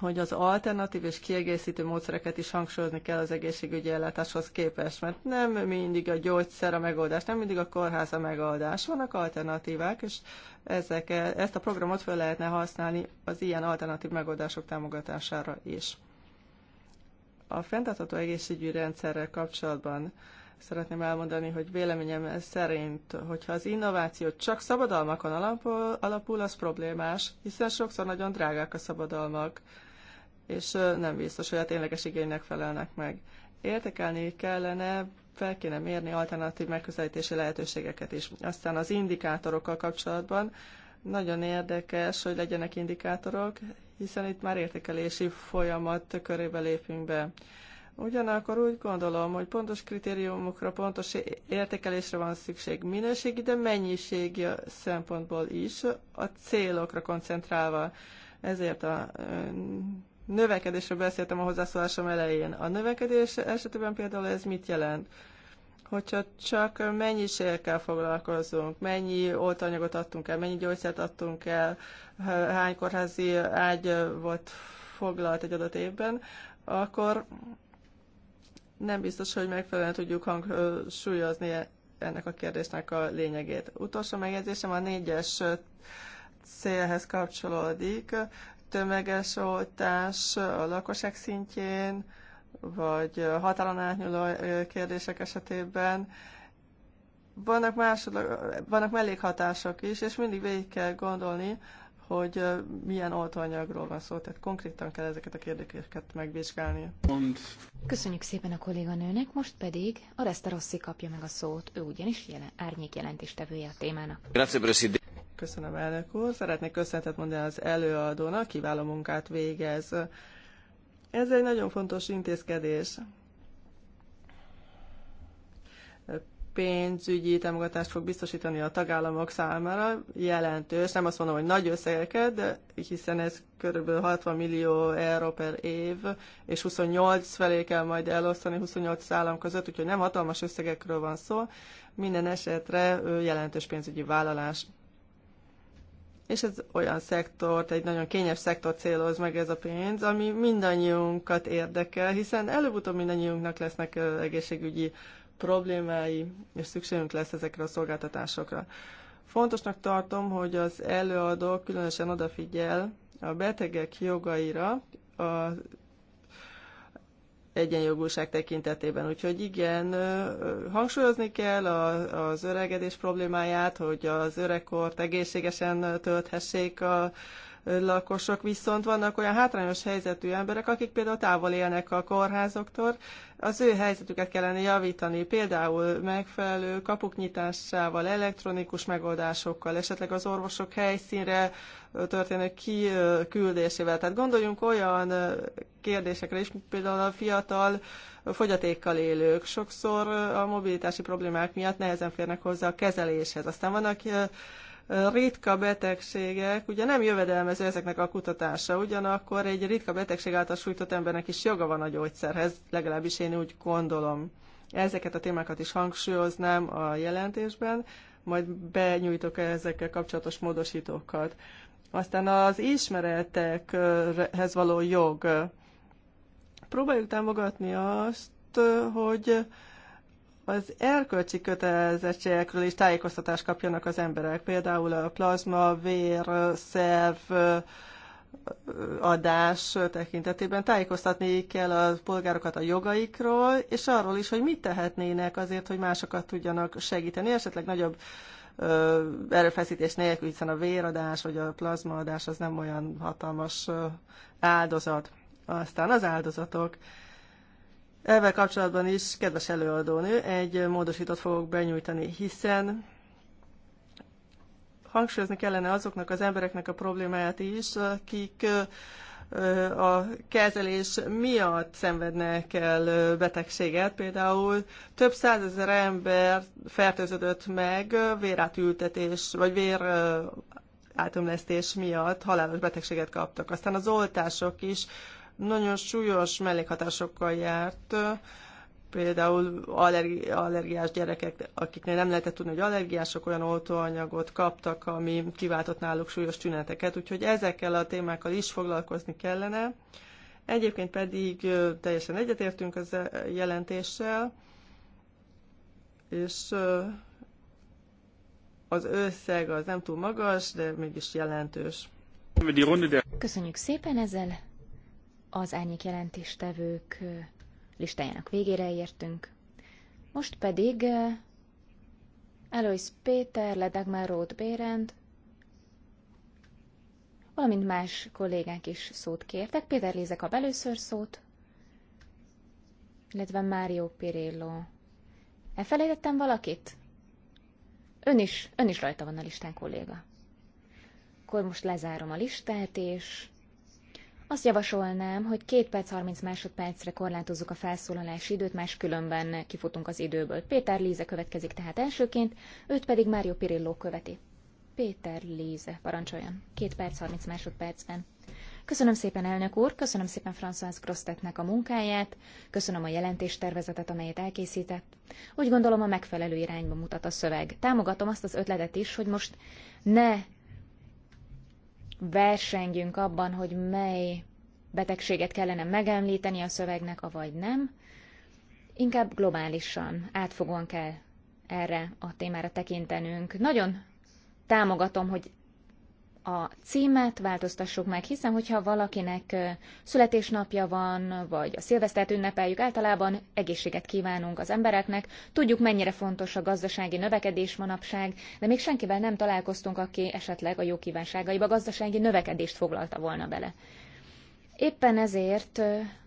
hogy az alternatív és kiegészítő módszereket is hangsúlyozni kell az egészségügyi ellátáshoz képest, mert nem mindig a gyógyszer a megoldás, nem mindig a kórház a megoldás, vannak alternatívák, és ezek, ezt a programot fel lehetne használni az ilyen alternatív megoldások támogatására is. A fenntartható egészségügyi rendszerrel kapcsolatban szeretném elmondani, hogy véleményem szerint, hogyha az innováció csak szabadalmakon alapul, alapul, az problémás, hiszen sokszor nagyon drágák a szabadalmak és nem biztos, hogy a tényleges igénynek felelnek meg. Értekelni kellene, fel kéne mérni alternatív megközelítési lehetőségeket is. Aztán az indikátorokkal kapcsolatban nagyon érdekes, hogy legyenek indikátorok, hiszen itt már értékelési folyamat körébe lépünk be. Ugyanakkor úgy gondolom, hogy pontos kritériumokra, pontos értékelésre van szükség minőségi, de mennyiségi szempontból is, a célokra koncentrálva. Ezért a növekedésről beszéltem a hozzászólásom elején. A növekedés esetében például ez mit jelent? Hogyha csak mennyiségekkel foglalkozunk, mennyi oltanyagot adtunk el, mennyi gyógyszert adtunk el, hány kórházi ágy volt foglalt egy adott évben, akkor nem biztos, hogy megfelelően tudjuk hangsúlyozni ennek a kérdésnek a lényegét. Utolsó megjegyzésem a négyes célhez kapcsolódik tömeges oltás a lakosság szintjén, vagy határon átnyúló kérdések esetében. Vannak, másodlag, vannak mellékhatások is, és mindig végig kell gondolni, hogy milyen oltóanyagról van szó, tehát konkrétan kell ezeket a kérdéseket megvizsgálni. Mond. Köszönjük szépen a kolléganőnek, most pedig a Rossi kapja meg a szót, ő ugyanis jelen, árnyék jelentéstevője a témának. Köszönöm, elnök úr. Szeretnék köszönetet mondani az előadónak, kiváló munkát végez. Ez egy nagyon fontos intézkedés pénzügyi támogatást fog biztosítani a tagállamok számára, jelentős, nem azt mondom, hogy nagy összegeket, de hiszen ez kb. 60 millió euró per év, és 28 felé kell majd elosztani 28 állam között, úgyhogy nem hatalmas összegekről van szó, minden esetre jelentős pénzügyi vállalás. És ez olyan szektort, egy nagyon kényes szektor céloz meg ez a pénz, ami mindannyiunkat érdekel, hiszen előbb-utóbb mindannyiunknak lesznek egészségügyi problémái, és szükségünk lesz ezekre a szolgáltatásokra. Fontosnak tartom, hogy az előadó különösen odafigyel a betegek jogaira a egyenjogúság tekintetében. Úgyhogy igen, hangsúlyozni kell az öregedés problémáját, hogy az öregkort egészségesen tölthessék a lakosok, viszont vannak olyan hátrányos helyzetű emberek, akik például távol élnek a kórházoktól, az ő helyzetüket kellene javítani, például megfelelő nyitásával, elektronikus megoldásokkal, esetleg az orvosok helyszínre történő kiküldésével. Tehát gondoljunk olyan kérdésekre is, például a fiatal fogyatékkal élők. Sokszor a mobilitási problémák miatt nehezen férnek hozzá a kezeléshez. Aztán vannak ritka betegségek, ugye nem jövedelmező ezeknek a kutatása, ugyanakkor egy ritka betegség által sújtott embernek is joga van a gyógyszerhez, legalábbis én úgy gondolom. Ezeket a témákat is hangsúlyoznám a jelentésben, majd benyújtok ezekkel kapcsolatos módosítókat. Aztán az ismeretekhez való jog. Próbáljuk támogatni azt, hogy az erkölcsi kötelezettségekről is tájékoztatást kapjanak az emberek, például a plazma, vér, szerv, adás tekintetében tájékoztatni kell a polgárokat a jogaikról, és arról is, hogy mit tehetnének azért, hogy másokat tudjanak segíteni, esetleg nagyobb erőfeszítés nélkül, hiszen a véradás vagy a plazmaadás az nem olyan hatalmas áldozat. Aztán az áldozatok ezzel kapcsolatban is, kedves előadónő, egy módosítót fogok benyújtani, hiszen hangsúlyozni kellene azoknak az embereknek a problémáját is, akik a kezelés miatt szenvednek el betegséget. Például több százezer ember fertőződött meg vérátültetés, vagy vér átömlesztés miatt halálos betegséget kaptak. Aztán az oltások is nagyon súlyos mellékhatásokkal járt, például allergi, allergiás gyerekek, akiknél nem lehetett tudni, hogy allergiások olyan oltóanyagot kaptak, ami kiváltott náluk súlyos tüneteket, úgyhogy ezekkel a témákkal is foglalkozni kellene. Egyébként pedig teljesen egyetértünk az jelentéssel, és az összeg az nem túl magas, de mégis jelentős. Köszönjük szépen, ezzel az árnyék jelentéstevők listájának végére értünk. Most pedig Elois Péter, Ledagmar Roth Bérend, valamint más kollégák is szót kértek. Péter Lézek a belőször szót, illetve Mário Pirillo. Elfelejtettem valakit? Ön is, ön is rajta van a listán, kolléga. Akkor most lezárom a listát, és azt javasolnám, hogy 2 perc 30 másodpercre korlátozzuk a felszólalási időt, máskülönben kifutunk az időből. Péter Líze következik tehát elsőként, őt pedig Mário Pirilló követi. Péter Líze, parancsoljon. 2 perc 30 másodpercben. Köszönöm szépen, elnök úr, köszönöm szépen François Grosztetnek a munkáját, köszönöm a jelentéstervezetet, amelyet elkészített. Úgy gondolom, a megfelelő irányba mutat a szöveg. Támogatom azt az ötletet is, hogy most ne versengjünk abban, hogy mely betegséget kellene megemlíteni a szövegnek, avagy nem. Inkább globálisan, átfogóan kell erre a témára tekintenünk. Nagyon támogatom, hogy a címet változtassuk meg, hiszen hogyha valakinek születésnapja van, vagy a szilvesztert ünnepeljük, általában egészséget kívánunk az embereknek, tudjuk mennyire fontos a gazdasági növekedés manapság, de még senkivel nem találkoztunk, aki esetleg a jó kívánságaiba gazdasági növekedést foglalta volna bele. Éppen ezért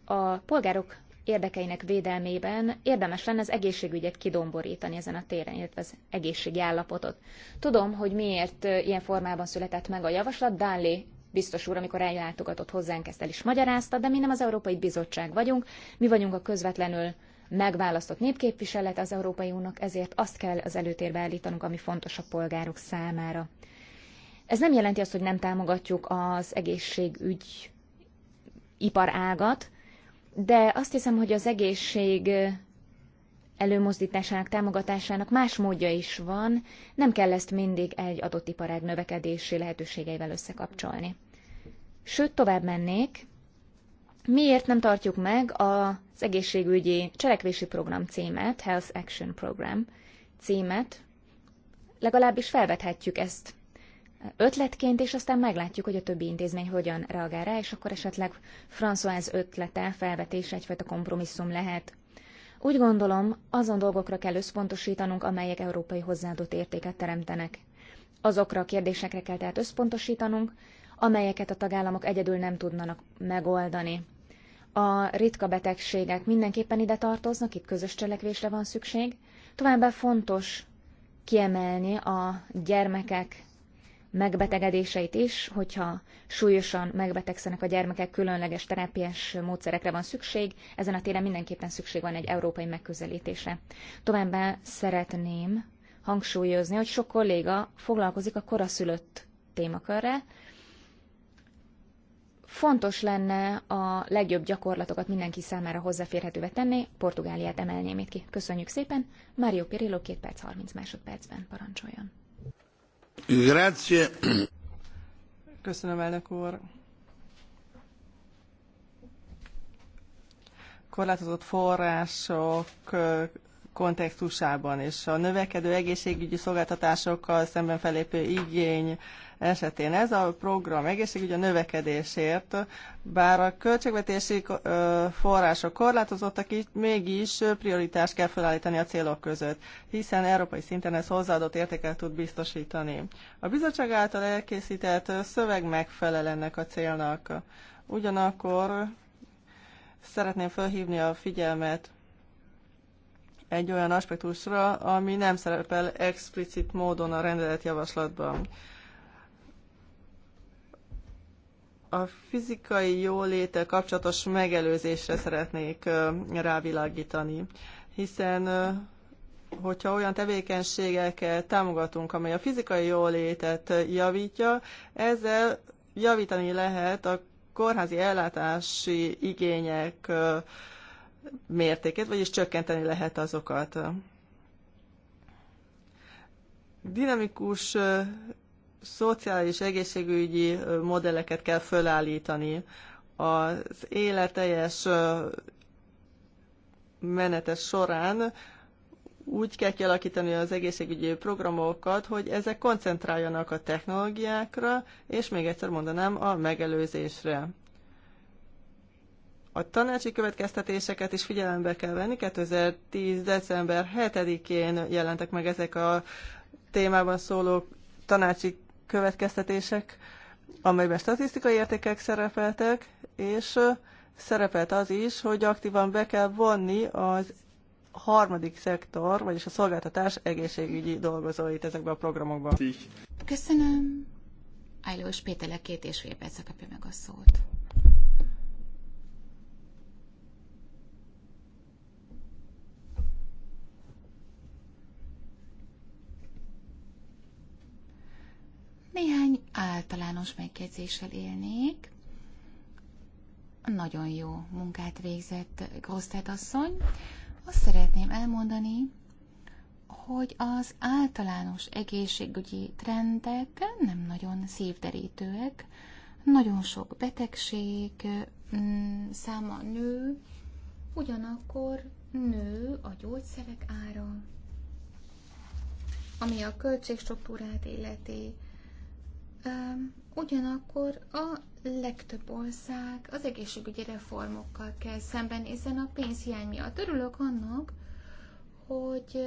a polgárok érdekeinek védelmében érdemes lenne az egészségügyet kidomborítani ezen a téren, illetve az egészségi állapotot. Tudom, hogy miért ilyen formában született meg a javaslat, Dánli biztos úr, amikor eljátogatott hozzánk, ezt el is magyarázta, de mi nem az Európai Bizottság vagyunk, mi vagyunk a közvetlenül megválasztott népképviselet az Európai Uniónak, ezért azt kell az előtérbe állítanunk, ami fontos a polgárok számára. Ez nem jelenti azt, hogy nem támogatjuk az egészségügy iparágat, de azt hiszem, hogy az egészség előmozdításának, támogatásának más módja is van, nem kell ezt mindig egy adott iparág növekedési lehetőségeivel összekapcsolni. Sőt, tovább mennék, miért nem tartjuk meg az egészségügyi cselekvési program címet, Health Action Program címet, legalábbis felvethetjük ezt ötletként, és aztán meglátjuk, hogy a többi intézmény hogyan reagál rá, és akkor esetleg François ötlete, felvetése egyfajta kompromisszum lehet. Úgy gondolom, azon dolgokra kell összpontosítanunk, amelyek európai hozzáadott értéket teremtenek. Azokra a kérdésekre kell tehát összpontosítanunk, amelyeket a tagállamok egyedül nem tudnának megoldani. A ritka betegségek mindenképpen ide tartoznak, itt közös cselekvésre van szükség. Továbbá fontos kiemelni a gyermekek megbetegedéseit is, hogyha súlyosan megbetegszenek a gyermekek, különleges terápiás módszerekre van szükség. Ezen a téren mindenképpen szükség van egy európai megközelítésre. Továbbá szeretném hangsúlyozni, hogy sok kolléga foglalkozik a koraszülött témakörre. Fontos lenne a legjobb gyakorlatokat mindenki számára hozzáférhetővé tenni, Portugáliát emelném itt ki. Köszönjük szépen, Mário Pirillo 2 perc 30 másodpercben parancsoljon. Grazie. Köszönöm, elnök úr. Korlátozott források kontextusában és a növekedő egészségügyi szolgáltatásokkal szemben felépő igény esetén. Ez a program egészségügy a növekedésért, bár a költségvetési források korlátozottak, így mégis prioritást kell felállítani a célok között, hiszen európai szinten ez hozzáadott értéket tud biztosítani. A bizottság által elkészített szöveg megfelel ennek a célnak. Ugyanakkor szeretném felhívni a figyelmet egy olyan aspektusra, ami nem szerepel explicit módon a rendeletjavaslatban. a fizikai jóléttel kapcsolatos megelőzésre szeretnék rávilágítani, hiszen hogyha olyan tevékenységekkel támogatunk, amely a fizikai jólétet javítja, ezzel javítani lehet a kórházi ellátási igények mértékét, vagyis csökkenteni lehet azokat. Dinamikus szociális egészségügyi modelleket kell fölállítani. Az életeljes menetes során úgy kell kialakítani az egészségügyi programokat, hogy ezek koncentráljanak a technológiákra, és még egyszer mondanám, a megelőzésre. A tanácsi következtetéseket is figyelembe kell venni. 2010. december 7-én jelentek meg ezek a témában szóló tanácsi következtetések, amelyben statisztikai értékek szerepeltek, és szerepelt az is, hogy aktívan be kell vonni az harmadik szektor, vagyis a szolgáltatás egészségügyi dolgozóit ezekbe a programokba. Köszönöm. Ajlós Péter a két és fél perc kapja meg a szót. Néhány általános megjegyzéssel élnék. Nagyon jó munkát végzett Grosztet asszony. Azt szeretném elmondani, hogy az általános egészségügyi trendek nem nagyon szívderítőek. Nagyon sok betegség mm, száma nő, ugyanakkor nő a gyógyszerek ára, ami a költségstruktúrát illeti, Ugyanakkor a legtöbb ország az egészségügyi reformokkal kell szembenézzen a pénzhiány miatt. Örülök annak, hogy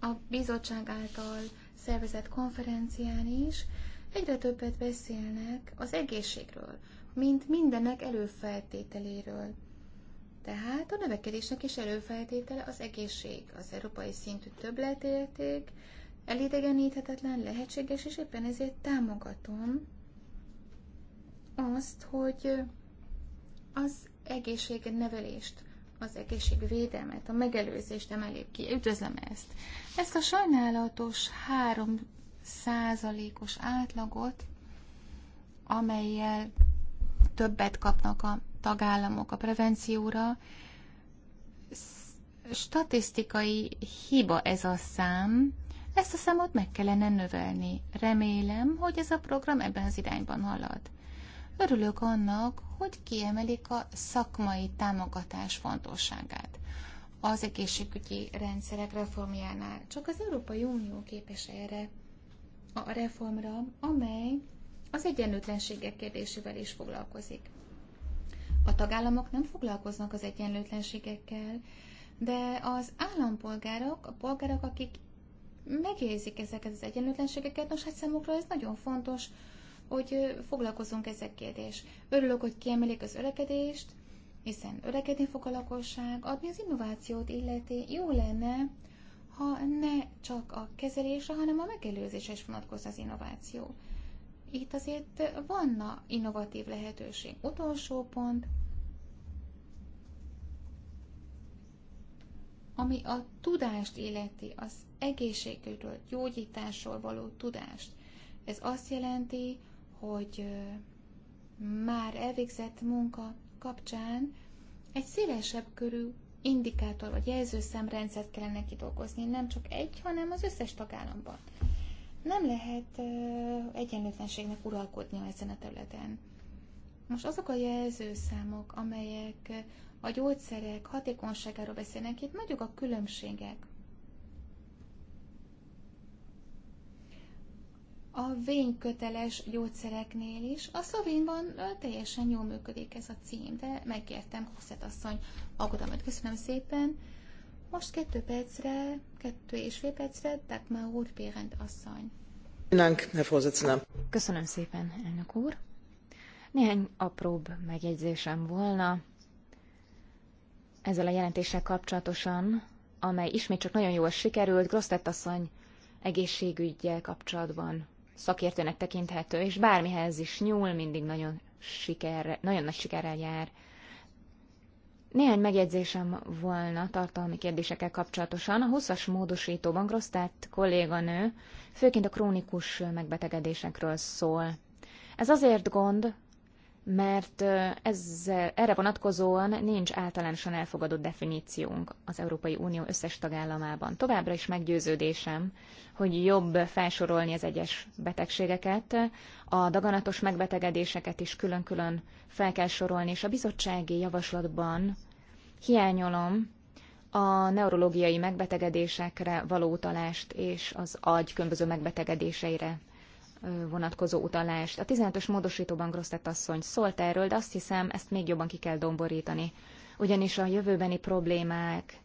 a bizottság által szervezett konferencián is egyre többet beszélnek az egészségről, mint mindenek előfeltételéről. Tehát a növekedésnek is előfeltétele az egészség, az európai szintű többletérték, elidegeníthetetlen, lehetséges, és éppen ezért támogatom azt, hogy az egészségnevelést, az egészségvédelmet, a megelőzést emeljük ki. Üdvözlöm ezt. Ezt a sajnálatos 3 százalékos átlagot, amelyel többet kapnak a tagállamok a prevencióra, statisztikai hiba ez a szám, ezt a számot meg kellene növelni. Remélem, hogy ez a program ebben az irányban halad. Örülök annak, hogy kiemelik a szakmai támogatás fontosságát az egészségügyi rendszerek reformjánál. Csak az Európai Unió képes erre a reformra, amely az egyenlőtlenségek kérdésével is foglalkozik. A tagállamok nem foglalkoznak az egyenlőtlenségekkel, de az állampolgárok, a polgárok, akik Megérzik ezeket az egyenlőtlenségeket, nos hát számukra ez nagyon fontos, hogy foglalkozunk ezek kérdés. Örülök, hogy kiemelik az örekedést, hiszen örekedni fog a lakosság, adni az innovációt illeti. Jó lenne, ha ne csak a kezelésre, hanem a megelőzésre is vonatkozna az innováció. Itt azért vanna innovatív lehetőség. Utolsó pont, ami a tudást illeti, az egészségről, gyógyításról való tudást. Ez azt jelenti, hogy már elvégzett munka kapcsán egy szélesebb körű indikátor vagy jelzőszemrendszert kellene kidolgozni, nem csak egy, hanem az összes tagállamban. Nem lehet egyenlőtlenségnek uralkodnia ezen a területen. Most azok a jelzőszámok, amelyek a gyógyszerek hatékonyságáról beszélnek, itt nagyok a különbségek. A vényköteles gyógyszereknél is. A szlovénban teljesen jól működik ez a cím, de megértem, Huszet asszony aggodalmat. Köszönöm szépen. Most kettő percre, kettő és fél percre, már úr Pérend asszony. Köszönöm szépen, elnök úr. Néhány apróbb megjegyzésem volna ezzel a jelentéssel kapcsolatosan, amely ismét csak nagyon jól sikerült, Grosztett asszony egészségügyjel kapcsolatban szakértőnek tekinthető, és bármihez is nyúl, mindig nagyon, sikerre, nagyon nagy sikerrel jár. Néhány megjegyzésem volna tartalmi kérdésekkel kapcsolatosan. A 20-as módosítóban Grosztett kolléganő főként a krónikus megbetegedésekről szól. Ez azért gond, mert ezzel, erre vonatkozóan nincs általánosan elfogadott definíciónk az Európai Unió összes tagállamában. Továbbra is meggyőződésem, hogy jobb felsorolni az egyes betegségeket, a daganatos megbetegedéseket is külön-külön fel kell sorolni, és a bizottsági javaslatban hiányolom a neurológiai megbetegedésekre való utalást és az agy különböző megbetegedéseire vonatkozó utalást. A 15-ös módosítóban Grosztett asszony szólt erről, de azt hiszem, ezt még jobban ki kell domborítani. Ugyanis a jövőbeni problémák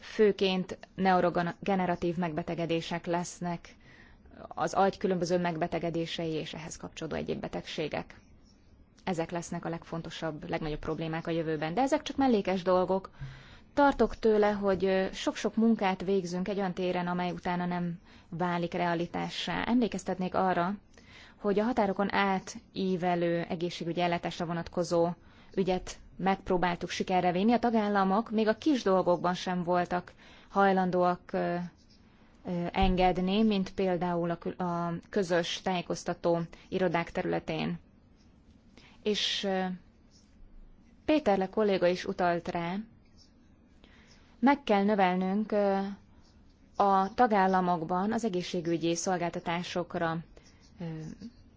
főként neurogeneratív megbetegedések lesznek, az agy különböző megbetegedései és ehhez kapcsolódó egyéb betegségek. Ezek lesznek a legfontosabb, legnagyobb problémák a jövőben. De ezek csak mellékes dolgok. Tartok tőle, hogy sok-sok munkát végzünk egy olyan téren, amely utána nem válik realitássá. Emlékeztetnék arra, hogy a határokon átívelő egészségügyi ellátásra vonatkozó ügyet megpróbáltuk sikerre vinni. A tagállamok még a kis dolgokban sem voltak hajlandóak engedni, mint például a közös tájékoztató irodák területén. És Péterle kolléga is utalt rá, meg kell növelnünk a tagállamokban az egészségügyi szolgáltatásokra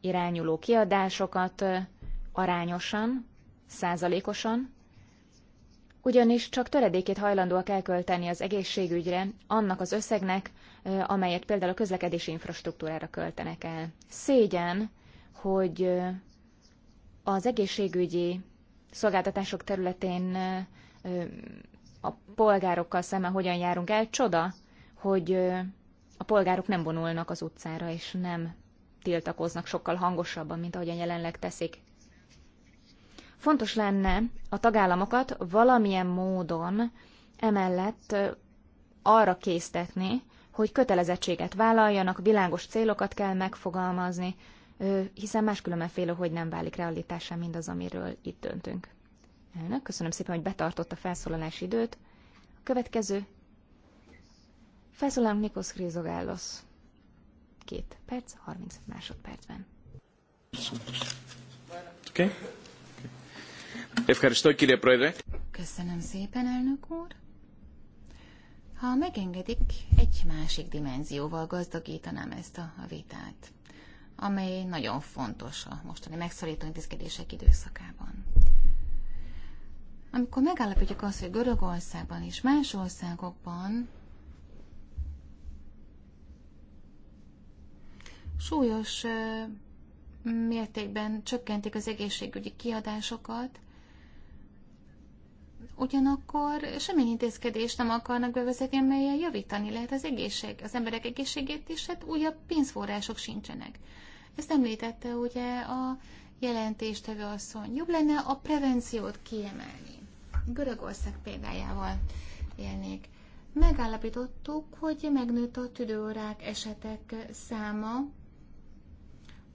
irányuló kiadásokat arányosan, százalékosan, ugyanis csak töredékét hajlandóak elkölteni az egészségügyre annak az összegnek, amelyet például a közlekedési infrastruktúrára költenek el. Szégyen, hogy az egészségügyi szolgáltatások területén a polgárokkal szemben hogyan járunk el. Csoda, hogy a polgárok nem vonulnak az utcára, és nem tiltakoznak sokkal hangosabban, mint ahogyan jelenleg teszik. Fontos lenne a tagállamokat valamilyen módon emellett arra késztetni, hogy kötelezettséget vállaljanak, világos célokat kell megfogalmazni, hiszen máskülönben félő, hogy nem válik realitásá mindaz, amiről itt döntünk. Elnök, köszönöm szépen, hogy betartott a felszólalási időt. A következő felszólalunk Nikos Krizogállos. Két perc, 30 másodpercben. Okay. Köszönöm szépen, elnök úr. Ha megengedik, egy másik dimenzióval gazdagítanám ezt a vitát, amely nagyon fontos a mostani megszorító intézkedések időszakában. Amikor megállapítjuk azt, hogy Görögországban és más országokban súlyos mértékben csökkentik az egészségügyi kiadásokat, ugyanakkor semmilyen intézkedést nem akarnak bevezetni, amelyen javítani lehet az egészség, az emberek egészségét is, hát újabb pénzforrások sincsenek. Ezt említette ugye a jelentéstevő asszony. Jobb lenne a prevenciót kiemelni. Görögország példájával élnék. Megállapítottuk, hogy megnőtt a tüdőórák esetek száma,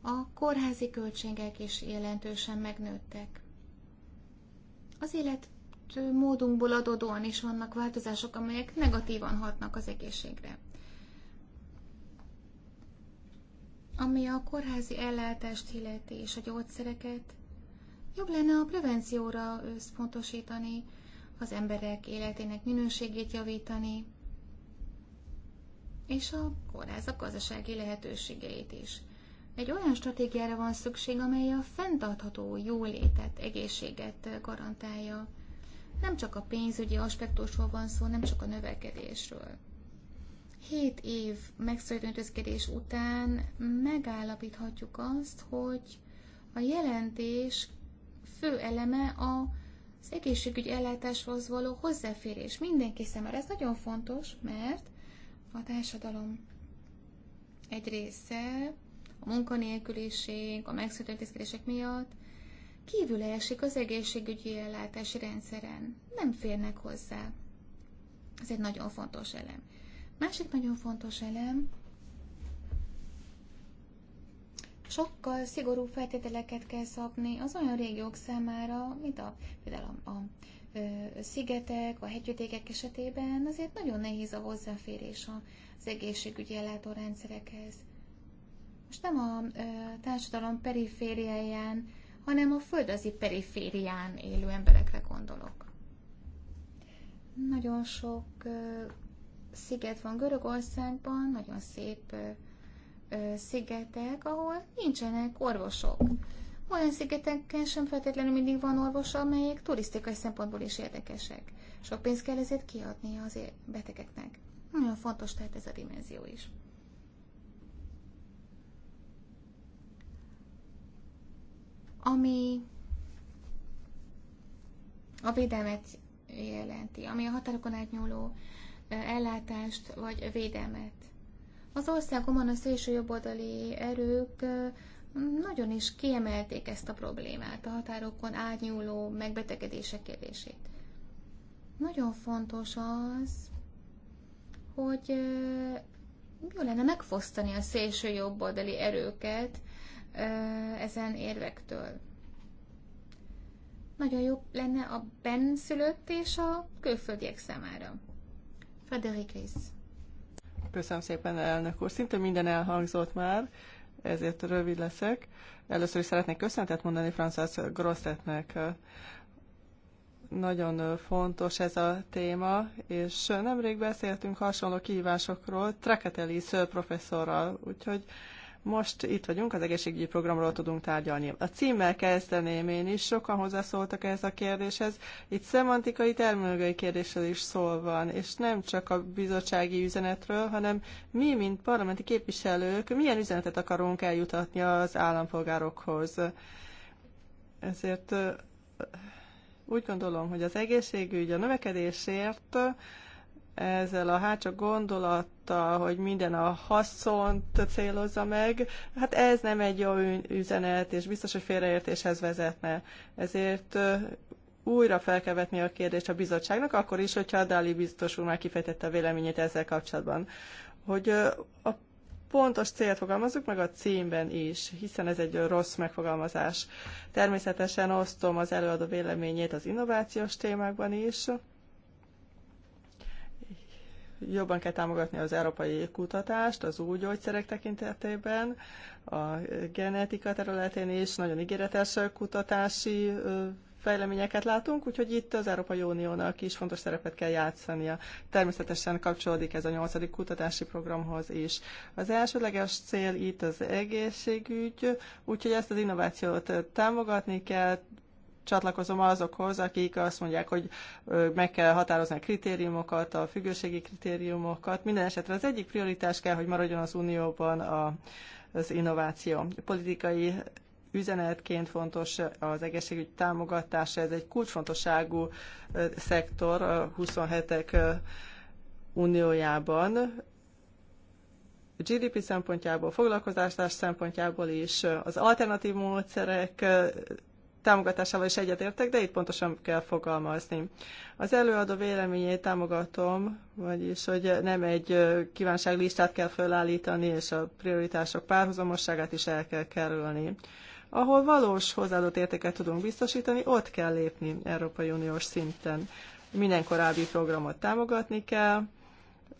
a kórházi költségek is jelentősen megnőttek. Az élet módunkból adódóan is vannak változások, amelyek negatívan hatnak az egészségre. Ami a kórházi ellátást illeti és a gyógyszereket, Jobb lenne a prevencióra összpontosítani, az emberek életének minőségét javítani, és a kórházak gazdasági lehetőségeit is. Egy olyan stratégiára van szükség, amely a fenntartható jólétet, egészséget garantálja. Nem csak a pénzügyi aspektusról van szó, nem csak a növekedésről. Hét év megszorító után megállapíthatjuk azt, hogy a jelentés fő eleme a az egészségügyi ellátáshoz való hozzáférés mindenki számára. Ez nagyon fontos, mert a társadalom egy része a munkanélküliség, a megszűntő miatt kívül esik az egészségügyi ellátási rendszeren. Nem férnek hozzá. Ez egy nagyon fontos elem. Másik nagyon fontos elem sokkal szigorú feltételeket kell szabni az olyan régiók számára, mint a, például a, a szigetek, a hegyvidékek esetében azért nagyon nehéz a hozzáférés az egészségügyi ellátórendszerekhez. Most nem a ö, társadalom perifériáján, hanem a földrajzi periférián élő emberekre gondolok. Nagyon sok ö, sziget van Görögországban, nagyon szép ö, szigetek, ahol nincsenek orvosok. Olyan szigeteken sem feltétlenül mindig van orvos, amelyek turisztikai szempontból is érdekesek. Sok pénzt kell ezért kiadni az betegeknek. Nagyon fontos tehát ez a dimenzió is. Ami a védelmet jelenti, ami a határokon átnyúló ellátást vagy védelmet az országomban a szélső jobboldali erők nagyon is kiemelték ezt a problémát, a határokon átnyúló megbetegedések kérdését. Nagyon fontos az, hogy jó lenne megfosztani a szélső jobboldali erőket ezen érvektől. Nagyon jobb lenne a benszülött és a külföldiek számára. Frederik Rész. Köszönöm szépen, elnök úr. Szinte minden elhangzott már, ezért rövid leszek. Először is szeretnék köszöntet mondani Francis Grossetnek. Nagyon fontos ez a téma, és nemrég beszéltünk hasonló kihívásokról Treketelis professzorral, úgyhogy most itt vagyunk, az egészségügyi programról tudunk tárgyalni. A címmel kezdeném én is, sokan hozzászóltak ehhez a kérdéshez. Itt szemantikai, terminológiai kérdéssel is szó van, és nem csak a bizottsági üzenetről, hanem mi, mint parlamenti képviselők, milyen üzenetet akarunk eljutatni az állampolgárokhoz. Ezért úgy gondolom, hogy az egészségügy a növekedésért ezzel a hátsó gondolattal, hogy minden a haszont célozza meg, hát ez nem egy jó üzenet, és biztos, hogy félreértéshez vezetne. Ezért újra fel kell vetni a kérdést a bizottságnak, akkor is, hogyha a Dali biztos úr már kifejtette a véleményét ezzel kapcsolatban, hogy a pontos célt fogalmazzuk meg a címben is, hiszen ez egy rossz megfogalmazás. Természetesen osztom az előadó véleményét az innovációs témákban is, jobban kell támogatni az európai kutatást az új gyógyszerek tekintetében, a genetika területén is nagyon ígéretes kutatási fejleményeket látunk, úgyhogy itt az Európai Uniónak is fontos szerepet kell játszania. Természetesen kapcsolódik ez a nyolcadik kutatási programhoz is. Az elsődleges cél itt az egészségügy, úgyhogy ezt az innovációt támogatni kell, csatlakozom azokhoz, akik azt mondják, hogy meg kell határozni a kritériumokat, a függőségi kritériumokat. Minden esetre az egyik prioritás kell, hogy maradjon az Unióban a, az innováció. Politikai üzenetként fontos az egészségügy támogatása, ez egy kulcsfontosságú szektor a 27-ek uniójában. GDP szempontjából, foglalkoztatás szempontjából is, az alternatív módszerek támogatásával is egyetértek, de itt pontosan kell fogalmazni. Az előadó véleményét támogatom, vagyis, hogy nem egy kívánságlistát kell felállítani, és a prioritások párhuzamosságát is el kell kerülni. Ahol valós hozzáadott értéket tudunk biztosítani, ott kell lépni Európai Uniós szinten. Minden korábbi programot támogatni kell,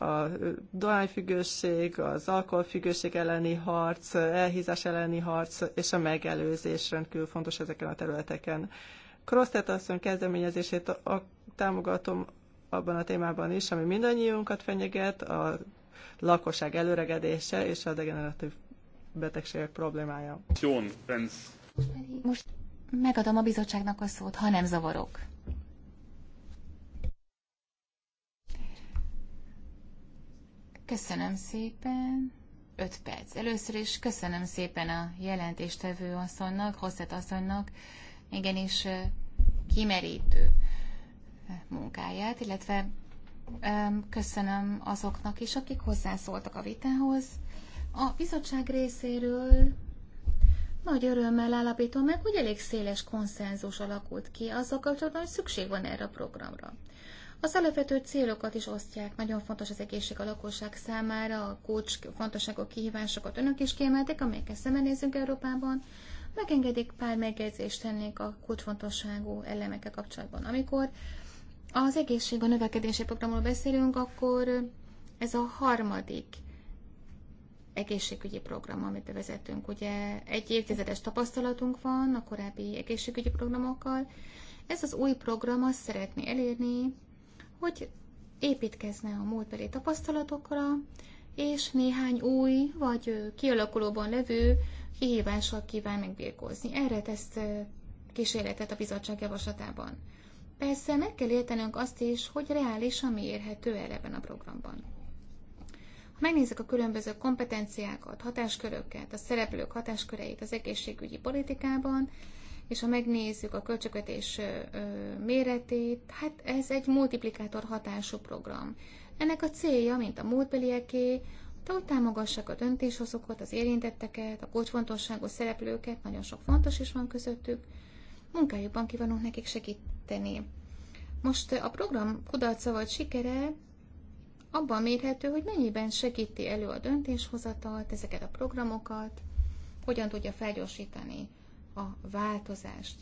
a dohányfüggőség, az alkoholfüggőség elleni harc, elhízás elleni harc és a megelőzés rendkívül fontos ezeken a területeken. Krosztet asszony kezdeményezését a, a, támogatom abban a témában is, ami mindannyiunkat fenyeget, a lakosság előregedése és a degeneratív betegségek problémája. Most megadom a bizottságnak a szót, ha nem zavarok. Köszönöm szépen. 5 perc. Először is köszönöm szépen a jelentéstevő asszonynak, Hosszett asszonynak, igenis kimerítő munkáját, illetve köszönöm azoknak is, akik hozzászóltak a vitához. A bizottság részéről nagy örömmel állapítom meg, hogy elég széles konszenzus alakult ki azzal kapcsolatban, hogy szükség van erre a programra. Az alapvető célokat is osztják, nagyon fontos az egészség a lakosság számára, a kulcs fontosságok, kihívásokat önök is kiemelték, amelyekkel szembenézünk Európában. Megengedik pár megjegyzést tennék a kulcsfontosságú elemekkel kapcsolatban. Amikor az egészség a növekedési programról beszélünk, akkor ez a harmadik egészségügyi program, amit bevezetünk. Ugye egy évtizedes tapasztalatunk van a korábbi egészségügyi programokkal. Ez az új program azt szeretné elérni, hogy építkezne a múltbeli tapasztalatokra, és néhány új vagy kialakulóban levő kihívással kíván megbírkozni. Erre tesz kísérletet a bizottság javaslatában. Persze meg kell értenünk azt is, hogy reálisan mi érhető el ebben a programban. Ha megnézzük a különböző kompetenciákat, hatásköröket, a szereplők hatásköreit az egészségügyi politikában, és ha megnézzük a költségvetés méretét, hát ez egy multiplikátor hatású program. Ennek a célja, mint a múltbelieké, hogy támogassák a döntéshozókat, az érintetteket, a kulcsfontosságú szereplőket, nagyon sok fontos is van közöttük, munkájukban kívánunk nekik segíteni. Most a program kudarca vagy sikere abban mérhető, hogy mennyiben segíti elő a döntéshozatalt, ezeket a programokat, hogyan tudja felgyorsítani a változást.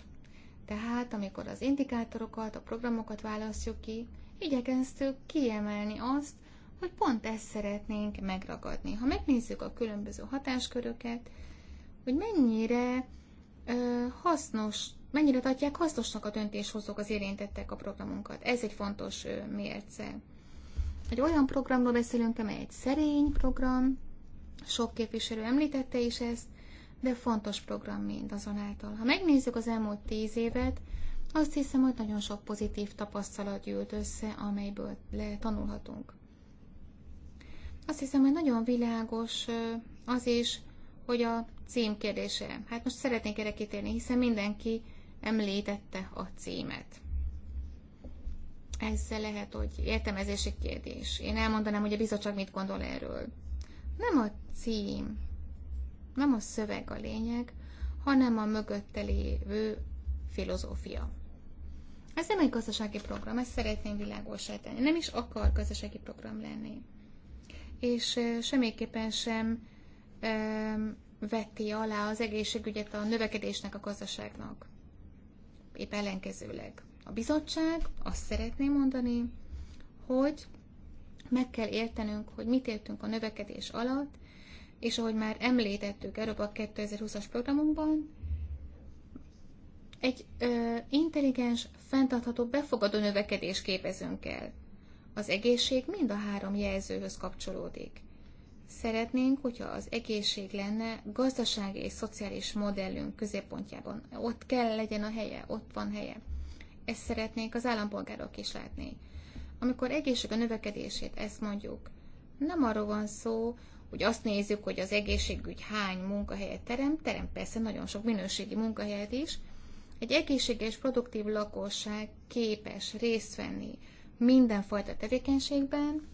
Tehát, amikor az indikátorokat, a programokat választjuk ki, igyekeztük kiemelni azt, hogy pont ezt szeretnénk megragadni. Ha megnézzük a különböző hatásköröket, hogy mennyire ö, hasznos, mennyire tartják hasznosnak a döntéshozók az érintettek a programunkat. Ez egy fontos ö, mérce. Egy olyan programról beszélünk, amely egy szerény program, sok képviselő említette is ezt, de fontos program mind azonáltal. Ha megnézzük az elmúlt tíz évet, azt hiszem, hogy nagyon sok pozitív tapasztalat gyűlt össze, amelyből le tanulhatunk. Azt hiszem, hogy nagyon világos az is, hogy a cím kérdése. Hát most szeretnék erre kitérni, hiszen mindenki említette a címet. Ez lehet, hogy értelmezési kérdés. Én elmondanám, hogy a bizottság mit gondol erről. Nem a cím nem a szöveg a lényeg, hanem a mögötte lévő filozófia. Ez nem egy gazdasági program, ezt szeretném világosá tenni. Nem is akar gazdasági program lenni. És semmiképpen sem ö, veti alá az egészségügyet a növekedésnek, a gazdaságnak. Épp ellenkezőleg. A bizottság azt szeretné mondani, hogy meg kell értenünk, hogy mit értünk a növekedés alatt, és ahogy már említettük Európa 2020-as programunkban, egy ö, intelligens, fenntartható, befogadó növekedés képezünk el. Az egészség mind a három jelzőhöz kapcsolódik. Szeretnénk, hogyha az egészség lenne gazdasági és szociális modellünk középpontjában. Ott kell legyen a helye, ott van helye. Ezt szeretnénk az állampolgárok is látni. Amikor egészség a növekedését, ezt mondjuk, nem arról van szó, hogy azt nézzük, hogy az egészségügy hány munkahelyet terem, terem persze nagyon sok minőségi munkahelyet is. Egy egészséges, produktív lakosság képes részt venni mindenfajta tevékenységben,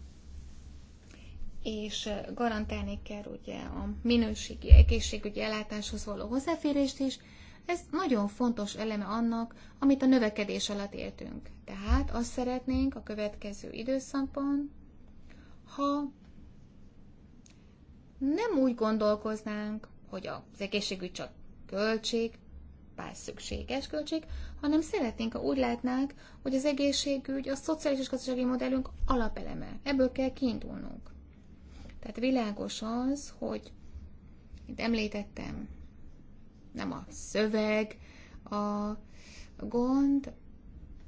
és garantálni kell ugye a minőségi egészségügyi ellátáshoz való hozzáférést is, ez nagyon fontos eleme annak, amit a növekedés alatt éltünk. Tehát azt szeretnénk a következő időszakban, ha nem úgy gondolkoznánk, hogy az egészségügy csak költség, bár szükséges költség, hanem szeretnénk, ha úgy látnánk, hogy az egészségügy a szociális és gazdasági modellünk alapeleme. Ebből kell kiindulnunk. Tehát világos az, hogy mint említettem, nem a szöveg a gond,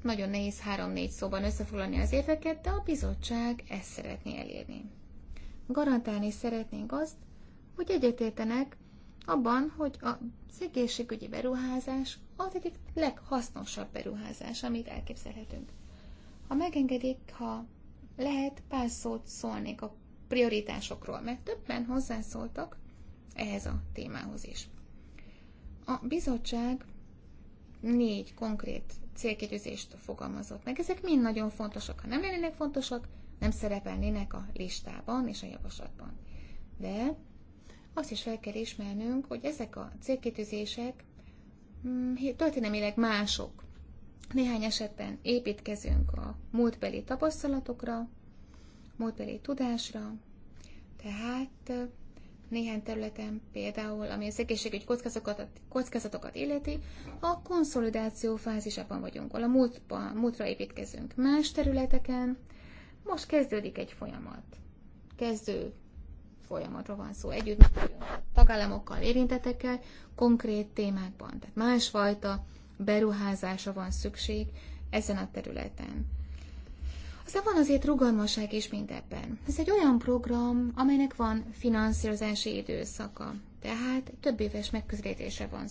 nagyon nehéz három-négy szóban összefoglalni az éveket, de a bizottság ezt szeretné elérni garantálni szeretnénk azt, hogy egyetértenek abban, hogy a egészségügyi beruházás az egyik leghasznosabb beruházás, amit elképzelhetünk. Ha megengedik, ha lehet, pár szót szólnék a prioritásokról, mert többen hozzászóltak ehhez a témához is. A bizottság négy konkrét célkitűzést fogalmazott meg. Ezek mind nagyon fontosak. Ha nem lennének fontosak, nem szerepelnének a listában és a javaslatban. De azt is fel kell ismernünk, hogy ezek a célkitűzések mm, történelmileg mások. Néhány esetben építkezünk a múltbeli tapasztalatokra, múltbeli tudásra, tehát néhány területen, például ami az egészségügy kockázatokat, kockázatokat illeti, a konszolidáció fázisában vagyunk, ahol a múltba, múltra építkezünk. Más területeken most kezdődik egy folyamat. Kezdő folyamatra van szó. Együtt tagállamokkal, érintetekkel, konkrét témákban. Tehát másfajta beruházásra van szükség ezen a területen. Aztán van azért rugalmasság is mindebben. Ez egy olyan program, amelynek van finanszírozási időszaka. Tehát több éves megközelítésre van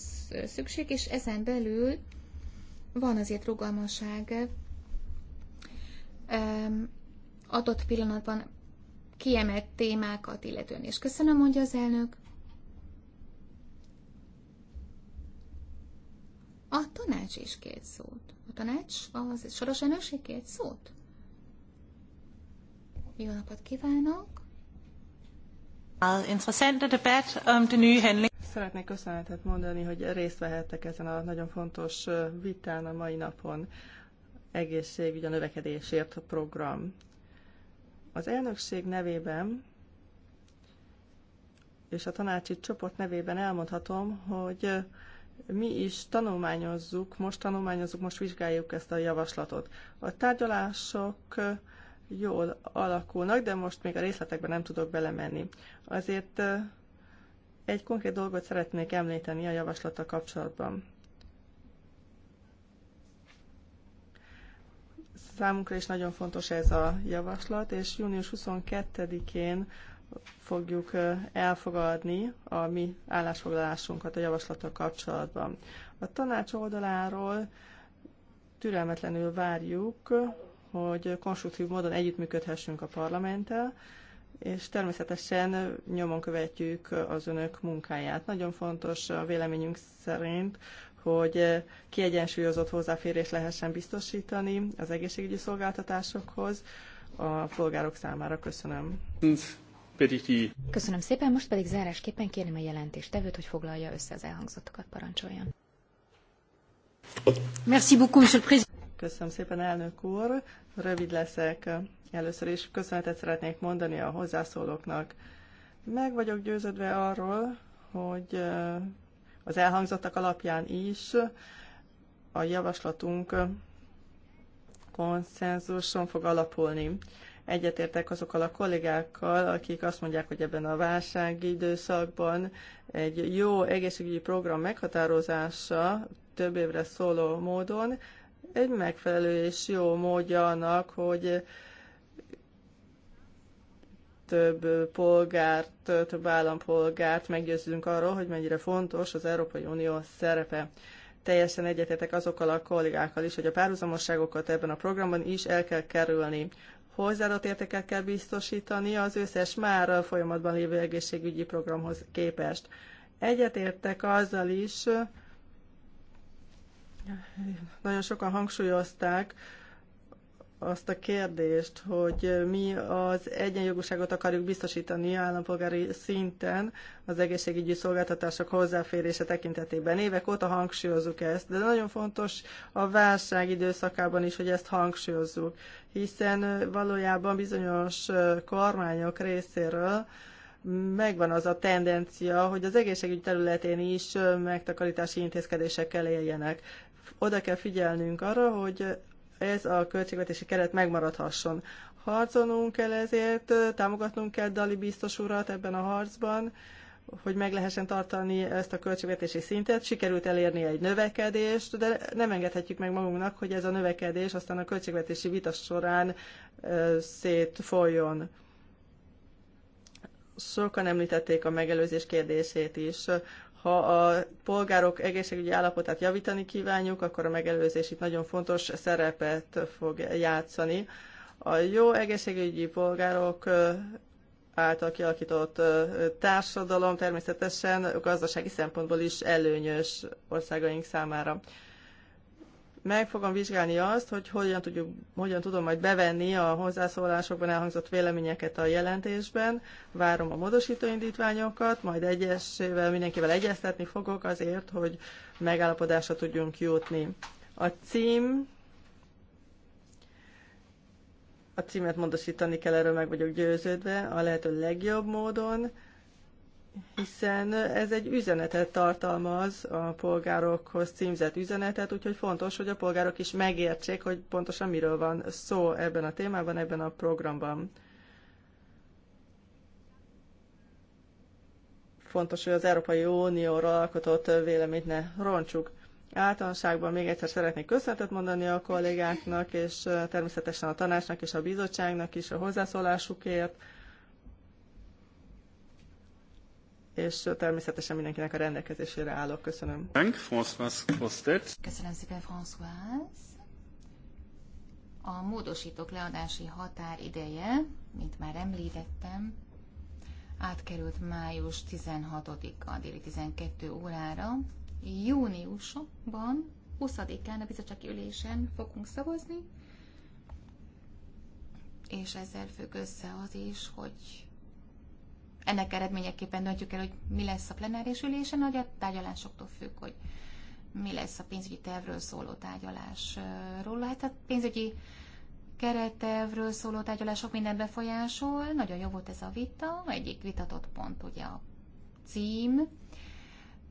szükség, és ezen belül van azért rugalmasság adott pillanatban kiemelt témákat illetően. És köszönöm, mondja az elnök. A tanács is két szót. A tanács az soros elnökség két szót. Jó napot kívánok! debat Szeretnék köszönetet mondani, hogy részt vehettek ezen a nagyon fontos vitán a mai napon egészségügy a növekedésért a program. Az elnökség nevében és a tanácsi csoport nevében elmondhatom, hogy mi is tanulmányozzuk, most tanulmányozzuk, most vizsgáljuk ezt a javaslatot. A tárgyalások jól alakulnak, de most még a részletekben nem tudok belemenni. Azért egy konkrét dolgot szeretnék említeni a javaslata kapcsolatban. Számunkra is nagyon fontos ez a javaslat, és június 22-én fogjuk elfogadni a mi állásfoglalásunkat a javaslattal kapcsolatban. A tanács oldaláról türelmetlenül várjuk, hogy konstruktív módon együttműködhessünk a parlamenttel, és természetesen nyomon követjük az önök munkáját. Nagyon fontos a véleményünk szerint hogy eh, kiegyensúlyozott hozzáférés lehessen biztosítani az egészségügyi szolgáltatásokhoz a polgárok számára. Köszönöm. Köszönöm szépen, most pedig zárásképpen kérném a jelentéstevőt, hogy foglalja össze az elhangzottakat, parancsoljon. Merci beaucoup, monsieur le président. Köszönöm szépen, elnök úr. Rövid leszek. Eh, először is köszönetet szeretnék mondani a hozzászólóknak. Meg vagyok győződve arról, hogy eh, az elhangzottak alapján is a javaslatunk konszenzuson fog alapulni. Egyetértek azokkal a kollégákkal, akik azt mondják, hogy ebben a válsági időszakban egy jó egészségügyi program meghatározása több évre szóló módon egy megfelelő és jó módja annak, hogy több polgárt, több állampolgárt meggyőzünk arról, hogy mennyire fontos az Európai Unió szerepe. Teljesen egyetetek azokkal a kollégákkal is, hogy a párhuzamosságokat ebben a programban is el kell kerülni. Hozzáadott értéket kell biztosítani az összes már folyamatban lévő egészségügyi programhoz képest. Egyetértek azzal is, nagyon sokan hangsúlyozták, azt a kérdést, hogy mi az egyenjogúságot akarjuk biztosítani állampolgári szinten az egészségügyi szolgáltatások hozzáférése tekintetében. Évek óta hangsúlyozzuk ezt, de nagyon fontos a válság időszakában is, hogy ezt hangsúlyozzuk, hiszen valójában bizonyos kormányok részéről megvan az a tendencia, hogy az egészségügy területén is megtakarítási intézkedésekkel éljenek. Oda kell figyelnünk arra, hogy ez a költségvetési keret megmaradhasson. Harcolnunk kell ezért, támogatnunk kell Dali biztos urat ebben a harcban, hogy meg lehessen tartani ezt a költségvetési szintet. Sikerült elérni egy növekedést, de nem engedhetjük meg magunknak, hogy ez a növekedés aztán a költségvetési vita során szétfoljon. Sokan említették a megelőzés kérdését is. Ha a polgárok egészségügyi állapotát javítani kívánjuk, akkor a megelőzés itt nagyon fontos szerepet fog játszani. A jó egészségügyi polgárok által kialakított társadalom természetesen gazdasági szempontból is előnyös országaink számára meg fogom vizsgálni azt, hogy hogyan, tudjuk, hogyan tudom majd bevenni a hozzászólásokban elhangzott véleményeket a jelentésben. Várom a módosítóindítványokat, indítványokat, majd egyesével mindenkivel egyeztetni fogok azért, hogy megállapodásra tudjunk jutni. A cím a címet módosítani kell, erről meg vagyok győződve, a lehető legjobb módon hiszen ez egy üzenetet tartalmaz a polgárokhoz címzett üzenetet, úgyhogy fontos, hogy a polgárok is megértsék, hogy pontosan miről van szó ebben a témában, ebben a programban. Fontos, hogy az Európai Unióról alkotott véleményt ne roncsuk. Általánosságban még egyszer szeretnék köszönetet mondani a kollégáknak, és természetesen a tanácsnak és a bizottságnak is a hozzászólásukért és természetesen mindenkinek a rendelkezésére állok. Köszönöm. Köszönöm szépen, François. A módosítók leadási határ ideje, mint már említettem, átkerült május 16-a déli 12 órára. Júniusban, 20-án a bizottsági ülésen fogunk szavazni, és ezzel függ össze az is, hogy ennek eredményeképpen döntjük el, hogy mi lesz a plenáris ülésen, hogy a tárgyalásoktól függ, hogy mi lesz a pénzügyi tervről szóló tárgyalásról. Hát a pénzügyi kerettervről szóló tárgyalások minden befolyásol. Nagyon jó volt ez a vita. Egyik vitatott pont ugye a cím.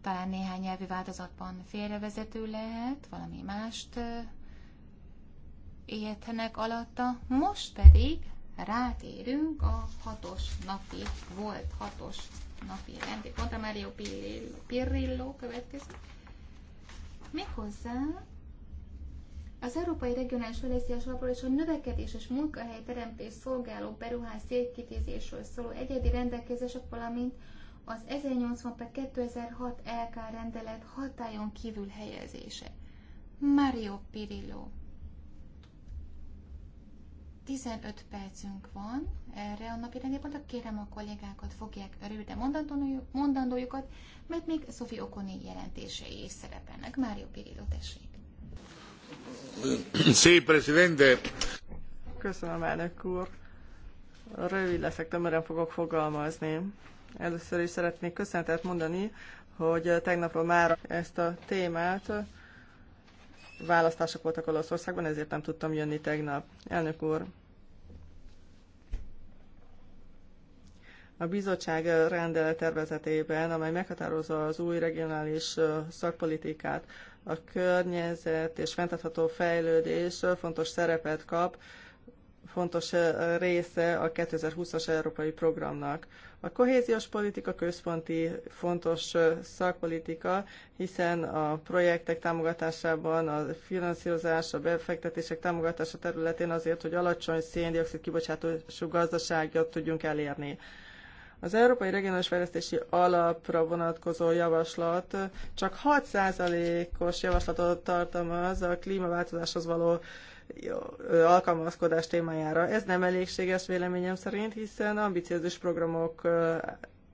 Talán néhány nyelvi változatban félrevezető lehet, valami mást értenek alatta. Most pedig rátérünk a hatos napi, volt hatos napi rendi pontra, Mario Pirillo, Pirillo következik. Méghozzá az Európai Regionális Fejlesztés Alapról és a növekedés és munkahelyteremtés szolgáló Beruház szétkitézésről szóló egyedi rendelkezések, valamint az 1080 per 2006 LK rendelet hatályon kívül helyezése. Mario Pirillo 15 percünk van erre a napi rendépontra. Kérem a kollégákat, fogják röviden mondandójukat, mert még Szofi Okoni jelentései is szerepelnek. Mário Pirillo, tessék. Sí, presidente. Köszönöm, elnök úr. Rövid leszek, tömören fogok fogalmazni. Először is szeretnék köszönetet mondani, hogy tegnapról már ezt a témát választások voltak Olaszországban, ezért nem tudtam jönni tegnap. Elnök úr, a bizottság rendelet tervezetében, amely meghatározza az új regionális szakpolitikát, a környezet és fenntartható fejlődés fontos szerepet kap fontos része a 2020-as európai programnak. A kohéziós politika központi fontos szakpolitika, hiszen a projektek támogatásában, a finanszírozás, a befektetések támogatása területén azért, hogy alacsony széndiokszid kibocsátású gazdaságot tudjunk elérni. Az Európai Regionális Fejlesztési Alapra vonatkozó javaslat csak 6%-os javaslatot tartalmaz a klímaváltozáshoz való alkalmazkodás témájára. Ez nem elégséges véleményem szerint, hiszen ambiciózus programok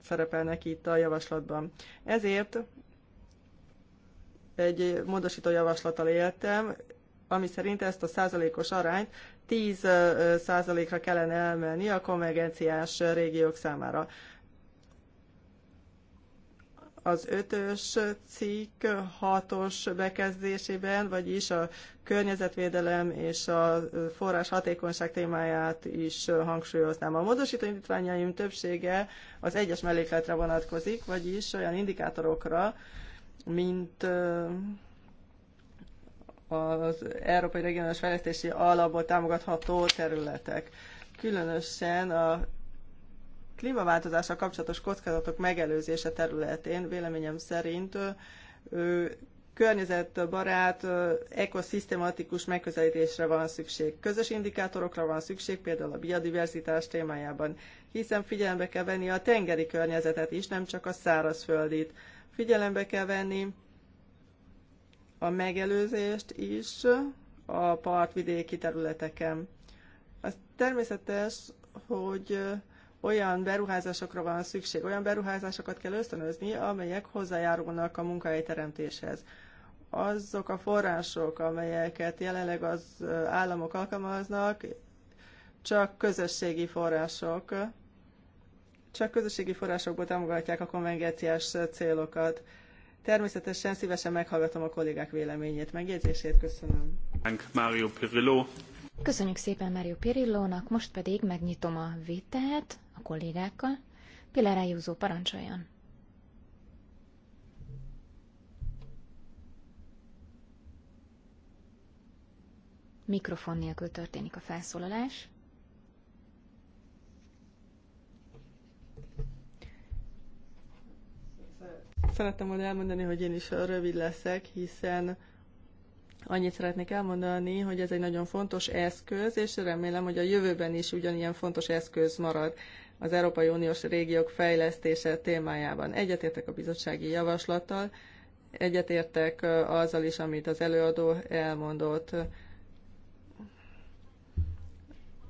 szerepelnek itt a javaslatban. Ezért egy módosító javaslattal éltem, ami szerint ezt a százalékos arányt 10 százalékra kellene emelni a konvergenciás régiók számára az ötös cikk hatos bekezdésében, vagyis a környezetvédelem és a forrás hatékonyság témáját is hangsúlyoznám. A módosító indítványaim többsége az egyes mellékletre vonatkozik, vagyis olyan indikátorokra, mint az Európai Regionális Fejlesztési Alapból támogatható területek. Különösen a klímaváltozással kapcsolatos kockázatok megelőzése területén véleményem szerint környezetbarát, ekoszisztematikus megközelítésre van szükség. Közös indikátorokra van szükség, például a biodiverzitás témájában, hiszen figyelembe kell venni a tengeri környezetet is, nem csak a szárazföldit. Figyelembe kell venni a megelőzést is a partvidéki területeken. Az természetes, hogy olyan beruházásokra van szükség, olyan beruházásokat kell ösztönözni, amelyek hozzájárulnak a munkahelyteremtéshez. Azok a források, amelyeket jelenleg az államok alkalmaznak, csak közösségi források, csak közösségi forrásokból támogatják a konvengenciás célokat. Természetesen szívesen meghallgatom a kollégák véleményét, megjegyzését. Köszönöm. Mario Pirillo. Köszönjük szépen Mário Pirillónak, most pedig megnyitom a vételt a kollégákkal. Pilar Ajúzó parancsoljon. Mikrofon nélkül történik a felszólalás. Szerettem volna elmondani, hogy én is rövid leszek, hiszen Annyit szeretnék elmondani, hogy ez egy nagyon fontos eszköz, és remélem, hogy a jövőben is ugyanilyen fontos eszköz marad az Európai Uniós régiók fejlesztése témájában. Egyetértek a bizottsági javaslattal, egyetértek azzal is, amit az előadó elmondott.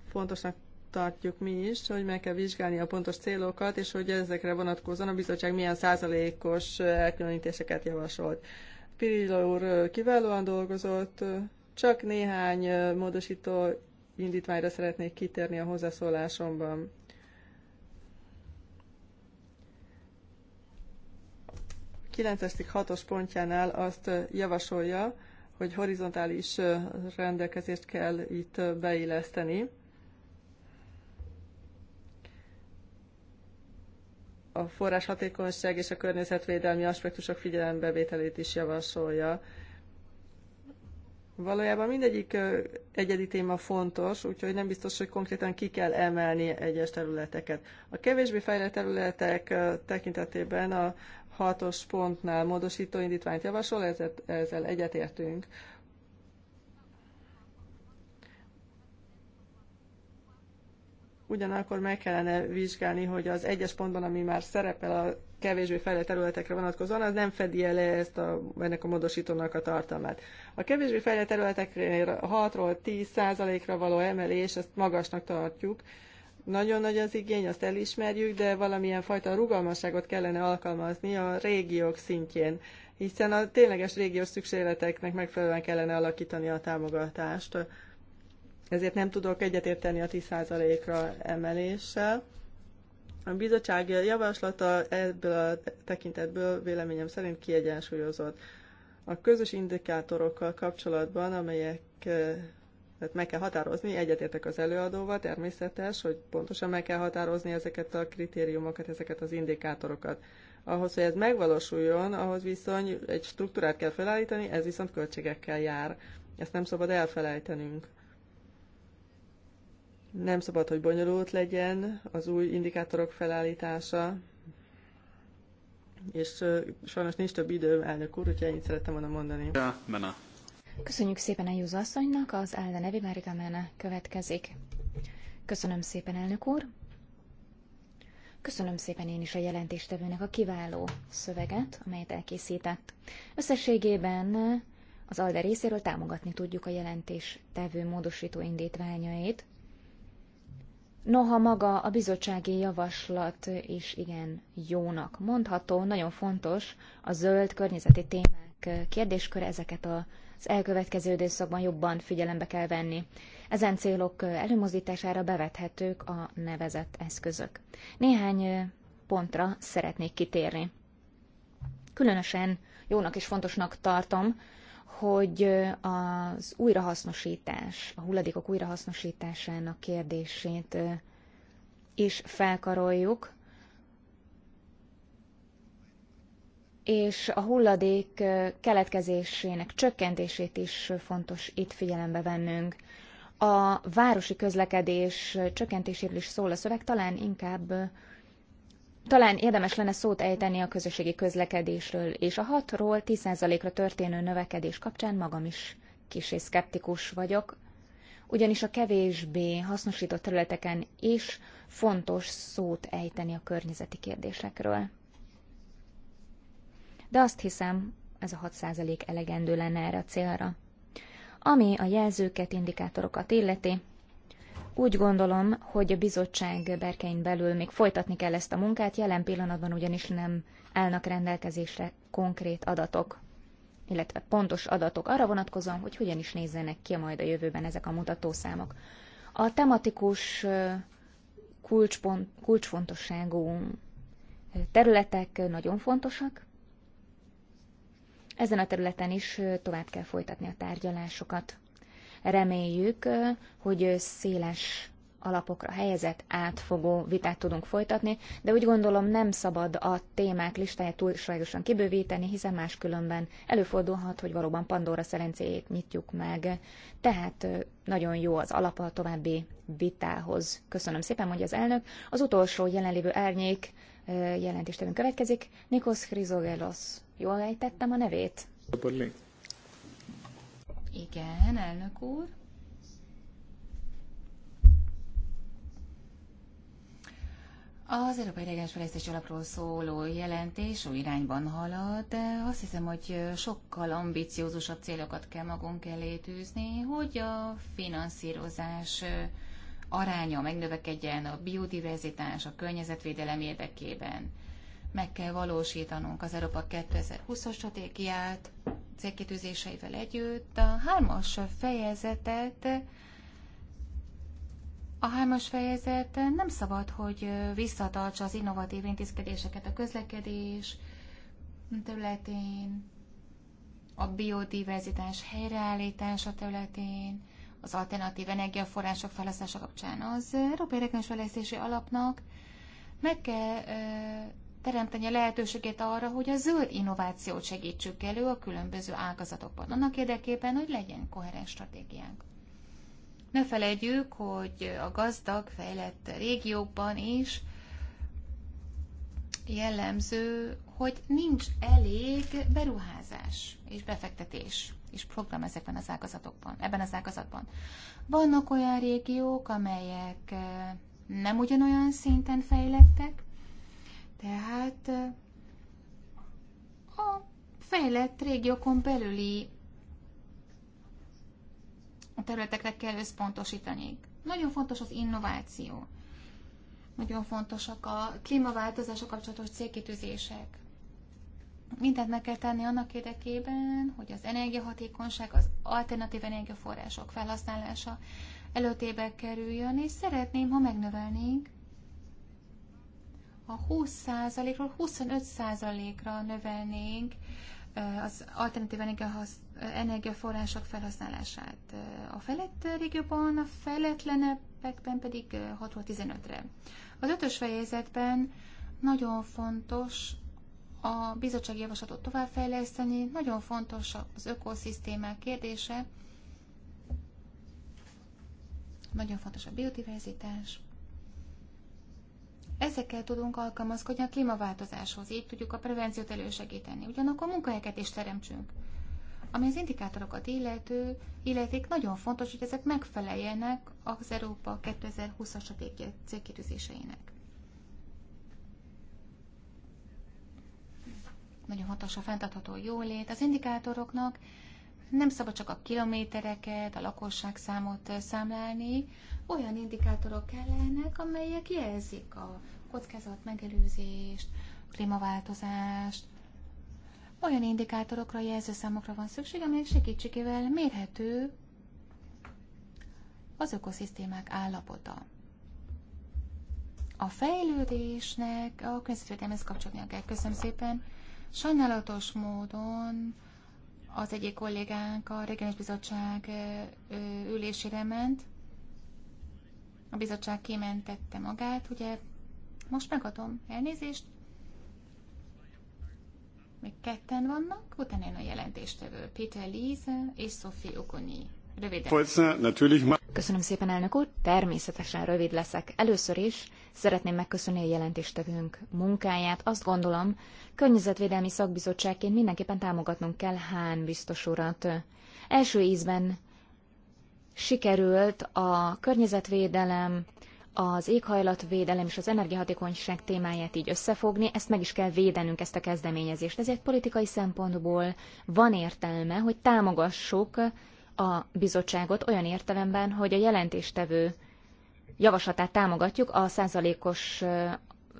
Fontosnak tartjuk mi is, hogy meg kell vizsgálni a pontos célokat, és hogy ezekre vonatkozóan a bizottság milyen százalékos elkülönítéseket javasolt. Pirillo úr kiválóan dolgozott, csak néhány módosító indítványra szeretnék kitérni a hozzászólásomban. Kilencestik hatos pontjánál azt javasolja, hogy horizontális rendelkezést kell itt beilleszteni a forráshatékonyság és a környezetvédelmi aspektusok figyelembevételét is javasolja. Valójában mindegyik egyedi téma fontos, úgyhogy nem biztos, hogy konkrétan ki kell emelni egyes területeket. A kevésbé fejlett területek tekintetében a hatos pontnál módosító indítványt javasol, ezzel, ezzel egyetértünk. Ugyanakkor meg kellene vizsgálni, hogy az egyes pontban, ami már szerepel a kevésbé fejlett területekre vonatkozóan, az nem fedi le ezt a, ennek a módosítónak a tartalmát. A kevésbé fejlett területekre 6-ról 10 százalékra való emelés, ezt magasnak tartjuk. Nagyon nagy az igény, azt elismerjük, de valamilyen fajta rugalmasságot kellene alkalmazni a régiók szintjén, hiszen a tényleges régiós szükségleteknek megfelelően kellene alakítani a támogatást ezért nem tudok egyetérteni a 10%-ra emeléssel. A bizottság javaslata ebből a tekintetből véleményem szerint kiegyensúlyozott. A közös indikátorokkal kapcsolatban, amelyek eh, tehát meg kell határozni, egyetértek az előadóval, természetes, hogy pontosan meg kell határozni ezeket a kritériumokat, ezeket az indikátorokat. Ahhoz, hogy ez megvalósuljon, ahhoz viszony egy struktúrát kell felállítani, ez viszont költségekkel jár. Ezt nem szabad elfelejtenünk. Nem szabad, hogy bonyolult legyen az új indikátorok felállítása, és sajnos nincs több idő, elnök úr, úgyhogy ennyit szerettem volna mondani. Ja, mena. Köszönjük szépen a Júza asszonynak, az Alda nevi Márika Mene következik. Köszönöm szépen, elnök úr. Köszönöm szépen én is a jelentéstevőnek a kiváló szöveget, amelyet elkészített. Összességében az ALDE részéről támogatni tudjuk a jelentéstevő módosító indítványait, Noha maga a bizottsági javaslat is igen jónak mondható, nagyon fontos a zöld környezeti témák kérdéskör, ezeket az elkövetkező időszakban jobban figyelembe kell venni. Ezen célok előmozdítására bevethetők a nevezett eszközök. Néhány pontra szeretnék kitérni. Különösen jónak és fontosnak tartom, hogy az újrahasznosítás, a hulladékok újrahasznosításának kérdését is felkaroljuk, és a hulladék keletkezésének csökkentését is fontos itt figyelembe vennünk. A városi közlekedés csökkentéséről is szól a szöveg, talán inkább talán érdemes lenne szót ejteni a közösségi közlekedésről, és a 6-ról 10%-ra történő növekedés kapcsán magam is kicsi szkeptikus vagyok, ugyanis a kevésbé hasznosított területeken is fontos szót ejteni a környezeti kérdésekről. De azt hiszem, ez a 6% elegendő lenne erre a célra. Ami a jelzőket, indikátorokat illeti, úgy gondolom, hogy a bizottság berkein belül még folytatni kell ezt a munkát, jelen pillanatban ugyanis nem állnak rendelkezésre konkrét adatok, illetve pontos adatok arra vonatkozóan, hogy hogyan is nézzenek ki majd a jövőben ezek a mutatószámok. A tematikus kulcspont, kulcsfontosságú területek nagyon fontosak. Ezen a területen is tovább kell folytatni a tárgyalásokat. Reméljük, hogy széles alapokra helyezett, átfogó vitát tudunk folytatni, de úgy gondolom nem szabad a témák listáját túlságosan kibővíteni, hiszen máskülönben előfordulhat, hogy valóban Pandora szerencéjét nyitjuk meg. Tehát nagyon jó az alap a további vitához. Köszönöm szépen, hogy az elnök. Az utolsó jelenlévő árnyék jelentéstevőn következik. Nikos Chrysogelos. Jól ejtettem a nevét? Igen, elnök úr. Az Európai Regionális Fejlesztési Alapról szóló jelentés új irányban halad, de azt hiszem, hogy sokkal ambiciózusabb célokat kell magunk elé tűzni, hogy a finanszírozás aránya megnövekedjen a biodiverzitás, a környezetvédelem érdekében meg kell valósítanunk az Európa 2020-as stratégiát célkitűzéseivel együtt. A hármas fejezetet a hármas fejezet nem szabad, hogy visszatartsa az innovatív intézkedéseket a közlekedés területén, a biodiverzitás helyreállítása területén, az alternatív energiaforrások felhasználása kapcsán. Az Európai Regionális Fejlesztési Alapnak meg kell teremteni a lehetőséget arra, hogy a zöld innovációt segítsük elő a különböző ágazatokban, annak érdekében, hogy legyen koherens stratégiánk. Ne felejtjük, hogy a gazdag, fejlett régiókban is jellemző, hogy nincs elég beruházás és befektetés és program ezekben az ágazatokban, ebben az ágazatban. Vannak olyan régiók, amelyek eh, nem ugyanolyan szinten fejlettek, tehát a fejlett régiókon belüli területekre kell összpontosítani. Nagyon fontos az innováció. Nagyon fontosak a klímaváltozások kapcsolatos célkitűzések. Mindent meg kell tenni annak érdekében, hogy az energiahatékonyság, az alternatív energiaforrások felhasználása előtébe kerüljön, és szeretném, ha megnövelnénk a 20%-ról 25%-ra növelnénk az alternatív energiaforrások felhasználását. A felett régióban, a feletlenebbekben pedig 6-ról 15-re. Az ötös fejezetben nagyon fontos a bizottsági javaslatot továbbfejleszteni, nagyon fontos az ökoszisztémák kérdése, nagyon fontos a biodiverzitás, Ezekkel tudunk alkalmazkodni a klímaváltozáshoz, így tudjuk a prevenciót elősegíteni. Ugyanakkor munkahelyeket is teremtsünk. Ami az indikátorokat illető, illeték nagyon fontos, hogy ezek megfeleljenek az Európa 2020-as célkitűzéseinek. Nagyon fontos a fenntartható jólét. Az indikátoroknak nem szabad csak a kilométereket, a lakosság számot számlálni, olyan indikátorok kellenek, amelyek jelzik a kockázat megelőzést, klímaváltozást. Olyan indikátorokra, jelzőszámokra van szükség, amelyek segítségével mérhető az ökoszisztémák állapota. A fejlődésnek a környezetvédelmhez kapcsolatnia kell. Köszönöm szépen. Sajnálatos módon az egyik kollégánk a Regionális Bizottság ülésére ment. A bizottság kimentette magát, ugye most megadom elnézést. Még ketten vannak, utána jön a jelentéstevő Peter Lise és Sophie Okoni. Röviden. Köszönöm szépen, elnök úr. Természetesen rövid leszek. Először is szeretném megköszönni a jelentéstevőnk munkáját. Azt gondolom, környezetvédelmi szakbizottságként mindenképpen támogatnunk kell Hán biztos urat. Első ízben sikerült a környezetvédelem, az éghajlatvédelem és az energiahatékonyság témáját így összefogni, ezt meg is kell védenünk, ezt a kezdeményezést. Ezért politikai szempontból van értelme, hogy támogassuk a bizottságot olyan értelemben, hogy a jelentéstevő javaslatát támogatjuk a százalékos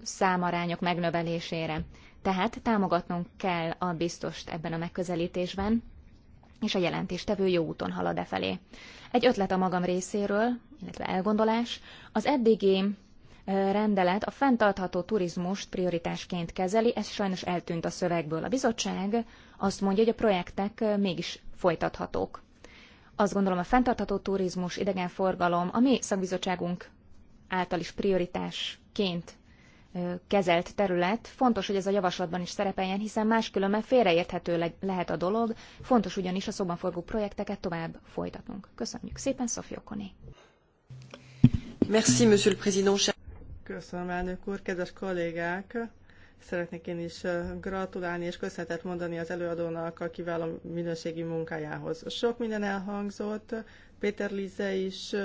számarányok megnövelésére. Tehát támogatnunk kell a biztost ebben a megközelítésben, és a jelentéstevő jó úton halad e felé. Egy ötlet a magam részéről, illetve elgondolás, az eddigi rendelet a fenntartható turizmust prioritásként kezeli, ez sajnos eltűnt a szövegből. A bizottság azt mondja, hogy a projektek mégis folytathatók. Azt gondolom a fenntartható turizmus, idegenforgalom, a mi szakbizottságunk által is prioritásként kezelt terület. Fontos, hogy ez a javaslatban is szerepeljen, hiszen máskülönben félreérthető le- lehet a dolog. Fontos ugyanis a szóban forgó projekteket tovább folytatnunk. Köszönjük szépen, Szofi Okoni. Merci, monsieur le président. Köszönöm, elnök úr, kedves kollégák! Szeretnék én is gratulálni és köszönetet mondani az előadónak a kiváló minőségi munkájához. Sok minden elhangzott, Péter Lize is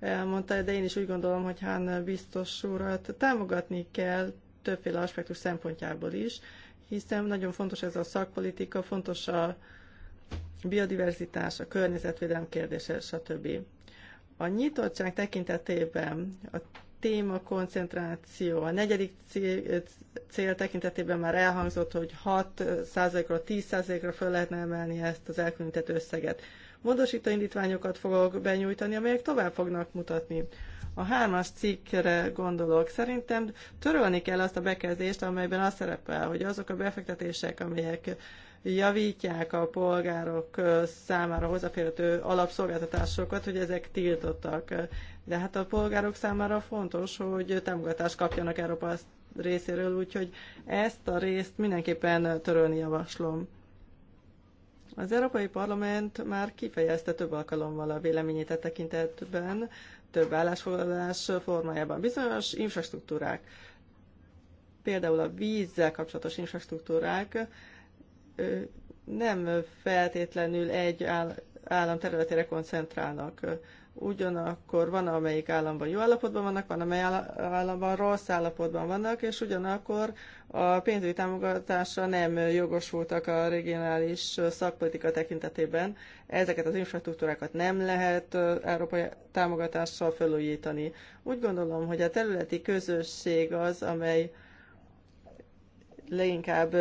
elmondta, de én is úgy gondolom, hogy Hán biztos urat támogatni kell többféle aspektus szempontjából is, hiszen nagyon fontos ez a szakpolitika, fontos a biodiverzitás, a környezetvédelem kérdése, stb. A nyitottság tekintetében a téma koncentráció. A negyedik cél, cél tekintetében már elhangzott, hogy 6%-ra, 10%-ra föl lehetne emelni ezt az elkülönített összeget. Módosító indítványokat fogok benyújtani, amelyek tovább fognak mutatni. A hármas cikkre gondolok. Szerintem törölni kell azt a bekezdést, amelyben az szerepel, hogy azok a befektetések, amelyek javítják a polgárok számára hozzáférhető alapszolgáltatásokat, hogy ezek tiltottak. De hát a polgárok számára fontos, hogy támogatást kapjanak Európa részéről, úgyhogy ezt a részt mindenképpen törölni javaslom. Az Európai Parlament már kifejezte több alkalommal a véleményét a e tekintetben, több állásfoglalás formájában. Bizonyos infrastruktúrák, például a vízzel kapcsolatos infrastruktúrák, nem feltétlenül egy állam területére koncentrálnak. Ugyanakkor van, amelyik államban jó állapotban vannak, van, amely államban rossz állapotban vannak, és ugyanakkor a pénzügyi támogatásra nem jogosultak a regionális szakpolitika tekintetében. Ezeket az infrastruktúrákat nem lehet európai támogatással felújítani. Úgy gondolom, hogy a területi közösség az, amely leginkább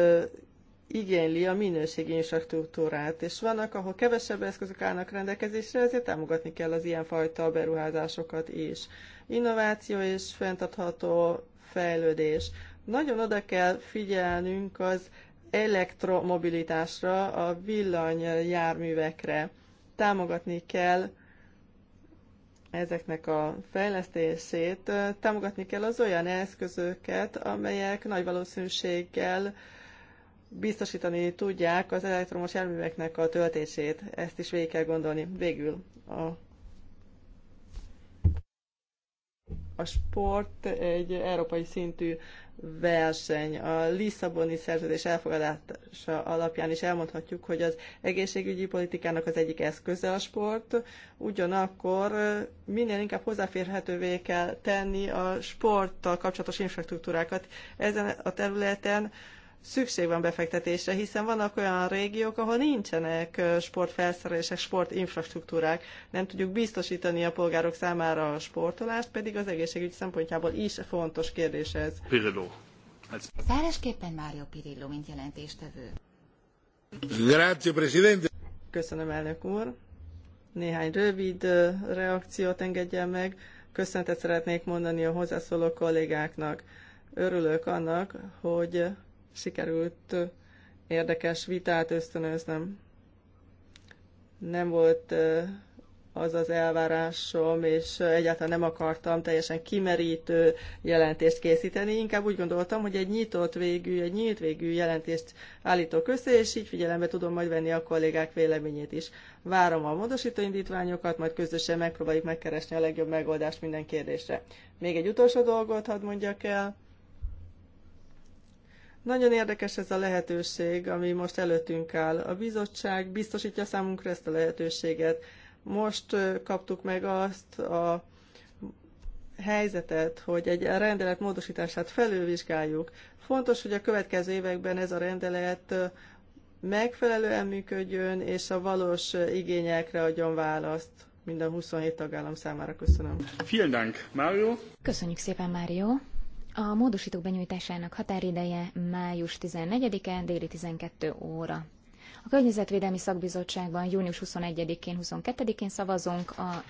igényli a minőségi infrastruktúrát, és vannak, ahol kevesebb eszközök állnak rendelkezésre, ezért támogatni kell az ilyenfajta beruházásokat is. Innováció és fenntartható fejlődés. Nagyon oda kell figyelnünk az elektromobilitásra, a villanyjárművekre. Támogatni kell ezeknek a fejlesztését, támogatni kell az olyan eszközöket, amelyek nagy valószínűséggel biztosítani tudják az elektromos járműveknek a töltését. Ezt is végig kell gondolni. Végül a, a sport egy európai szintű verseny. A Lisszaboni szerződés elfogadása alapján is elmondhatjuk, hogy az egészségügyi politikának az egyik eszköze a sport, ugyanakkor minél inkább hozzáférhetővé kell tenni a sporttal kapcsolatos infrastruktúrákat. Ezen a területen szükség van befektetésre, hiszen vannak olyan régiók, ahol nincsenek sportfelszerelések, sportinfrastruktúrák, nem tudjuk biztosítani a polgárok számára a sportolást, pedig az egészségügy szempontjából is fontos kérdés ez. Pirillo. Szárásképpen Mário Pirillo, mint jelentéstevő. Grazie, Presidente. Köszönöm, elnök úr. Néhány rövid reakciót engedjen meg. Köszöntet szeretnék mondani a hozzászóló kollégáknak. Örülök annak, hogy sikerült érdekes vitát ösztönöznem. Nem volt az az elvárásom, és egyáltalán nem akartam teljesen kimerítő jelentést készíteni. Inkább úgy gondoltam, hogy egy nyitott végű, egy nyílt végű jelentést állítok össze, és így figyelembe tudom majd venni a kollégák véleményét is. Várom a módosító indítványokat, majd közösen megpróbáljuk megkeresni a legjobb megoldást minden kérdésre. Még egy utolsó dolgot hadd mondjak el. Nagyon érdekes ez a lehetőség, ami most előttünk áll. A bizottság biztosítja számunkra ezt a lehetőséget. Most kaptuk meg azt a helyzetet, hogy egy rendelet módosítását felülvizsgáljuk. Fontos, hogy a következő években ez a rendelet megfelelően működjön, és a valós igényekre adjon választ minden 27 tagállam számára. Köszönöm. Vielen Dank, Mario. Köszönjük szépen, Mário. A módosítók benyújtásának határideje május 14-e, déli 12 óra. A Környezetvédelmi Szakbizottságban június 21-én, 22-én szavazunk a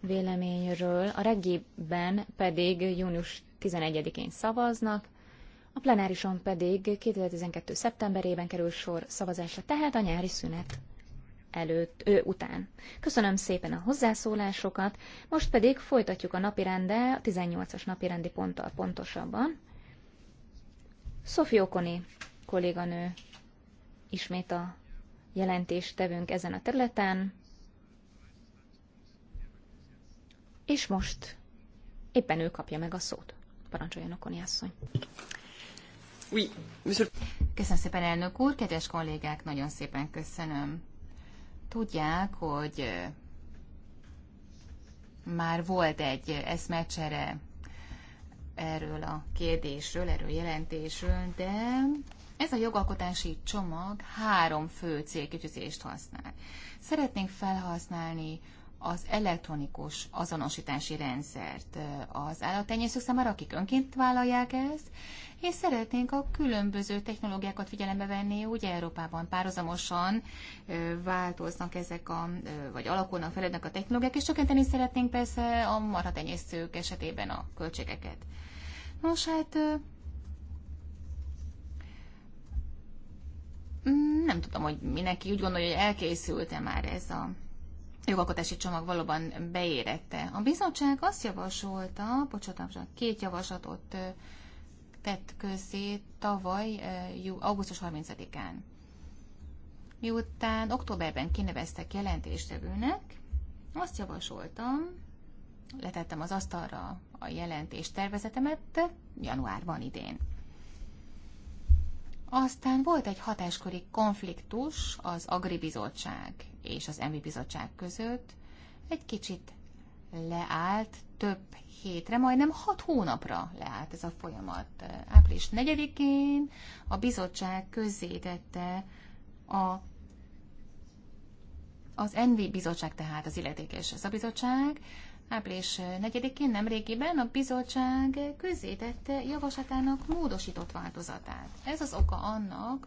véleményről, a reggiben pedig június 11-én szavaznak, a plenárison pedig 2012. szeptemberében kerül sor szavazásra, tehát a nyári szünet előtt, ő után. Köszönöm szépen a hozzászólásokat, most pedig folytatjuk a napirenddel, a 18-as napirendi ponttal pontosabban. Szofi Okoni kolléganő ismét a jelentést tevünk ezen a területen, és most éppen ő kapja meg a szót. Parancsoljon Okoni asszony! Oui, monsieur... Köszönöm szépen, elnök úr, kedves kollégák, nagyon szépen köszönöm. Tudják, hogy már volt egy eszmecsere erről a kérdésről, erről jelentésről, de ez a jogalkotási csomag három fő célkütőzést használ. Szeretnénk felhasználni az elektronikus azonosítási rendszert az állattenyésztők számára, akik önként vállalják ezt, és szeretnénk a különböző technológiákat figyelembe venni, ugye Európában párhuzamosan változnak ezek a, vagy alakulnak, felednek a technológiák, és csökkenteni szeretnénk persze a marhatenyésztők esetében a költségeket. Nos, hát mm, nem tudom, hogy mindenki úgy gondolja, hogy elkészült-e már ez a jogalkotási csomag valóban beérette. A bizottság azt javasolta, bocsánat, két javaslatot tett közé tavaly augusztus 30-án. Miután októberben kineveztek jelentéstevőnek, azt javasoltam, letettem az asztalra a jelentés tervezetemet januárban idén. Aztán volt egy hatáskori konfliktus az Agribizottság és az EMI bizottság között egy kicsit leállt, több hétre, majdnem hat hónapra leállt ez a folyamat. Április 4-én a bizottság közzétette a az NV bizottság tehát az illetékes szabizottság, április 4-én nemrégiben a bizottság közzétette javaslatának módosított változatát. Ez az oka annak,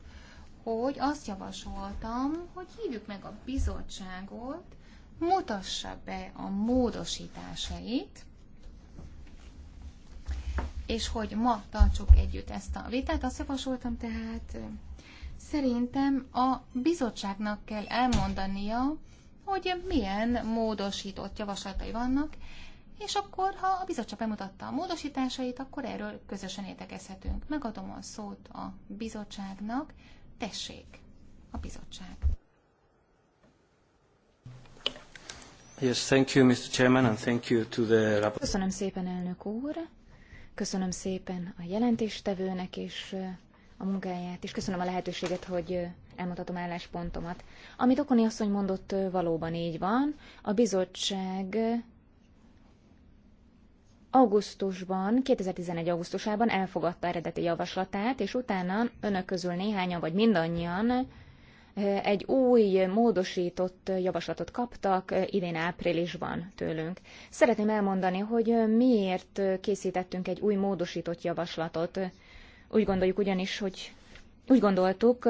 hogy azt javasoltam, hogy hívjuk meg a bizottságot, mutassa be a módosításait, és hogy ma tartsuk együtt ezt a vitát. Azt javasoltam tehát, szerintem a bizottságnak kell elmondania, hogy milyen módosított javaslatai vannak, és akkor, ha a bizottság bemutatta a módosításait, akkor erről közösen értekezhetünk. Megadom a szót a bizottságnak, Tessék, a bizottság. Yes, thank you, Mr. Chairman, and thank you to the Köszönöm szépen, elnök úr. Köszönöm szépen a jelentéstevőnek és a munkáját, és köszönöm a lehetőséget, hogy elmutatom álláspontomat. Amit Okoni asszony mondott, valóban így van. A bizottság augusztusban, 2011. augusztusában elfogadta eredeti javaslatát, és utána önök közül néhányan, vagy mindannyian egy új, módosított javaslatot kaptak idén áprilisban tőlünk. Szeretném elmondani, hogy miért készítettünk egy új módosított javaslatot. Úgy gondoljuk ugyanis, hogy úgy gondoltuk,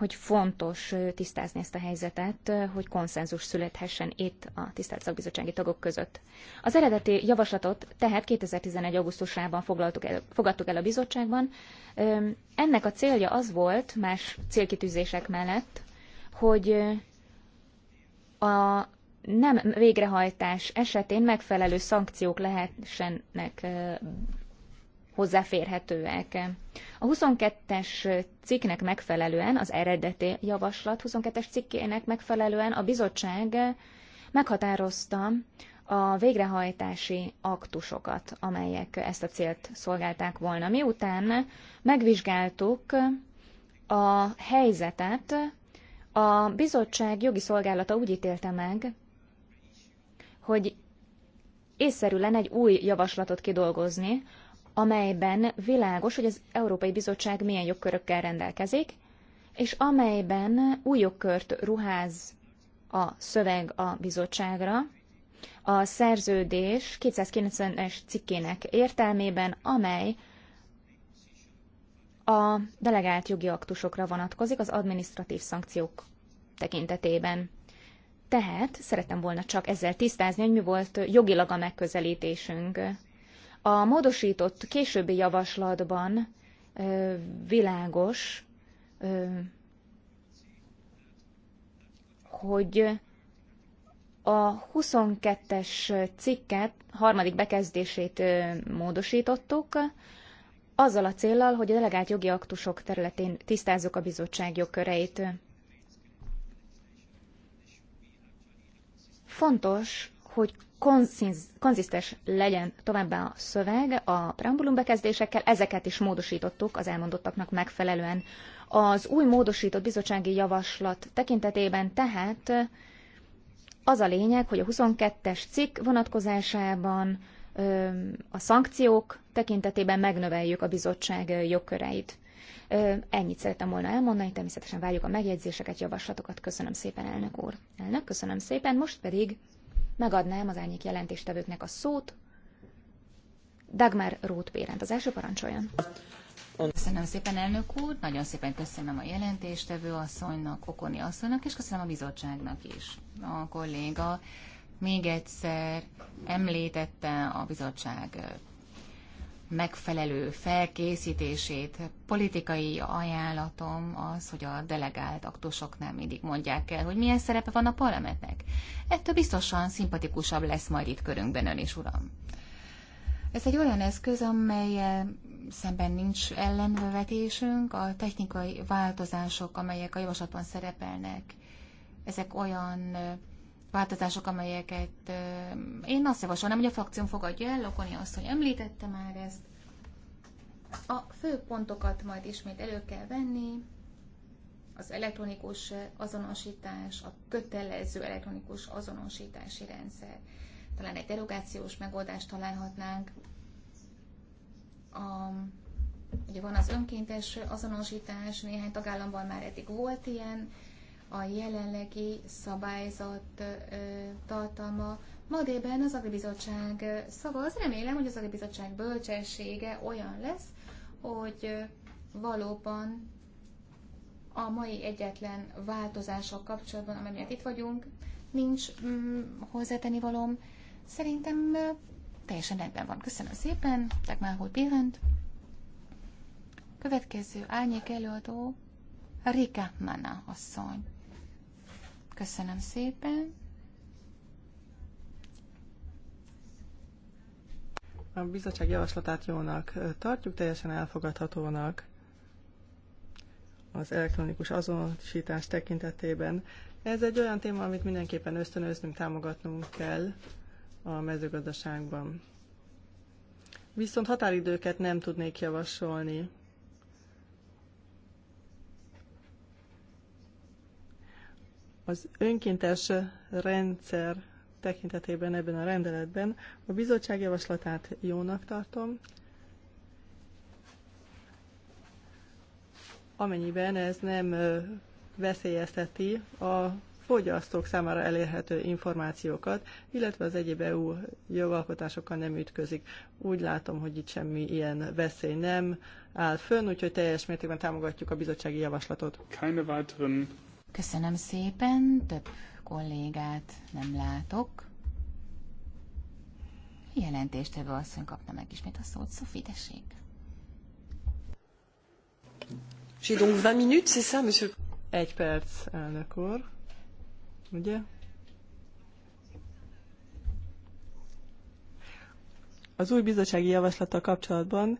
hogy fontos tisztázni ezt a helyzetet, hogy konszenzus születhessen itt a tisztelt szakbizottsági tagok között. Az eredeti javaslatot tehát 2011. augusztusában foglaltuk el, fogadtuk el a bizottságban. Ennek a célja az volt, más célkitűzések mellett, hogy a nem végrehajtás esetén megfelelő szankciók lehessenek hozzáférhetőek. A 22-es cikknek megfelelően, az eredeti javaslat 22-es cikkének megfelelően a bizottság meghatározta a végrehajtási aktusokat, amelyek ezt a célt szolgálták volna. Miután megvizsgáltuk a helyzetet, a bizottság jogi szolgálata úgy ítélte meg, hogy észszerű lenne egy új javaslatot kidolgozni, amelyben világos, hogy az Európai Bizottság milyen jogkörökkel rendelkezik, és amelyben új jogkört ruház a szöveg a bizottságra, a szerződés 290-es cikkének értelmében, amely a delegált jogi aktusokra vonatkozik az administratív szankciók tekintetében. Tehát szeretem volna csak ezzel tisztázni, hogy mi volt jogilag a megközelítésünk. A módosított későbbi javaslatban világos, hogy a 22-es cikket harmadik bekezdését módosítottuk, azzal a céllal, hogy a delegált jogi aktusok területén tisztázzuk a bizottság jogköreit. Fontos, hogy konzisztens legyen továbbá a szöveg a preambulum bekezdésekkel, ezeket is módosítottuk az elmondottaknak megfelelően. Az új módosított bizottsági javaslat tekintetében tehát az a lényeg, hogy a 22-es cikk vonatkozásában a szankciók tekintetében megnöveljük a bizottság jogköreit. Ennyit szerettem volna elmondani, természetesen várjuk a megjegyzéseket, javaslatokat. Köszönöm szépen, elnök úr. Elnök, köszönöm szépen, most pedig megadnám az árnyék jelentéstevőknek a szót. Dagmar Roth Bérent, az első parancsoljon. Köszönöm szépen, elnök úr, nagyon szépen köszönöm a jelentéstevő asszonynak, Okoni asszonynak, és köszönöm a bizottságnak is. A kolléga még egyszer említette a bizottság megfelelő felkészítését. Politikai ajánlatom az, hogy a delegált aktusok nem mindig mondják el, hogy milyen szerepe van a parlamentnek. Ettől biztosan szimpatikusabb lesz majd itt körünkben ön is, uram. Ez egy olyan eszköz, amelyel szemben nincs ellenvetésünk, a technikai változások, amelyek a javaslatban szerepelnek, ezek olyan változások, amelyeket én azt javasolnám, hogy a frakcióm fogadja el, Lokoni azt, hogy említette már ezt. A fő pontokat majd ismét elő kell venni, az elektronikus azonosítás, a kötelező elektronikus azonosítási rendszer. Talán egy derogációs megoldást találhatnánk. A, ugye van az önkéntes azonosítás, néhány tagállamban már eddig volt ilyen, a jelenlegi szabályzat tartalma. Ma délben az Agribizottság szavaz. Remélem, hogy az Agribizottság bölcsessége olyan lesz, hogy valóban a mai egyetlen változások kapcsolatban, amelyet itt vagyunk, nincs mm, hozzátenni valom. Szerintem teljesen rendben van. Köszönöm szépen, már hogy Bélent. Következő árnyék előadó Rika Mana asszony. Köszönöm szépen. A bizottság javaslatát jónak tartjuk, teljesen elfogadhatónak az elektronikus azonosítás tekintetében. Ez egy olyan téma, amit mindenképpen ösztönöznünk, támogatnunk kell a mezőgazdaságban. Viszont határidőket nem tudnék javasolni. Az önkéntes rendszer tekintetében ebben a rendeletben a bizottság javaslatát jónak tartom, amennyiben ez nem veszélyezteti a fogyasztók számára elérhető információkat, illetve az egyéb EU jogalkotásokkal nem ütközik. Úgy látom, hogy itt semmi ilyen veszély nem áll fönn, úgyhogy teljes mértékben támogatjuk a bizottsági javaslatot. Keine weiteren Köszönöm szépen, több kollégát nem látok. Jelentéstevő asszony kapna meg ismét a szót. Szofi, tessék. J'ai donc 20 minutes, c'est ça, monsieur? Egy perc, elnök úr. Ugye? Az új bizottsági javaslata kapcsolatban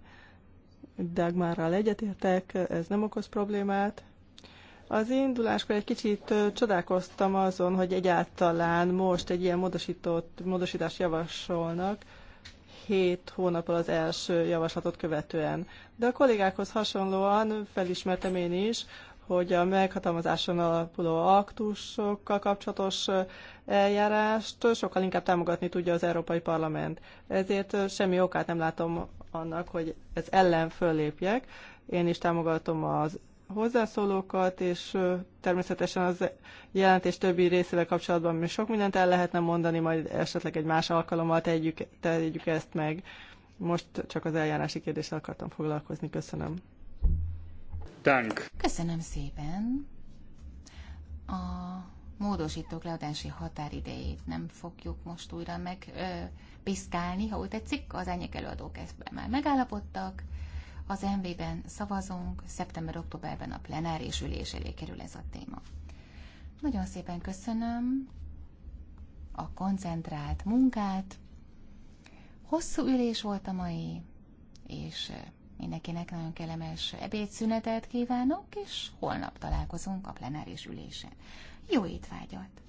Dagmarral egyetértek, ez nem okoz problémát, az induláskor egy kicsit csodálkoztam azon, hogy egyáltalán most egy ilyen módosított, módosítást javasolnak, hét hónappal az első javaslatot követően. De a kollégákhoz hasonlóan felismertem én is, hogy a meghatalmazáson alapuló aktusokkal kapcsolatos eljárást sokkal inkább támogatni tudja az Európai Parlament. Ezért semmi okát nem látom annak, hogy ez ellen föllépjek. Én is támogatom az hozzászólókat, és természetesen az jelentés többi részével kapcsolatban még sok mindent el lehetne mondani, majd esetleg egy más alkalommal tegyük, tegyük ezt meg. Most csak az eljárási kérdéssel akartam foglalkozni. Köszönöm. Dank. Köszönöm szépen. A módosítók leadási határidejét nem fogjuk most újra meg ö, piszkálni, ha úgy tetszik, az enyék előadók ezt már megállapodtak. Az MV-ben szavazunk, szeptember-októberben a plenáris ülés elé kerül ez a téma. Nagyon szépen köszönöm a koncentrált munkát. Hosszú ülés volt a mai, és mindenkinek nagyon kellemes ebédszünetet kívánok, és holnap találkozunk a plenáris ülésen. Jó étvágyat!